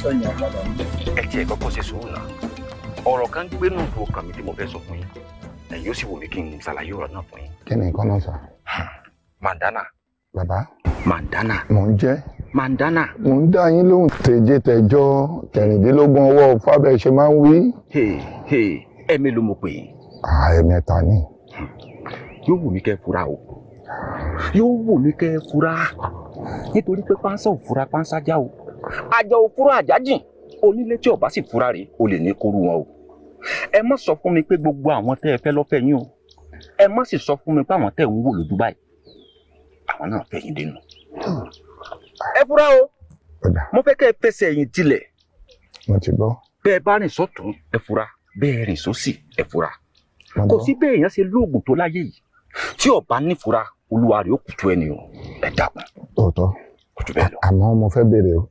Speaker 8: Sonia, madame ẹ tiẹ̀ kọ́kọ́ ṣe sùúrù náà ọ̀rọ̀ kan gbénú ìlú ọkàn mi tí mo fẹ́ sọ fún yín ẹ̀yin ó sì wù mí kí n ṣàlàyé ọ̀rọ̀ náà fún yín.
Speaker 1: kí ni nǹkan náà sọ.
Speaker 8: mandana. bàbá. mandana. mò ń jẹ́. mandana.
Speaker 1: mò ń dá yín lóhùn tèje tẹjọ kẹrìndínlógún ọwọ́ fábẹ́ ṣe máa ń wí.
Speaker 8: ẹ̀mí ló mo pè é.
Speaker 1: ẹ̀mẹ́ta ni. yóò wù mí kẹ́ fura o yóò
Speaker 2: wù mí kẹ́ fura nítorí pé pánsá ò fura pánsá já o àjọ ò fura àjá jìn onílé tí ọba sì fura rèé o lè ní kóru wọn o ẹ má sọ fún mi pé gbogbo àwọn tẹ́ ẹ fẹ́ lọ́fẹ́ yín o ẹ má sì sọ fún mi pé àwọn tẹ́ ẹ ń wò lójú báyìí
Speaker 8: àwọn náà fẹ́ yín dénú.
Speaker 2: ẹ fura o mo fẹ́ kẹ́ ẹ fẹsẹ̀ ẹ̀yìn tilẹ̀. mo ti gbọ́. bẹ́ẹ̀ bá rìn sọ́tún
Speaker 8: ẹ fura bẹ́ẹ̀ rìn sósì ẹ fura kò sí bẹ́ẹ̀ èèyàn ṣe lóògùn tó láyé yìí tí ọba nífura olúwa rẹ̀ ó kùtù ẹni o ẹ
Speaker 1: dàgbọ́n. tòótọ́ àmọ́ mo fẹ́ béèrè o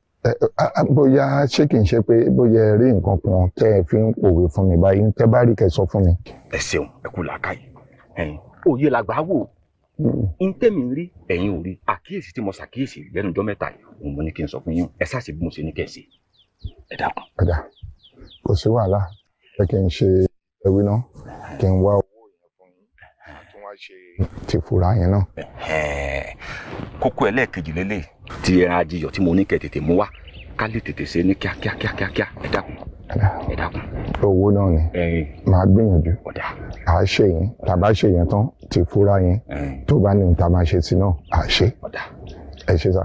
Speaker 1: bóyá ṣé kì í ṣe pé bóyá ẹ rí nǹkan kan tẹ́ ẹ fi ń pòwe fún mi báyìí tẹ́ bá rí kẹ́ sọ fún mi.
Speaker 8: ẹ ṣeun ẹ kú làákàyè òye làgbà wò
Speaker 1: hmm.
Speaker 2: n tẹ́mi
Speaker 8: rí ẹ̀yin ò rí àkíyèsí tí mo ṣàkíyèsí lẹ́nu ọjọ́ mẹ́ta yìí òun mo ní kí n sọ fún yín ẹ ṣáàṣì bí mo ṣe ní kẹ́ ẹ ṣe
Speaker 1: ẹ dákun. ẹ dà kò sí wàhálà ẹ kì í ṣe ẹwí náà kì í wá owó ṣe. ti fura yẹn náà.
Speaker 8: kókó ẹlẹ́ẹ̀kejì lélẹ̀ ti ẹran ajiyọ̀ tí mo ní kẹ́ tètè mú wá ká lè tètè ṣe ní kíákíá kíákíá ẹ dákun ẹ dákun. owó náà ni màá gbìyànjú
Speaker 1: à á ṣe yẹn tàbá ṣe yẹn tán ti fura yẹn tó bá ní níta máa ṣe sí náà à á ṣe ẹ ṣe sá.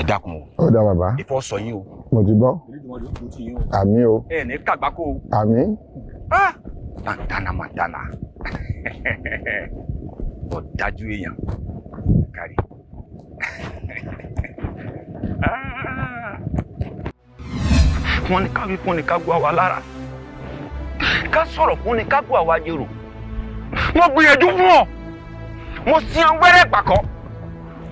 Speaker 1: ẹ dákun o. ó dá bàbá. ìfọ sọ yín o. mo ti gbọ́.
Speaker 8: àmì o. ẹ ní kàgbákò. àmì. Lantana ah, Montana. daju èèyàn kárí.
Speaker 1: Ah! Wọ́n ní ká wí fún ni ká gbọ́ lára. Ká sọ̀rọ̀ fún ká gbọ́ wa Mo gbìyànjú fún ọ. Mo sin ọgbẹ́rẹ́ pàkọ́.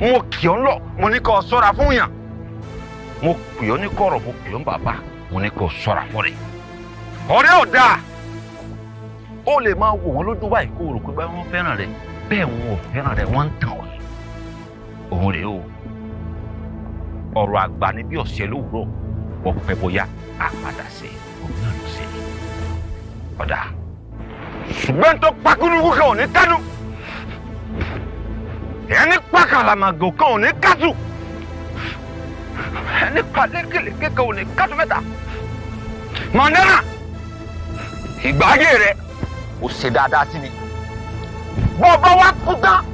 Speaker 1: Mo kì ọ́ lọ. Mo ní sọ́ra Mo ọ́ ní Mo ọ́ bàbá.
Speaker 8: Mo ní sọ́ra fún
Speaker 1: rẹ̀. ó lè máa wò wọ́n lójú báyìí kó o rò pé báyìí wọ́n fẹ́ràn rẹ̀ bẹ́ẹ̀ wọn ò fẹ́ràn rẹ̀ wọ́n ń tàn ọ́
Speaker 8: òun rèé o ọ̀rọ̀ àgbà ni bí ọ̀sẹ̀ lówùúrọ̀ ọ̀pẹ bóyá
Speaker 10: àpàdà sẹ́ òun náà ló sẹ́
Speaker 8: ọ̀dà
Speaker 1: ṣùgbọ́n tó pakúrúkú kan ò ní kánú ẹni pàkàlàmàgò kan ò ní kátù
Speaker 5: ẹni pàlékèlékè kan ò ní kátù mẹ́ta
Speaker 2: mọ̀nẹ́rà ìgbàgé rẹ̀ ò ṣe dáadáa sí mi bó o bá wá kú tán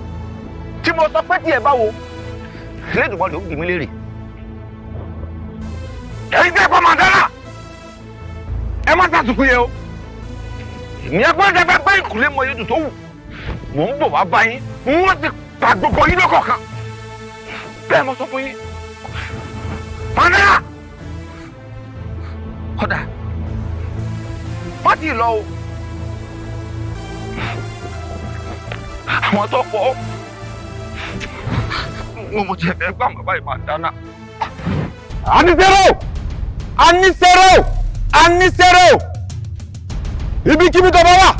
Speaker 2: tí mo sọ pé tiẹ̀ báwo lẹ́dùnmọ́ ló ń bí mi léèrè. èyí tẹ́ ẹ̀kọ́
Speaker 1: mandala ẹ má sàtúkú yẹ o èmi ẹgbẹ́ ẹgbẹ́ fẹ́ bá ìkùlé mọ yẹtù tó wù mò ń bọ̀ wá bá yín wọ́n ti pa gbogbo yín lọ́kọ̀ọ̀kan bẹ́ẹ̀ mo sọ fún yín mandala kódà wọ́n ti lọ o àwọn tó fọ́ mo mo jẹ bẹ́ẹ̀ gbà bàbá ìmọ̀ Anisero. àníṣẹ́rò àníṣẹ́rò àníṣẹ́rò ibikíbi tó bá wà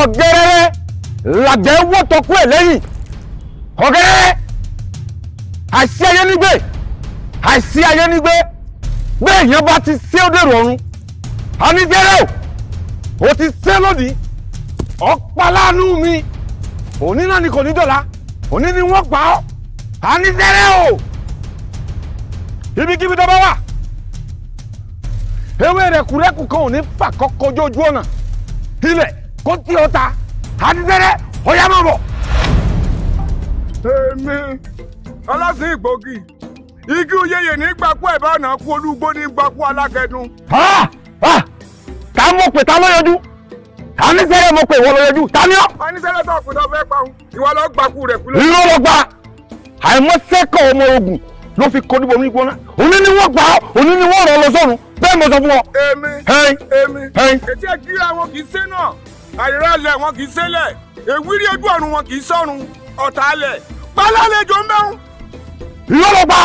Speaker 1: ọ̀gẹ́rẹ́rẹ́ làgbẹ́ wọ́tọ̀kú ẹ̀ lẹ́yìn ọ̀gẹ́rẹ́rẹ́ àìsí ayé nígbè àìsí ayé nígbè bẹ́ẹ̀ yẹn bá ti ṣé ó dèrò ọ̀run àníṣẹ́rò. ó ti ṣe lónìí ọ̀pálánú mi òní náà ni kò ní dọ̀la òní ni wọ́n pa ọ́ à ní sẹ́rẹ́ o ibikíbi tó bá wà ewé rẹ̀ kúrẹ́kù kan ò ní fà kọ́kọ́ jójú ọ̀nà ilẹ̀ kó tí ó ta à ní sẹ́rẹ́ ọ̀yá máa bọ̀. èmi ọlọ́sìn ìgbògi igi oyeye ní gbapò ẹ̀bá ọ̀nà kú olúgbó ní gbapò alágẹdun. ha ha. ta mo pè ta ló yọjú ta ní sẹ́rẹ̀ mo pè ìwọ ló yọjú ta ní ọ. a ní sẹ́rẹ̀ tó àkùdá fẹ́ pa òun ìwọ lọ gbà kú rẹ̀ kú lórí. ló lọ gba àìmọ́ sẹ́kọ̀ ọmọ ogun ló fi kọ́ níbo onígbó náà òní ni wọ́n gbà òní ni wọ́n rọ̀ lọ sọ́run bẹ́ẹ̀ mo sọ fún ọ. èmi èmi ètí ẹ̀ kí àwọn kì í sé náà àríra lẹ̀ wọn kì í sélẹ̀ èwírí ojú ọ̀run wọn kì í sọ̀run ọ̀tá lẹ̀ pálálejò mẹ́rún. lọ́lọ́gba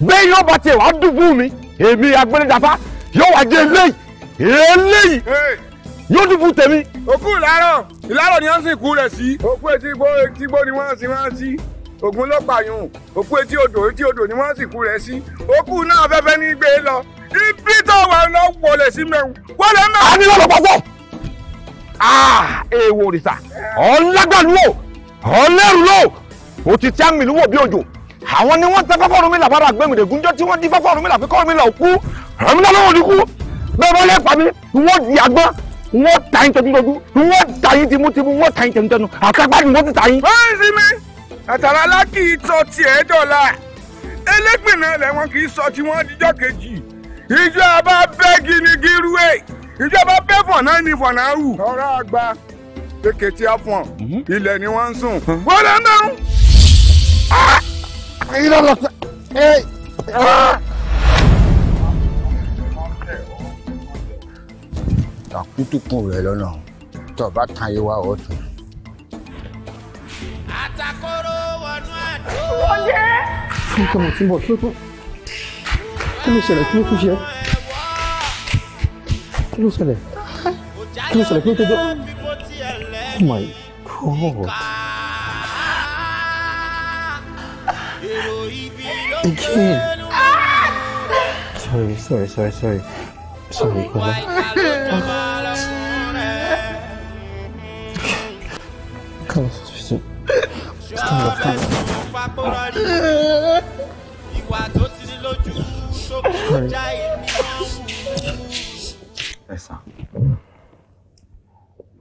Speaker 1: gbé yóò bá tiẹ̀ wá dùbú mi èmi agbẹ́nidáfá yóò wá jẹ́ eléyìí eléyìí yóò dìbò tèmi. òkú ìlàrọ̀ ìlàrọ̀ ni wọ́n sì kú rẹ̀ sí. òkú etí gbó etí gbó ni wọ́n sì wọ́n sí. ògùn ló pààyàn òkú etí odò etí odò ni wọ́n sì kú rẹ̀ sí. òkú náà fẹ́fẹ́ ní gbé lọ. ibi tó wà lọ wọlé sí mẹ́wù wọlé náà. a ní lọ́dọ̀ pàṣẹ. èèwò òrìṣà ọ̀làgbàlúwò ọ̀lẹ́rùlò ó ti tẹ́ mi lúwò bí òjò àwọn ni wọ́n bẹ́ẹ̀ wọ́n lẹ́pàá mi wọ́n di àgbọ́n wọ́n ta yín tọ́jútọ́jú wọ́n ta yín tìmútìmú wọ́n ta yín tẹnutẹnu àtàgbà ni wọ́n ti ta yín. wọ́n ń sinmi àtàrà lákì ìtọ̀ tiẹ̀ dọ̀la ẹlẹ́gbìnà lẹ́wọ̀n kì í sọ tí wọ́n dijọ́ kejì ìjọba bẹ́ ginigi rúwé ìjọba bẹ́ fọ̀nà ni fọ̀nà rù. ọ̀rọ̀ àgbà kékeré afọ̀n mhm. ilẹ̀ ni wọ́n ń sùn. wọ́n lọ náà.
Speaker 8: ta kútùkùn rẹ
Speaker 1: lọ́nà tó bá tan yé wa
Speaker 5: àtàkọ́rọ̀ wọnú àdó. wọlé.
Speaker 9: kí ló kọ́ tí ń bọ̀ kí tó kí ló ṣẹlẹ̀ kí ló tó ṣe kí ló ṣẹlẹ̀ kí ló ṣẹlẹ̀ kí ló tó tó. oh my god. again. Ah! sorry sorry sorry sorry. Sorry, brother. Come on, sister. Stand up, stand up.
Speaker 5: Sorry.
Speaker 9: Ẹ sàn,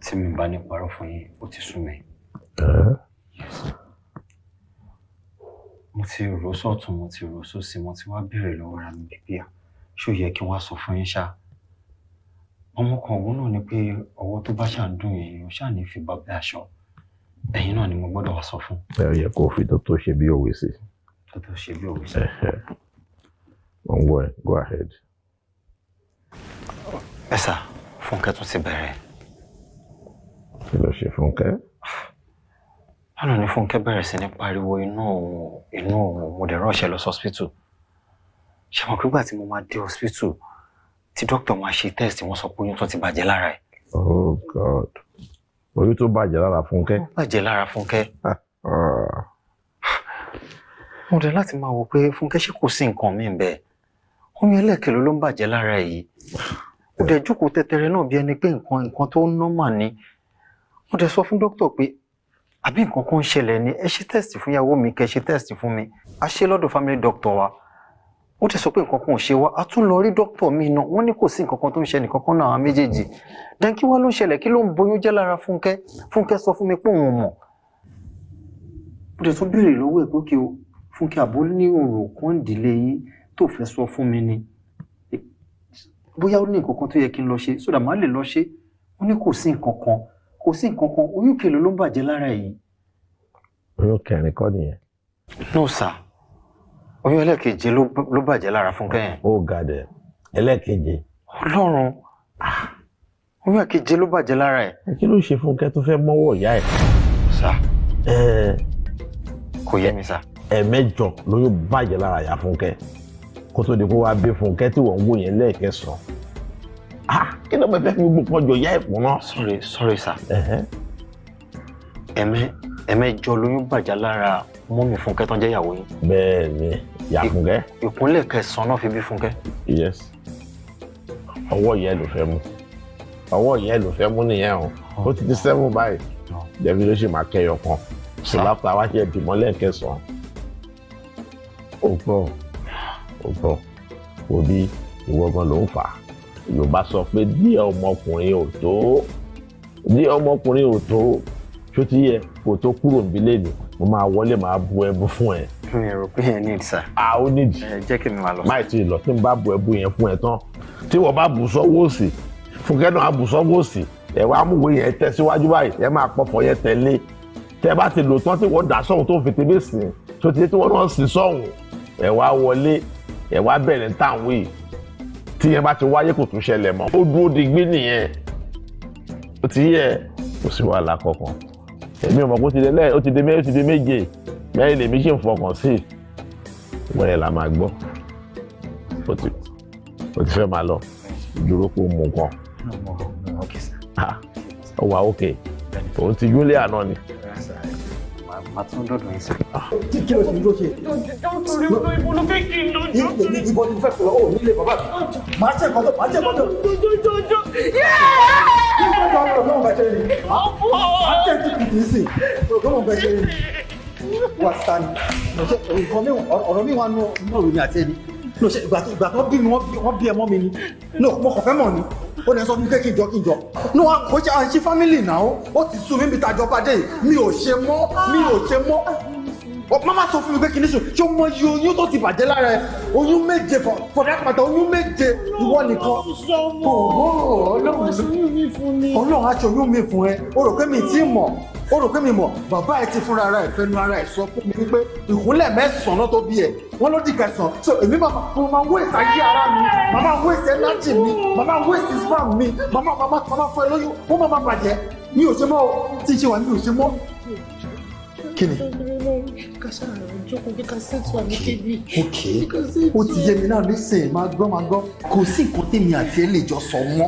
Speaker 9: tí mi bá ní parọ́ fún yín, ó ti sú mi. Mo ti rò sọ́tún, mo ti rò sósì, mo ti wá béèrè lọ́wọ́ ara mi bíbí à. Ṣó yẹ kí wọ́n á sọ fún yín ṣáá? ọmọ kan òun náà ni pé ọwọ́ tó bá ṣáà ń dùn èèyàn ṣáà ní fi bá bẹ́ aṣọ ẹ̀yin náà ni mo gbọ́dọ̀ wá sọ fún. ẹ
Speaker 1: yẹ kó o fi tó tó ṣe bí òwe sí.
Speaker 9: tó tó ṣe bí òwe sí.
Speaker 1: mo wọ ẹ go ahead.
Speaker 9: ẹ sà fúnkẹ́ tún ti bẹ̀rẹ̀.
Speaker 1: kí ló ṣe fúnkẹ́.
Speaker 9: lánàá ni fúnkẹ́ bẹ̀rẹ̀ sí ní pariwo inú òun inú òun mo dẹ̀ ránṣẹ́ lọ sí hospital ṣe mọ̀ pé gbà tí mo máa dé hospital tí dókítà wọn ṣe test wọn sọ pé oyún tó ti bàjẹ́ lára ẹ̀. oh
Speaker 1: god oyún tó bàjẹ́ lára fúnkẹ́. ó
Speaker 9: bàjẹ́ lára fúnkẹ́.
Speaker 1: Ah.
Speaker 9: mo dẹ̀ láti máa wò pé fúnkẹ́ ṣe kò sí nǹkan mi bẹ́ẹ̀ oyún ẹlẹ́kẹ̀lẹ́ ló ń bàjẹ́ lára ẹ̀ yìí ó dẹ̀ jókòó tẹtẹrẹ náà bí ẹni pé nǹkan nǹkan tó nọ́mà ni mo dẹ̀ sọ fún dókítà pé àbí nǹkan kan ń ṣẹlẹ̀ ni ẹ ṣe test fún ìyàwó mi kẹ ṣe test fún mi a ṣe lọ́dọ̀ family doctor wa ó ti sọ pé nǹkan kan ò ṣe wá a tún lọ rí dókítà mi náà wọ́n ní kò sí nǹkan kan tó ń ṣe nìkan kan náà àwọn méjèèjì dan kí wá ló ń ṣẹlẹ̀ kí ló ń boyún jẹ́ lára fúnkẹ́ fúnkẹ́ sọ fún mi pé òun mọ̀ ó ti tún béèrè lọ́wọ́ ẹ̀ pé kí o fúnkẹ́ àbó ní ọ̀rọ̀ kan yín tó fẹ́ sọ fún mi ni bóyá ó ní nǹkan kan tó yẹ kí n lọ ṣe sódà má lè lọ ṣe ó ní kò sí nǹkan kan kò sí nǹkan kan oyún oyún ẹlẹ́ẹ̀keje ló bàjẹ́ lára Fúnkẹ́ yẹn. ó ga dẹ̀ ẹlẹ́ẹ̀keje. Ọlọ́run oyún ah, ẹ̀keje ló bàjẹ́ lára ẹ̀. kí ló ṣe
Speaker 1: Fúnkẹ́ tó fẹ́ mọ́wọ́
Speaker 9: ìyá ẹ̀. sá
Speaker 1: kò yé mi sá. ẹ̀ẹ̀mẹ́jọ lóyún bàjẹ́ lára ìyá Fúnkẹ́ kó tó di kó wá bí Fúnkẹ́ tí wọ́n ń wò yẹn lẹ́ẹ̀kẹsàn-án.
Speaker 9: ah kí ló bẹ fẹ́ fi gbogbo pọ́jọ ìyá ẹ̀ fún náà. sorry sorry sá. ẹ̀ẹ́mẹ́ ẹ̀mẹjọ lóyún bàjá lára mọ́mì fúnkẹ́ tán jẹ́ ìyàwó yín. bẹ́ẹ̀ ni ìyá fúnkẹ́. ìkúnlẹ̀ kẹsàn-án náà fi bí fúnkẹ́. yes ọwọ́ yẹn ló fẹ́ mú ọwọ́ yẹn ló fẹ́ mú
Speaker 1: nìyẹn o ó ti di sẹ́mù báyìí jẹ̀bi ló ṣe máa kẹyọ kan sọlápá wá jẹ́ ìdìmọ́lẹ̀ kẹsàn-án ó gbọ́ ó gbọ́ òbí ìwọ gan ló ń fà á yorùbá sọ pé díẹ̀ ọmọkùnrin ò tó díẹ̀ ọmọkùnrin ò tó ṣó ti yẹ kó tó kúrò níbi lẹ́nu mo máa wọlé máa bu ẹbu fún ẹ. mi ò rò pé ẹ ní ìdísà. a ó ní ìdí. ẹ jẹ́ kí mi máa lọ. máì tí ì lọ tí n bá bu ẹbu yẹn fún ẹ tán tí wọ́n bá bù sọ́wọ́ òsì fúnkẹ́ náà bù sọ́wọ́ òsì ẹ wá mú ìwé yẹn tẹ síwájú báyìí ẹ máa pọ̀fọ̀ yẹn tẹ̀lé tẹ bá ti lò tán tí wọ́n dà sọ́hùn tó fi tèmi sìn tó ti tí wọ́n náà sì sọ́hùn ẹ wá wọlé ẹ wá bẹ̀rẹ̀ táwọn yìí tí yẹn bá ti wáyé kò tún ṣẹlẹ̀ mọ́ ó dúró digbí nìyẹn ó ti yẹ kò sí wàhálà kankan èmi ò mọ̀ pé ó ti dé lẹ́ẹ̀ ó ti dé méje ó ti dé méje mẹ́rin lèmi ṣì ń fọkàn sí ìwọ̀n yẹn là máa gbọ́ ó ti ó ti fẹ́ máa lọ dúró kó mú nǹkan ah, ó wà ókè òun ti júlẹ̀ àná ni
Speaker 9: màá tún dọ̀dọ̀ yín
Speaker 1: sá. Ah. kí kí ló ti dúró ṣe.
Speaker 4: torí olú ibo ló fẹ́ kí n lọ jọ.
Speaker 1: ibo ni mo fẹ́ kọ́
Speaker 2: ọ nílé bàbá mi. màá tẹ̀ kọ́tọ̀ màá tẹ̀ kọ́tọ̀. jọjọjọ yẹ́ẹ́. kí ló dọ̀ ọ́ lọ́wọ́ bàjẹ́ yìí. ọ̀pọ̀. màá tẹ̀ tí kìtì sí ọ̀gọ́mọ̀ bàjẹ́ yìí. wà á sá ni. ọ̀rọ̀ mi wà nù ọ̀rọ̀ mi àti ẹni no ṣe ìgbà ìgbà tó bí mi wọ́n bí ẹmọ́ mi ni no mo kàn fẹ́ mọ̀ ni ó lè sọ fún mi pé kí n jọ kí no kò ṣe à ń ṣe family now. ó ti sú mi bí tajọba dé mi ò ṣe mọ́ mi ò ṣe mọ́ mama sọ fún mi pé kí ni sùn ṣé o mọ iye oyún tó ti bàjẹ́ lára ẹ oyún méje for that matter oyún méje ìwọ nìkan
Speaker 6: òwò ọlọ́run aṣọ oyún mi
Speaker 2: fún ẹ o rò pé mi ti mọ̀ o rò pé mi mọ̀ bàbá ẹ ti fúnra ara ẹ fẹnu ara ẹ sọ
Speaker 1: fún mi wípé ìkúnlẹ̀ mẹ́sàn-án tó bí ẹ wọ́n ló dìgbà sàn so èmi màmá mo máa wé ìsàgé ara mi màmá wé ìsẹ́nájì mi màmá wé ìsìsfàm mi màmá màmá màmá fún ẹ lóyún ó
Speaker 2: màmá bàjẹ́ mi ò ṣe mọ́ o tí ì ṣe wà ní mi ò ṣe mọ́ kí ni. ok ó ti yé mi náà nísìnyí máa gbọ́ máa gbọ́ kò sí nǹkan tèmi àti ẹ lè jọ sọ mọ́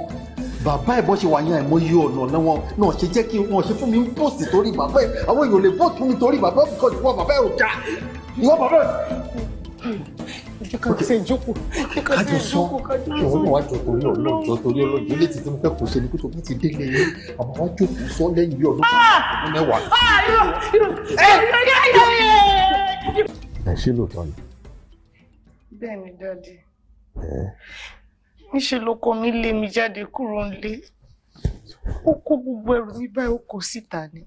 Speaker 2: bàbá ẹ̀ bọ́ ṣe wà yan àìmọye ọ̀nà náà wọn náà ṣe jẹ́ kí wọn ṣe fún mi ń pòsì torí bàbá ẹ̀ àwọn èèyàn lè bọ́ọ̀tù mi torí bàbá ẹ̀ kọ́ ìwọ
Speaker 1: bàbá ẹ̀ ò já ìwọ bàbá ẹ̀
Speaker 4: kájọ sọ kájọ náà wá
Speaker 1: jọ torí Ọlọ́run jọ torí Ọlọ́run jọ létí tí mo fẹ́ kó ṣe ni kó tó bá ti délé yẹn àmọ́ wá jókòó sọ lẹ́yìn bí ọdún kan mẹ́wàá. ẹ ṣe lóòótọ́ ni.
Speaker 4: bẹ́ẹ̀ ni dáàdi níṣẹ́ lọkọ mi lé mi jáde kúrò nílé ó kó gbogbo ẹrù mi báyìí ó kó síta ni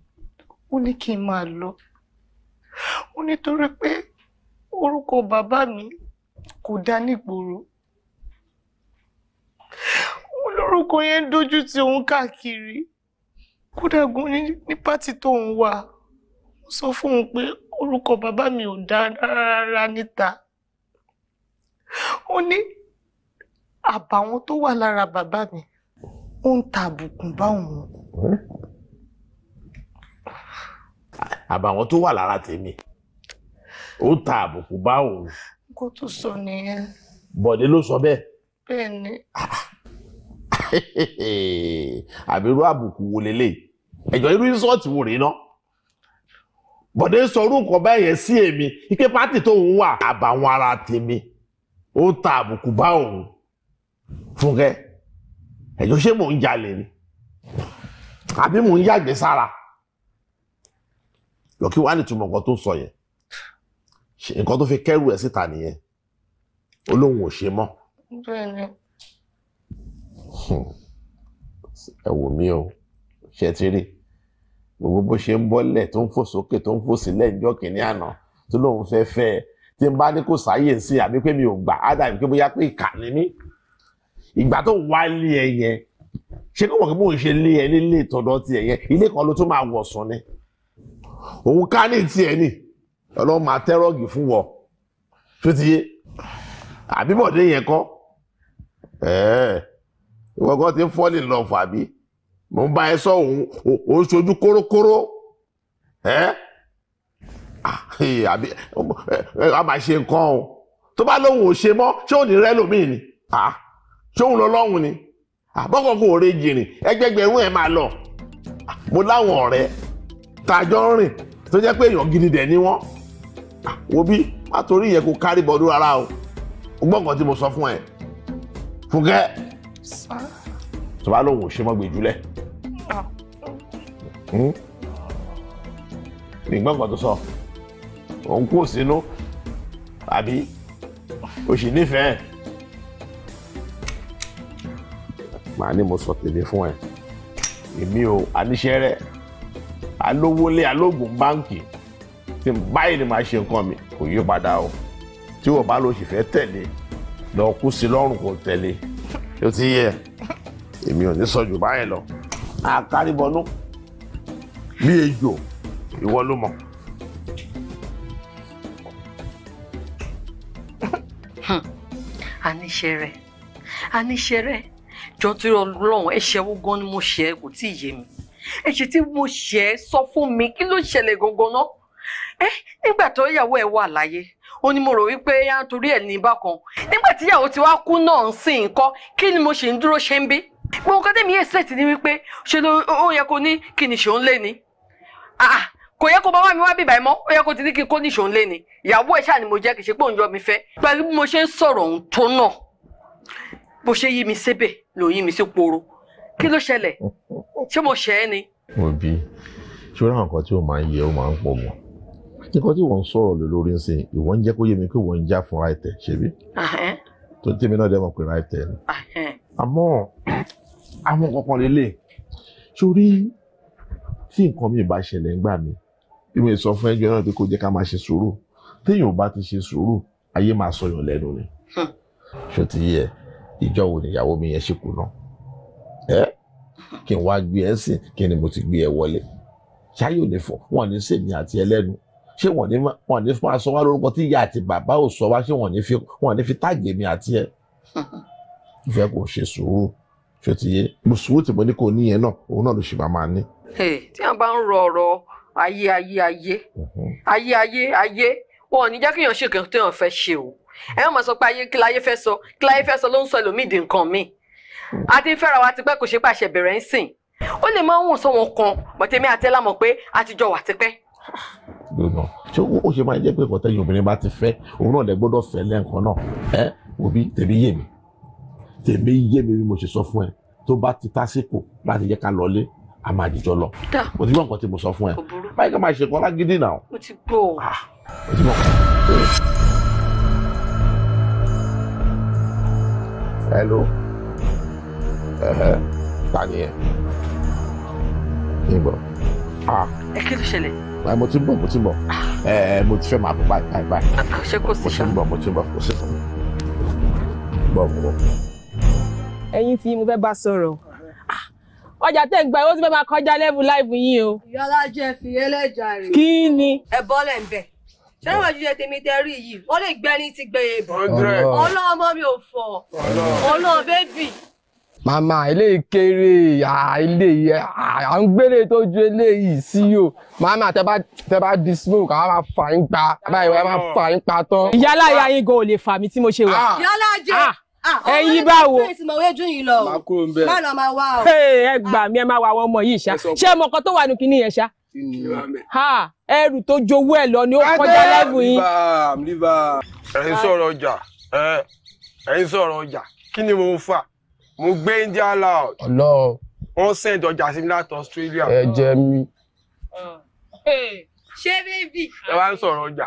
Speaker 4: ó ní kí n máa lọ ó nítorí pé orúkọ bàbá mi kò dá nígboro òun lórúkọ yẹn ń dojú ti òun káàkiri kódà gun ní pátì tóun wà ó sọ fún òun pé orúkọ bàbá mi ò dá rárá níta ó ní àbàwọn tó wà lára bàbá mi ó ń ta àbùkùn bá òun.
Speaker 1: àbàwọn tó wà lára tèmi ó ta àbùkùn bá òun.
Speaker 4: nǹkan tó sọ nìyẹn.
Speaker 1: bọ̀dé ló sọ bẹ́ẹ̀.
Speaker 4: bẹ́ẹ̀ ni.
Speaker 1: àbí irú àbùkù wo lélẹ̀ ẹ̀jọ̀ irú ìsọ́ọ̀tì wò rèé náà bọ̀dé sọ irú nǹkan bẹ́ẹ̀ yẹn sí èmi ike pátì tó ń wà àbàwọn ara tèmi ó ń ta àbùkù bá òun fúnkẹ́ ẹ̀jọ̀ ṣé mò ń jalè ni àbí mò ń yàgbé sára lọ́kí wàá nìtumọ̀ nǹkan tó sọ yẹn nǹkan tó fi kẹ́rù ẹ̀ síta nìyẹn ó lóun ò ṣe mọ́. ẹ wò mí o ṣe ti rí gbogbo bó ṣe ń bọ́lẹ̀ tó ń fò sókè tó ń fò sílẹ̀ níjọ́ kìíní àná tó lóun fẹ́ fẹ́ ẹ tí n bá ní kò sáyè sí àbí pé mi ò gbà á dàbí pé bóyá pé ìkà ni mí ìgbà tó wá lé ẹ yẹn ṣé kí wọn kí mò ń ṣe lé ẹ nílé ìtọ́dọ̀ tiẹ̀ yẹn ilé kan ló tún máa wọ̀sán ni òun ká ní tiẹ̀ ni ọlọ́run máa tẹ́rọ̀gì fún wọ tó ti yé àbíbọ̀dé yẹn kọ́ ìwọ kan ti ń lọ fàbí mo bá ẹ sọ òun òun ṣojú kórókóró àbí a máa ṣe nǹkan o tó bá lóun ò ṣe mọ́ ṣé òun ní rẹ́ lómi ni ṣé òun lọ lọ́hùn ni àbọ̀kọ̀ kò rè jìrìn ẹgbẹ́gbẹ̀rún ẹ̀ máa lọ mo láwọn ọ̀rẹ́ tá a jọ ń rìn tó jẹ́ pé èèyàn gidi dẹ̀ ni wọ́n wo bí má torí yẹn kó kárí bọ́ọ̀dù rárá o gbọ́ nǹkan tí mo sọ fún ẹ fúnkẹ́ tó bá lóun hmm? ò ṣe mọ́gbé jùlẹ̀ nígbà nǹkan tó sọ òun kò sínú Abi, o sì nífẹ̀ẹ́ màá ní mo sọ tèmi fún ẹ èmi o àníṣe rẹ alówólé alóògùn báńkì tí báyìí ni màá ṣe nǹkan mi kò yí padà o tí wọ́n bá lọ sì fẹ́ tẹ̀lé lọ kú sí lọ́rùn kò tẹ̀lé ó ti yẹ èmi ò ní sọ jù báyìí lọ àkárìbọnú bí ejò ìwọ ló mọ̀. àníṣe
Speaker 7: rẹ àníṣe rẹ jọ tí Ọlọ́run ẹ̀ṣẹ̀ wo gan ni mo ṣe kò tí ì yé mi ẹ̀ṣẹ̀ tí mo ṣe sọ fún mi kí ló ṣẹlẹ̀ gangan náà ẹ eh, nígbà tó yàwó ẹ wà láyé ó ní mo rò wípé á torí ẹ ní bákan nígbà tí yàwó ti wá kú náà ń sìn nǹkan kí ni mo ṣe ń dúró ṣe ń bí gbogbo nǹkan tẹ̀mí ẹ̀sẹ̀tì ni wípé ṣe ló ó yẹ kó ní kí ni ṣòun lé ni ah, kò yẹ kó bàbá mi wá bíbá ẹ mọ́ ó yẹ kó ti ní kí n kó ní ṣòun lé ni ìyàwó ẹ ni mo jẹ́ kì í ṣe pé òun yọ mi fẹ́ pẹ̀lú bí mo ṣe ń sọ̀rọ̀ òun tó náà bó ṣe yí mi sébè ló yí mi sí poro kí ló ṣẹlẹ̀ ṣé mo ṣẹ̀ ni.
Speaker 1: òbí ṣé ó ráwọn kan tí ó máa ń yẹ ó máa ń pọ̀ gan nǹkan tí wọ́n ń sọ̀rọ̀ lé lórí ń sìn ìwọ ń jẹ́ kó yé mi pé wọ́n ń já fún ráìtẹ̀ ṣebí tó tèmi náà dẹ́ pé ráìtẹ̀ ni àmọ́ àwọn kankan lélẹ̀ sórí tí nǹkan mi bá ṣẹlẹ̀ ńgbà mi bí mo sọ fún ẹjọ́ náà pé kó jẹ́ ká máa ṣe sùúrù téèyàn bá ti ṣe sùúrù ayé máa sọyàn lẹ́nu ni hmm. ṣó ti yẹ ìjọ wo nìyàwó mi yẹn ṣe kùnà ẹ kí n wá gbé ẹ sìn kí ni mo ti gbé ẹ wọlé ṣáyò lè fọ wọn ní sèmi àti ẹlẹ́nu ṣé wọ́n ní wọ́n ní máa sọ wá lórúkọ tí ìyá àti bàbá ò sọ wá ṣé wọ́n ní fi wọ́n ní fi táàgì mi àti ẹ̀ ìfẹ́ kò ṣe sùúrù ṣe ti yé sùúrù tí mo ní kò níyẹn náà òun náà ló ṣì máa máa ní.
Speaker 7: tí wọn bá ń rọ ọ̀rọ̀ ayé ayé ayé mhm. ayé ayé ayé wọn ò ní jẹ́ kéèyàn ṣe kàn téèyàn fẹ́ ṣe o ẹ wọn máa sọ pé ayé kí láyé fẹ́ sọ kí láyé fẹ́ sọ ló ń sọ ẹlòmíì di nǹkan míì a ti ń fẹ́ra wa tipẹ́ kò ṣe pàṣẹ bẹ̀rẹ̀ ń sìn ó lè máa ń wùn sọ wọn kan bọ̀tẹ́mi àtẹ́lámọ̀ pé a ti jọ wà tipẹ́
Speaker 1: gbogbo ṣé ó ṣe máa jẹ́ pé kọ́tẹ́ yìí obìnrin bá ti fẹ́ òun náà lè gbọ́dọ̀ fẹ́ lẹ́ǹkan náà ẹ òbí tèmi yé mi tèmi yé mi bí mo ṣe sọ fún ẹ tó bá ti tásìkò láti jẹ́ ká lọlé a máa dìjọ lọ mo ti gbọ́ nǹkan tí mo sọ fún ẹ báyìí ká máa ṣe kọ́lá gidi náà
Speaker 4: mo ti gbọ́ ah,
Speaker 1: mo ti gbọ́ hello ta ni ẹ ah.
Speaker 7: ẹ kí ló ṣẹlẹ̀
Speaker 1: báyìí mo ti ń bọ̀ mo ti ń bọ̀ ẹ mo ti fẹ́ máa bọ̀ báyìí báyìí báyìí ṣé kò sí ṣá mo ti ń bọ̀ mo ti ń bọ̀ kò sí ṣá bọ̀
Speaker 10: mo tí mo fẹ́ bá sọ̀rọ̀ ah, ọjà tẹ̀ ń gba owó tí fẹ́ máa kọjá lẹ́bù láìbù yín o. ìyọlá jẹ fi ẹlẹ́jà rè. kí ni. ẹ bọ́lẹ̀ ń bẹ̀
Speaker 7: ṣé wọ́n jíjẹ tèmi tẹ rí yìí wọ́n lè gbẹ́ni ti gbẹ̀yẹ̀ e bọ̀. ọlọ́mọ mi ò fọ̀
Speaker 6: ọlọ́ bébì
Speaker 1: màmá eléyìí kéré eléyìí à ń gbélé tó ju eléyìí sí o màmá tẹ bá tẹ bá di smoke àwọn máa fà yín
Speaker 10: pa báyìí wọ́n máa fà yín pa tán. ìyálà ìyá ah. yín gan ò lè fà mí tí mo ṣe wà. Ah. yálà jẹ́
Speaker 6: ẹyin bá wo
Speaker 10: má lọ máa wá o. ẹ gbà mí ẹ máa wá àwọn ọmọ yìí ṣá ṣé ẹ mọ ọkọ tó wà nù kínní yẹn ṣá. ẹrù tó jowó ẹ lọ ni ó kọjá lẹ́bùn yín.
Speaker 1: ẹ ń sọ̀rọ̀ ọjà ẹ ń sọ̀rọ̀ ọjà kí ni mo fà mo gbé india loud. ọlọ. wọn send ọjà sí mi láti australia. ẹ jẹ mi.
Speaker 10: ṣé bébì. ẹ wá ń sọ̀rọ̀ ọjà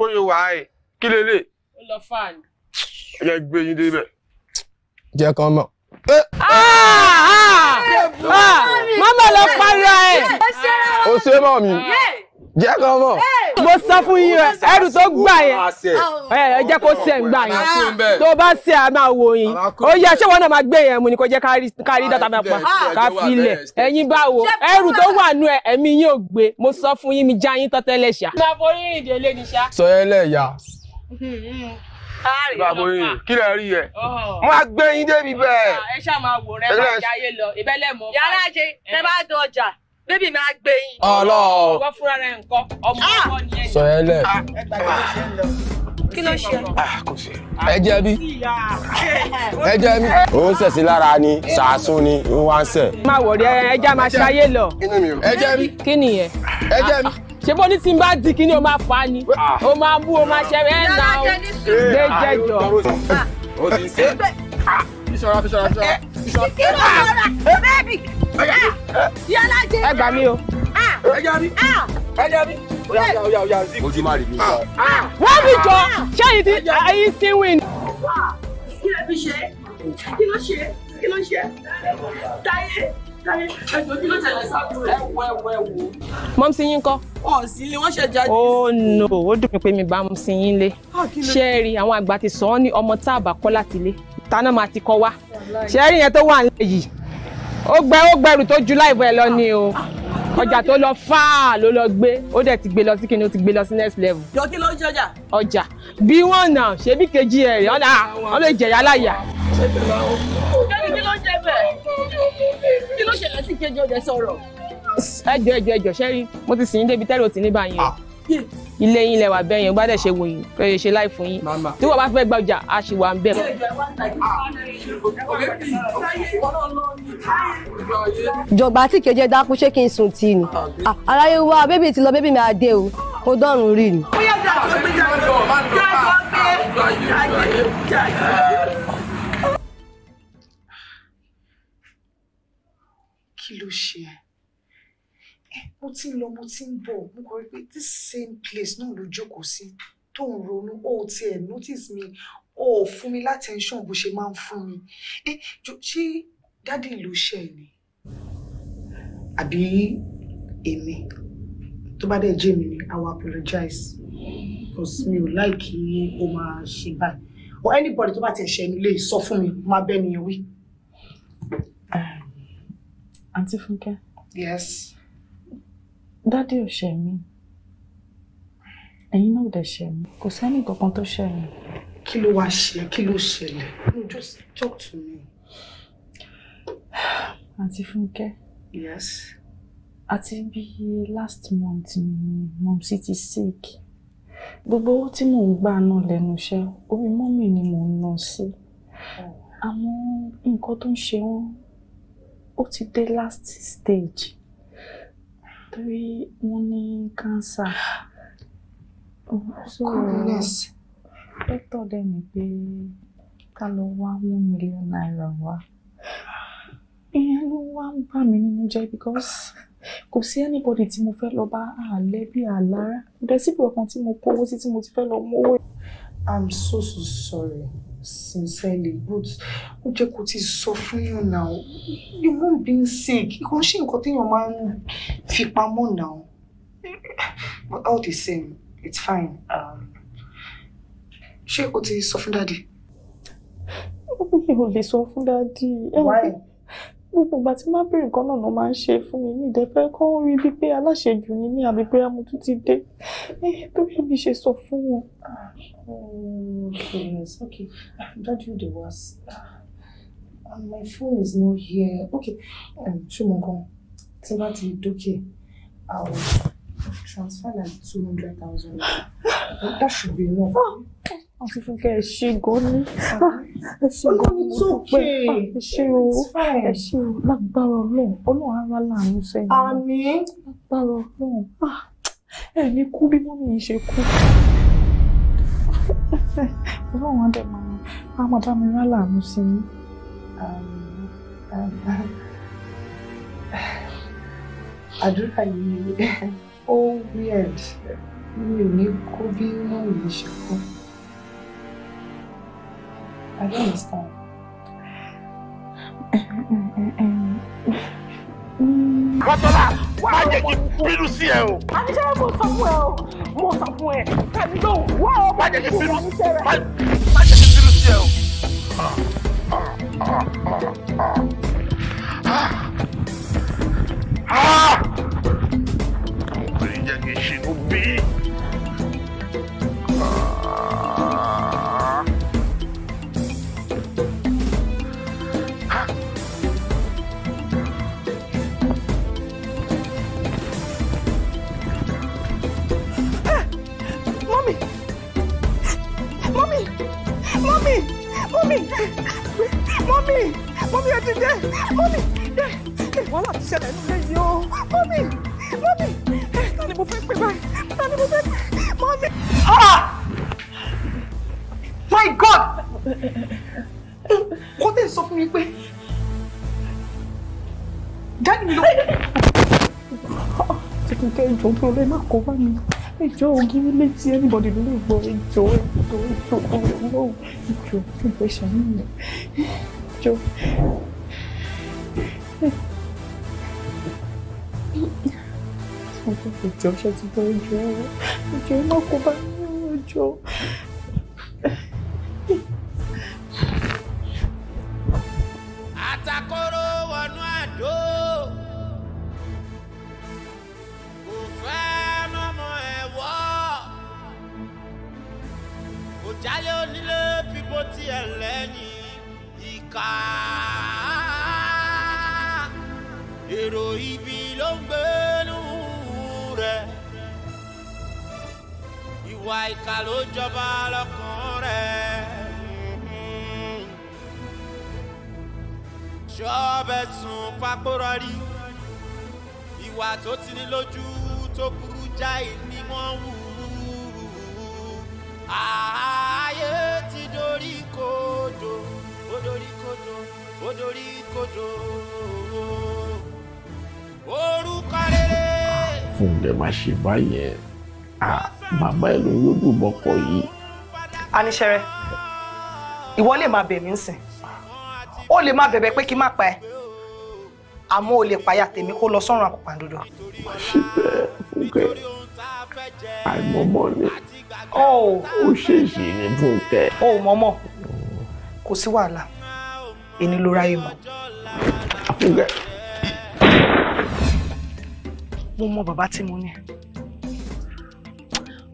Speaker 10: ó yẹ wàá ẹ kí lélẹ̀. ó lọ fà ní.
Speaker 1: ẹ jẹ́ gbé yín débẹ̀.
Speaker 10: jẹ́ kán mọ̀. Ah, ah, ah, mama lọ pariwo ẹ.
Speaker 6: ó ṣe mọ̀ mi. Yeah
Speaker 10: jẹ́ kàn mo sọ fún yín rẹ ẹrù tó gbà yẹn ẹ jẹ́ kó sẹ̀ ń gbà yẹn tó bá sẹ̀ a máa wo yín ó yẹ ṣé wọn náà máa gbé yẹn mu ni ko jẹ́ ká rí ah, dọ́ta máa pa ká fi ilẹ̀ ẹ̀yin báwo ẹrù tó wà nù ẹ ẹ̀mí yín ò gbé mo sọ fún yín mi já yín tán tẹ́lẹ̀ ṣá. máa borí ìdílé ni ṣá. sọ yẹn lẹ́yà. Bàbá yìí
Speaker 1: kí lè rí ẹ. mo, á gbé yín débi bẹ́ẹ̀. Ah,
Speaker 10: ẹ ṣáà máa wò rẹ̀ máa jáyé lọ. Ìbẹ́lẹ̀ mọ́. Yàrá ṣe, eh. tẹ bá
Speaker 7: dọjà bébì máa gbé yín. ọlọ ah, wọ́n fúnra rẹ̀ nǹkan ọmọ ah! ọmọ
Speaker 1: nìyẹn. sọ yẹn lẹ. Ah!
Speaker 5: kí ló ṣe.
Speaker 10: kò sí. ẹ jẹ bí
Speaker 5: ẹ jẹ bí. ó ń sẹ̀sí lára ni sàásùn
Speaker 10: ni ń wá ń sẹ̀. má wọ̀rí ẹ ẹja máa ṣayé lọ. ẹ jẹ bí. kí nìyẹn. ẹ jẹ bí ṣe bó ní tí n bá di kí ni o máa fa ni o máa bú o máa ṣe ẹ náà o lè jẹjọ ṣọ́ra fi ṣọ́ra fi ṣọ́ra. kí ló ṣọ́ra bẹ́ẹ̀bì yálà jẹ́. ẹ gbà mí o. Ah, ẹ jà mí ah. ẹ jà mí. oya oya oya zi. mo ti máa rí mi. Ah, wọ́n mi jọ ṣé èyí ti èyí ti win. kí ló fi ṣe kí ló ṣe kí ló ṣe táyé mọ́mísí yín kọ́. ọ̀ sí ilé wọ́n ṣe jáde. ó oh, no ó dùn mí pé mi bá mọ́mísí yín lé. ṣé ẹ rí àwọn àgbà ti sọ ọ́ ní ọmọ tá a bá kọ́ láti lé tánà máa ti kọ wá ṣẹ́rí yẹn tó wà nílẹ̀ yìí ó gbẹ ó gbẹrù tó ju láìpẹ́ lọ ni o ọjà tó lọ fáà ló lọ gbé ó dẹ̀ ti gbé lọ sí kíni ó ti gbé lọ sí next level. jọ kí ló ń jọjà. ọjà bí wọn nà ṣebí kejì ẹ rẹ wọn lè jẹyà láyà. kẹ́ni kí ló ń jẹ bẹ́ẹ̀ kí ló ṣẹlẹ̀ sí kejì ọjà sọ̀rọ̀. ẹjọ ẹjọ ẹjọ ṣẹ́rí mo ti sìn ní débi tẹ́lẹ̀ ò ti ní báyìí o. Ah ilé yín lẹwà bẹ́ẹ̀ yẹn gbádẹ̀ ṣe wòyìn pé ẹ ṣe láì fún yín tí wọ́n bá fẹ́ gba ọjà a sì wà ń bẹ̀. ìjọba tí kejì ẹ
Speaker 7: dákú ṣé kí n sùn tí ni ah, aráyé wá bébì ti lọ bébì mi àdé o kò dọ̀rùn rí ni.
Speaker 4: kí ló ṣe ẹ mo ti ń lọ mo ti ń bọ̀ mo kọ pé this same place náà ló jókòó sí tó ń ronú o ò tiẹ̀ notice mi o ò fún mi látẹ̀ńṣọ̀n bó ṣe máa ń fún mi ẹ ṣé dádì ló ṣe ẹ ni àbí èmi tó bá dẹ̀ jẹ́ mi ni I will apologize because mi ò láìkí o máa ṣe báyìí or anybody tó bá ti ṣe nílé sọ fún mi máa bẹ́ẹ̀ nìyẹn wí. àǹtí Fúnkẹ́. yes dádì ò ṣẹ̀ mí ẹ̀yin náà ò dẹ̀ ṣẹ̀ mí kò sẹ́ni kankan tó ṣẹ̀ mí. kí ló wáá ṣe kí ló ṣẹlẹ̀ no just talk to me. àǹtí fúnkẹ́. yes. àti bíi last month ni mom sì ti sick gbogbo owó tí mò ń gbà náà lẹ́nu iṣẹ́ orí mọ́mì ni mò ń ná sí oh. àmọ́ nǹkan tó ń ṣe wọ́n ó ti dé last stage torí wọ́n ní kánsà. Goodness. Dókítà dẹ̀ ní pé ká lọ wá one million naira wá. Ìyẹn ló wá ń bà mí nínú jẹ́ because kò sí anybody tí mo fẹ́ lọ bá àlẹ́ bí àlára. Kò dẹ̀ síbi ọ̀kan tí mo kówó sí tí mo ti fẹ́ lọ mówó. I'm so so sorry sincerely but ó jẹ́ kó ti sọ fún yàn you won be sick kò ń ṣe nǹkan téèyàn máa ń fi pamọ́ náà but all the same it's fine Um, o ti sọ fún dáàdi. ó why gbogbo ìgbà tí má bèrè nǹkan náà máa ń ṣe fún mi ní ìdẹ́fẹ́ kọ́ ń rí bíi pé aláṣejù ni mí àbí pé amútú ti dé torí ẹbí ṣe sọ fún wọn. Ah, hmm, okay dájú the worst and my phone is not here okay um, ṣùgbọ́n kan tí bá ti dókè i will transfer like two that should be enough. Ah, àti fúnkẹ́ ẹ ṣe gan ni ah, ah, ẹ ṣe gan ni mo pé ah, ẹ ṣe o ẹ ṣe o lágbára ọlọ́run ọlọ́run ara láàánú sẹ́yìn àmín lágbára ọlọ́run ẹ ní kú bí mọ́mí yìí ṣe kú ọlọ́run á dẹ̀ máa á máa bá mi rá láàánú sí i. àdúrà yìí ó weird mi ò ní kú bí mọ́mí yìí I don't understand. Bọ́tọ́lá, má jẹ́ kí bínú sí ẹ o. Adéṣe mo sọ fún ẹ o, mo sọ fún ẹ,
Speaker 10: tẹ̀mí ló wá ọ Ah,
Speaker 1: ah, ah, ah, ah, ah! kí bínú sí ẹ o. Ọkùnrin jẹ́ kí ṣe kó bí.
Speaker 10: mọ́mì mọ́mì mọ́mì ẹ dìde mọ́mì wàhálà ti ṣẹlẹ̀ nílé yìí
Speaker 6: o
Speaker 4: mọ́mì mọ́mì ta ni mo fẹ́ pè báyìí ta ni mo fẹ́ pè mọ́mì. Ah! my god kò tẹ̀ sọ fún mi pé dáàdì mi ló àti kíkẹ́ ìjọ tó lè má kó bá mi ìjọ ògiri létí anybody ló lè gbọ́ ìjọ ìjọ ìjọ ìjọ ìjọ ìjọ ìṣàánú mi ìjọ. Ọjọ́ ìjọ ṣe ti bọ́ ìjọ ìjọ ìmọ̀kó bá mi ìjọ.
Speaker 5: jálẹ̀ onílé fipó tiẹ̀ lẹ́yìn ìka. èrò ibi ló ń gbénú rẹ̀ ìwà ìka ló jọba lọ́kàn rẹ̀. ṣọ́ọ̀bẹ sùn papòrọ̀ rí ìwà tó ti ní lójú tó burú jáì ni wọ́n wù ààyè ti dorí kodò ó dorí kodò ó dorí kodò
Speaker 1: orúkọ rere. fúnkẹ́ má ṣe báyẹn bàbá ẹ ló yóò dùn bọ́kọ yìí.
Speaker 4: aníṣẹ́rẹ́ ìwọ lè máa bẹ̀ mí nsìn ó lè máa bẹ̀bẹ̀ pé kí n má pa ẹ́ àmọ́ ó lè payà tèmi kó lọ sọ́run àpòpàǹdodo.
Speaker 1: má ṣe bẹ́ẹ̀ fúnkẹ́ àìmọ̀mọ̀ ni
Speaker 4: ọ́ oh, ó
Speaker 1: ṣèṣì ní fúnkẹ́.
Speaker 4: ó mọ̀mọ́ kò sí wàhálà ẹni ló ráyè mọ́. fúnkẹ́. mo mọ bàbá tí mo ní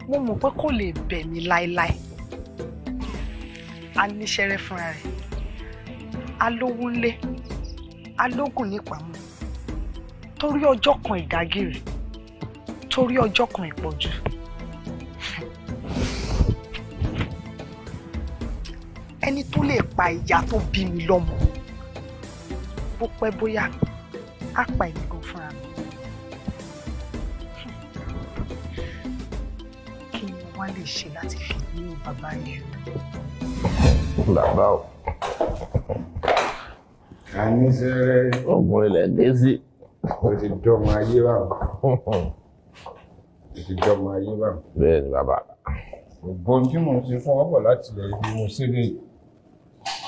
Speaker 4: mo mọ̀ pé kò lè bẹ̀ mí láéláé a níṣẹ́rẹ́ fúnra rẹ̀ a lówó ńlé a lógùn nípamọ́ torí ọjọ́ kan ìdágìrì torí ọjọ́ kan ìpọ́njú. ẹni tó lè pa ìyá tó bí mi lọ́mọ bó pẹ́ bóyá á pa èmi gan fúnra mi. kí ni wọ́n lè ṣe láti fi ní bàbá yẹn.
Speaker 1: bàbá o kà ní sẹ́rẹ́. ọkùnrin lẹ́ẹ̀kẹ́ sí. o ti dọ́mọ ayé báwọn. ìṣèjọba ayé bá. bẹ́ẹ̀ ni bàbá.
Speaker 8: ògbón tí mo ṣe fún ọbọ láti lè fi mo ṣéde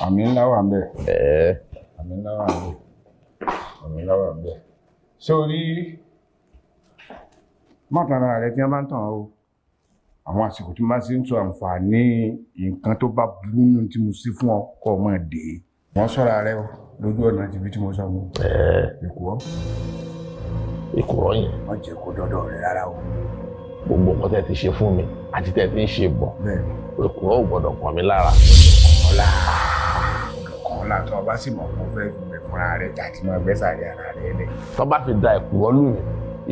Speaker 8: àmì ńlá wà ń bẹ. bẹ́ẹ̀. àmì ńlá wà ń bẹ àmì ńlá wà ń bẹ.
Speaker 4: sórí
Speaker 1: mọ́tàrà rẹ tí wọ́n bá ń tàn o àwọn àsìkò tí wọ́n bá ṣe ń sọ àǹfààní nǹkan tó bá burú nù tí mo ṣe fún ọ kọ́ ọ dé. wọ́n sọ̀rọ̀ rẹ o lójú ọ̀nà tìbí tí mo sọ mu. ẹ̀ẹ́ ìkòrọ yẹn. wọn jẹ kó dọdọ rẹ rárá o. gbogbo nǹkan tẹ́ ti ṣe fún mi àti tẹ́ ti ń ṣe bọ̀ ìkòrọ ò gbọ́dọ̀ kàn mí lára. ọ̀la ọ̀la tó o bá sì mọ̀ kó fẹ́ fẹ́ fúnra rẹ jáde máa bẹ́ sàrí ara rẹ lẹ. tó bá fi da ìkòrọ lù mí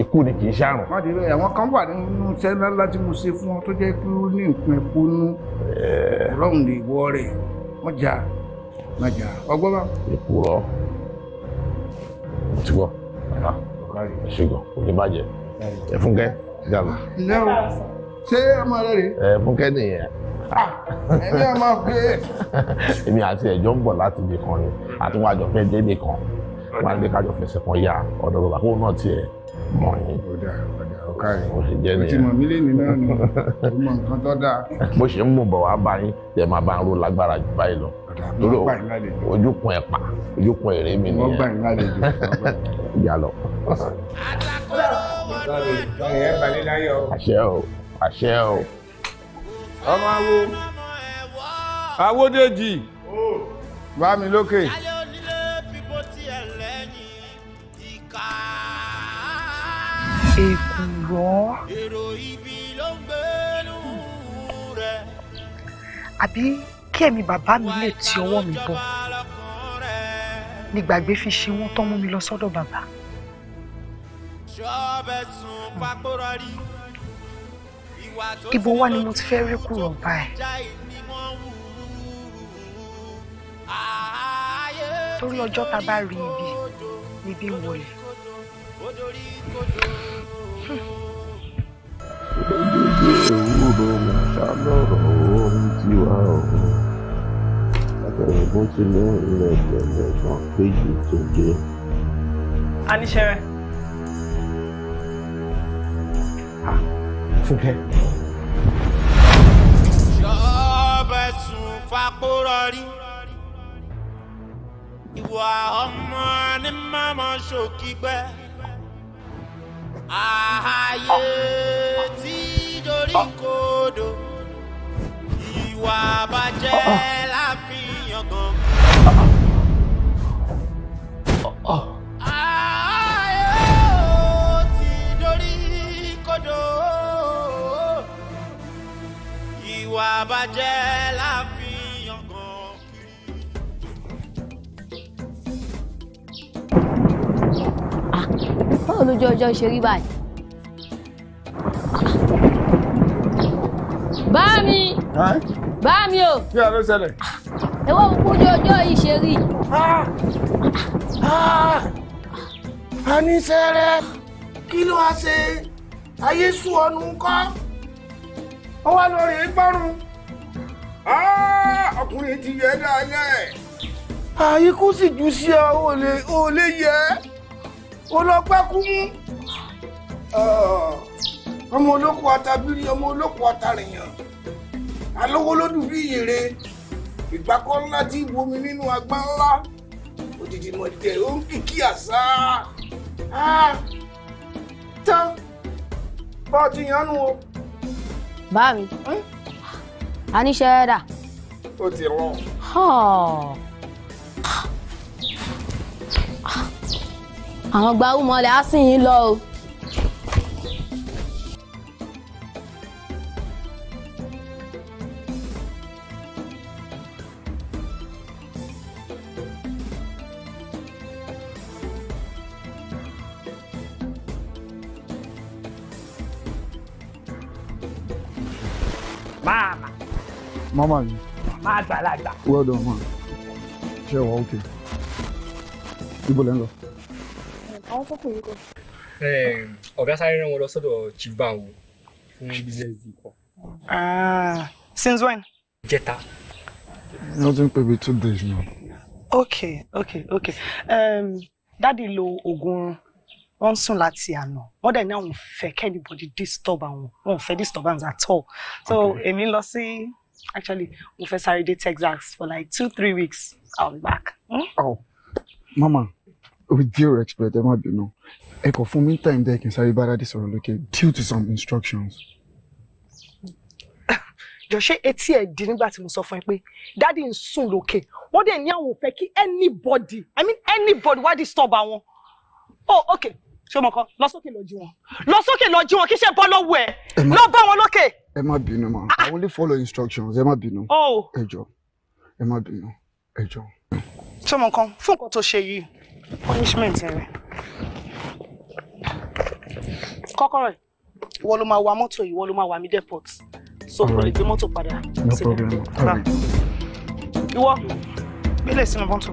Speaker 1: ikú ni kì í ṣàrùn. wọ́n ti rí àwọn kan wà nínú sẹ́ńdá láti mo ṣe fún ọ tó jẹ́ pé ó ní nǹkan ẹ̀kọ́ nú. ìrọ̀rùn lè wọ rẹ̀ wọ́n jà wọ́n jà ọgbọ́n bá. ìkúrọ̀ ti gbọ́ ṣùgbọ́n kò ní bàjẹ́ ẹ fúnkẹ́ gàlà. ǹjẹ́ o ṣé ọmọ rẹ rè. ẹ fúnkẹ́ nìyẹn. ẹni ẹ máa pè èmi àti ẹ̀jọ́ ń bọ̀ láti ibì kan ni àti wọn àjọ fẹ́ dé ibì kan wọn àgbẹ̀ kájọ fẹsẹ̀ kan yá ọ̀dọ̀ bàbá kó náà tiẹ̀ mọ̀ yín. ọ̀dà ọ̀dà ọ̀ká rẹ̀ mo sì jẹ́ nìyẹn. ọtí mọ̀ mí lé mi náà ni mo mọ nǹkan tó dáa. bó ṣe ń mú bọ̀ wá bá yín máa bá ń ró lágbára jù báyìí lọ torí ojúkun ẹ̀ pa ojúkun èrè mi nìyẹn. wọ́n gbà yín lálejò. ìyá lọ. àṣẹ o àṣẹ o. ọmọ awo awódèjì bá mi lókè.
Speaker 4: èkùrọ́. èrò ibi ló ń gbẹ́nu rẹ̀. àbí kí ẹ̀mí bàbá mi lè ti ọwọ́ mi bọ̀ ní fi ṣe wọ́n tán mú mi lọ sọ́dọ̀ bàbá. ibo wá ni mo ti fẹ́ rí kúrò báyìí. torí ọjọ́ tá a bá rí ibi níbi ń wọlé.
Speaker 1: Ewúro màtá lọ́rọ̀ ohun tiwa ọ̀hún ògùn ti ní ilẹ̀ ìgbẹ̀gbẹ̀ kan péjì tó dé. aníṣẹ́rẹ́. fúnkẹ́.
Speaker 5: ṣọ́ọ̀bẹ̀ sùn fapórọ̀ rí ìwà ọmọ ní mọ́mọ́ ṣòkígbẹ́ ààyè tí dorí kodò ìwà bàjẹ́ láfi yangan. ayọ̀ ti dorí kodò ìwà bàjẹ́ la fi yangan kiri.
Speaker 10: báwo lójú ọjọ́ ṣe rí báyìí.
Speaker 4: bá mi
Speaker 1: bá mi o. kí ló ṣẹlẹ̀
Speaker 4: ewé òkú ní ọjọ́ yìí ṣe rí. anisẹ́rẹ́
Speaker 1: kí ló wá ṣe ayé sú ọnu ńkọ́ ó wá lọ rèé gbọ́rùn ọkùnrin ti yẹ dáadáa
Speaker 5: àyíkú sì jù sí ọ ò lè yẹ ó lọ gbákú mú ọmọ olóko ọta bírí ọmọ olóko ọta rìnyàn
Speaker 1: alówó lódù bí ìpakọ́ ńlá tí bomi nínú agbá ńlá òdìdì mọ̀tẹ́ ó ń kìkì àṣà tán
Speaker 4: bá ọ ti yànnú o. bá mi
Speaker 7: hm? a ní ṣẹ́ẹ́dà.
Speaker 1: ó ti rọ.
Speaker 4: àwọn gbawúmọ̀lẹ̀ á sì yín lọ o.
Speaker 1: mama mi.
Speaker 10: mama àgbàlagbà. well done man.
Speaker 1: ṣe wọ ok ibo lẹ ń lọ.
Speaker 10: àwọn fọkùn yìí kọ.
Speaker 2: ọ̀gá sáré rán wọn lọ sọ́dọ̀ chief banwo fún business deal
Speaker 4: ah since when. jẹta.
Speaker 1: wọ́n ti ń two days now.
Speaker 4: Okay, okay, okay. um, Daddy, lo oògùn oorun wọ́n ń sùn láti àná wọ́n dẹ̀ ní àwọn ò fẹ́ kẹ́nìbọ̀dì disturb àwọn wọn ò fẹ́ disturbance at all so èmi lọ sí Actually, we first sáré dé Texas for like two, three weeks. I'll be back. Hmm? Oh,
Speaker 2: Mama, with your expert, There might be no. kò for
Speaker 1: meantime, they can kí n sáré bára dé due to some instructions.
Speaker 4: Jọ ṣé etí didn't di him tí mo sọ fún ẹ Okay, what then? sùn lókè. anybody, I mean anybody Why disturb àwọn. Oh, okay ṣé mo kọ lọ sókè lọ jí wọn lọ sókè lọ jí wọn kí ṣe bọ́ lọ́wọ́ ẹ lọ bá wọn lókè.
Speaker 1: ẹ má bínú ma i only follow instructions ẹ má bínú ẹ jọ ẹ má bínú ẹ jọ.
Speaker 4: ṣé mo kàn fún nǹkan tó ṣe yìí punishment rẹ kọ́kọ́rọ́ ẹ̀ wọ́n ló máa wa mọ́tò yìí wọ́n ló máa wà mí depot so kò lè gbé mọ́tò padà sílẹ̀ ìwọ gbélé sínú mọ́tò.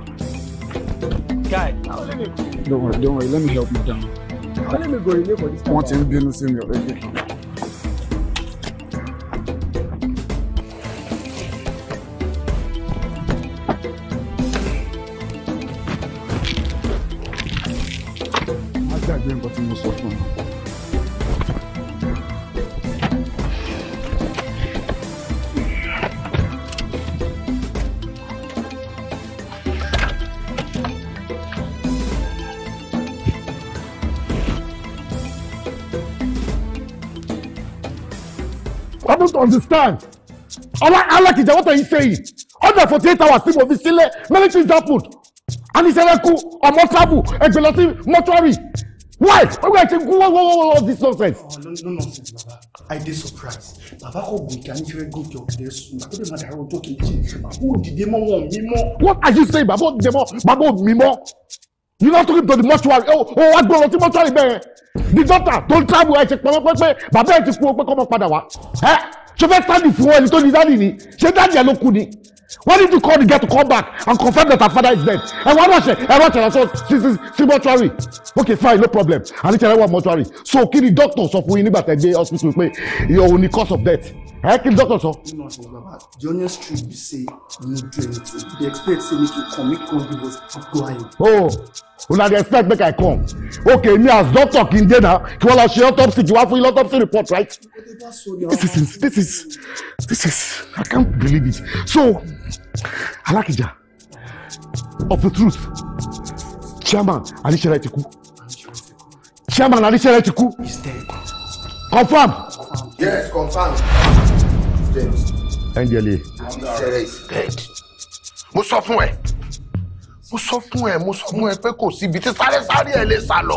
Speaker 4: Guy, don't
Speaker 1: worry, don't worry. Let me help down.
Speaker 4: Let
Speaker 10: me go in there for this.
Speaker 1: Wọ́n ti ń bínú sí mi understand. Ọlá Alákìjà, what are you saying? Under forty eight hours tí mo fi sílẹ̀, many things happened. Aníṣẹ́rẹ́ kú, ọmọ travel, ẹgbẹ́ lọ sí mọ́túárì. Why? Wọ́n gbé ẹ̀ṣẹ̀ gún wọ́wọ́wọ́ all this nonsense. Oh,
Speaker 2: no, no nonsense, Baba. I dey surprised. Baba kò gùn kí Aníṣẹ́rẹ́ gùn kí ọ̀gbìn sùn. Bàbá mi máa dàrú ọjọ́ kejì. Bàbá òdìdé
Speaker 1: mọ́ wọn mi mọ́. What are you saying? Bàbá òdìdé mọ́, bàbá òmí mọ́. You not talking to the mortuary. Oh, oh, wá gbọ́ lọ sí mortuary bẹ́ẹ̀. The doctor don't travel ẹ̀ṣẹ̀ pọ̀npẹ́pẹ́. Bàbá ẹ̀ ti kú ó pé kọ́mọ padà wá ṣe fẹ́ stand fún ẹni tó ní dáàdì ni ṣé dáàdì ẹ ló kú ni wọ́n need to call the girl to come back and confirm that her father is dead ẹ wọ́n rọ̀ṣẹ̀ ẹ rọ̀ṣẹ̀ lọ́sọ̀ sí sí sí mortuary okay fine no problem àníṣe ẹ wọ́n mortuary so kí ni doctor sọ fún yín nígbà tẹ́ dé hospital pé òun ni cause of death ẹ kí doctor sọ.
Speaker 2: Junior Street bàbá the honest truth be say no do anything dey expect say make you come make you
Speaker 1: come give us a go ayo. oh una dey expect make i come okay me as doctor kin dey na kí wọn lọ ṣe autopsy jù wá fún yín autopsy report right this is this is this is i can't believe it so Alakija of the truth chairman Anisere ti kú chairman Anisere ti kú. he's dead confam. yes confam. angele. mo sọ fún ẹ mo sọ fún ẹ mo sọ fún ẹ pé kò síbi tí sáré sáré ẹ lè sá lọ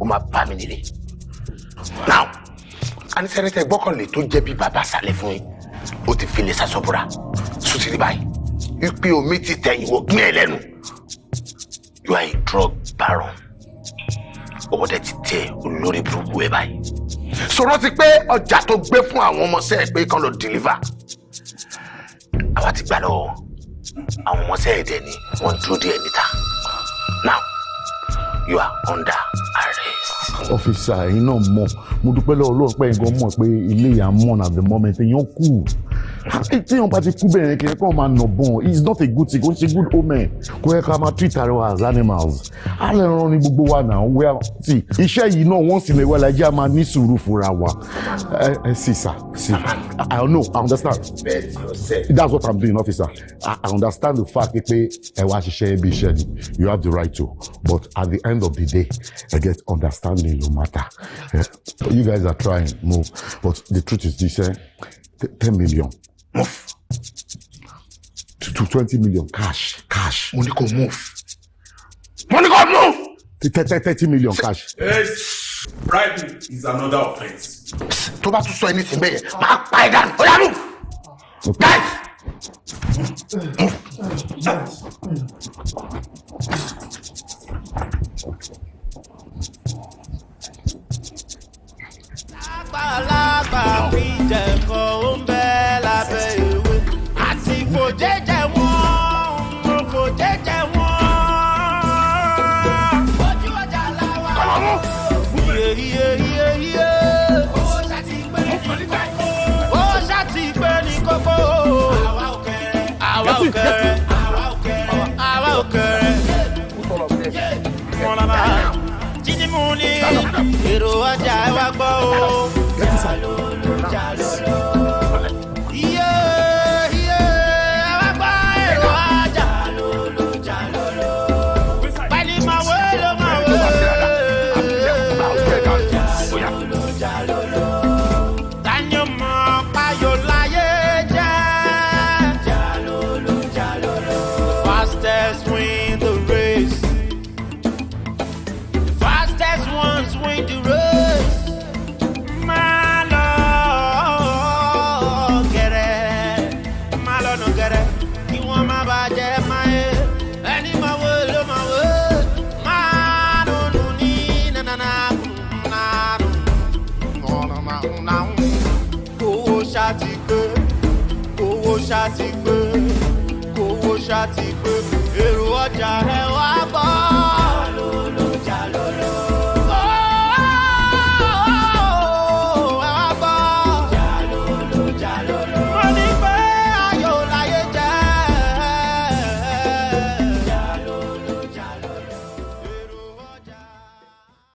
Speaker 1: ó máa bá mi nílé now anisẹ́rẹ́tẹ̀ gbọ́kànlé tó jẹ́ bí bàbá sálẹ̀ fún yín ó ti fi lè sasọ́bùra sùtìrì báyìí wípé omi ti tẹ̀yìn wò gbé ẹ lẹ́nu you are a drug baron ọwọ́ dẹ̀ ti tẹ olórí burúkú ẹ báyìí sọ̀rọ̀ ti pé ọjà tó gbé fún àwọn ọmọọṣẹ́ ẹ̀ pé kán lọ deliver àwa ti gbà lọ́wọ́ àwọn ọmọọṣẹ́ ẹ̀ dẹ̀ ni wọ́n ń dúró díẹ̀ níta now you are under arrest. ọ́fíìsà yìí náà mọ̀ mo dúpẹ́ lọ́wọ́ lóòpẹ́ yìí gan mọ̀ pé ilé yà ń mọ̀nà àbẹ̀mọ́mẹ́tẹ̀ yẹn kù tí wọn bá ti kú bẹ̀rẹ̀ kí ẹ kọ́ máa nà bọ̀n it's not a good thing kò ń ṣe good omen kò yẹ ká máa treat our as animals alẹ́ ran ni gbogbo wa náà wíwá sí iṣẹ́ yìí náà wọ́n sì a wá lajẹ́ a máa ní sùúrù fúnra wa ẹ ẹ sì sà sí i know i understand that's what i'm doing officer i understand the fact pé ẹ wá ṣiṣẹ́ ibi iṣẹ́ ni you have the right to but at the end of the day i get understanding no matter eh, you guys are trying more but the truth is this eh ten million move. to twenty million cash cash. Money go kó move. mo ní kó move. thirty million cash. Yes. bribery is another offence. To bá tún sọ anything bẹ́ẹ̀ máa pa ẹ̀ dànù ó yá move. guys.
Speaker 5: Lágbàlagbà fi jẹ̀kọ̀ ó lábẹ́ ìwé àti fò jẹ́jẹ́ wọn mo fò jẹ́jẹ́ wọn. ojú ọjà làwà ó. iye iye iye iye. owó ṣàti pé ní kókó. owó ṣàti pé ní kókó. àwa ò kéré. àwa ò kéré. àwa ò kéré. àwa ò kéré. mọ̀lára jíjí mú ni èrò ọjà ẹ wá gbọ́ o. ọjà ti gbó èrò ọjà rẹ wá bọ́.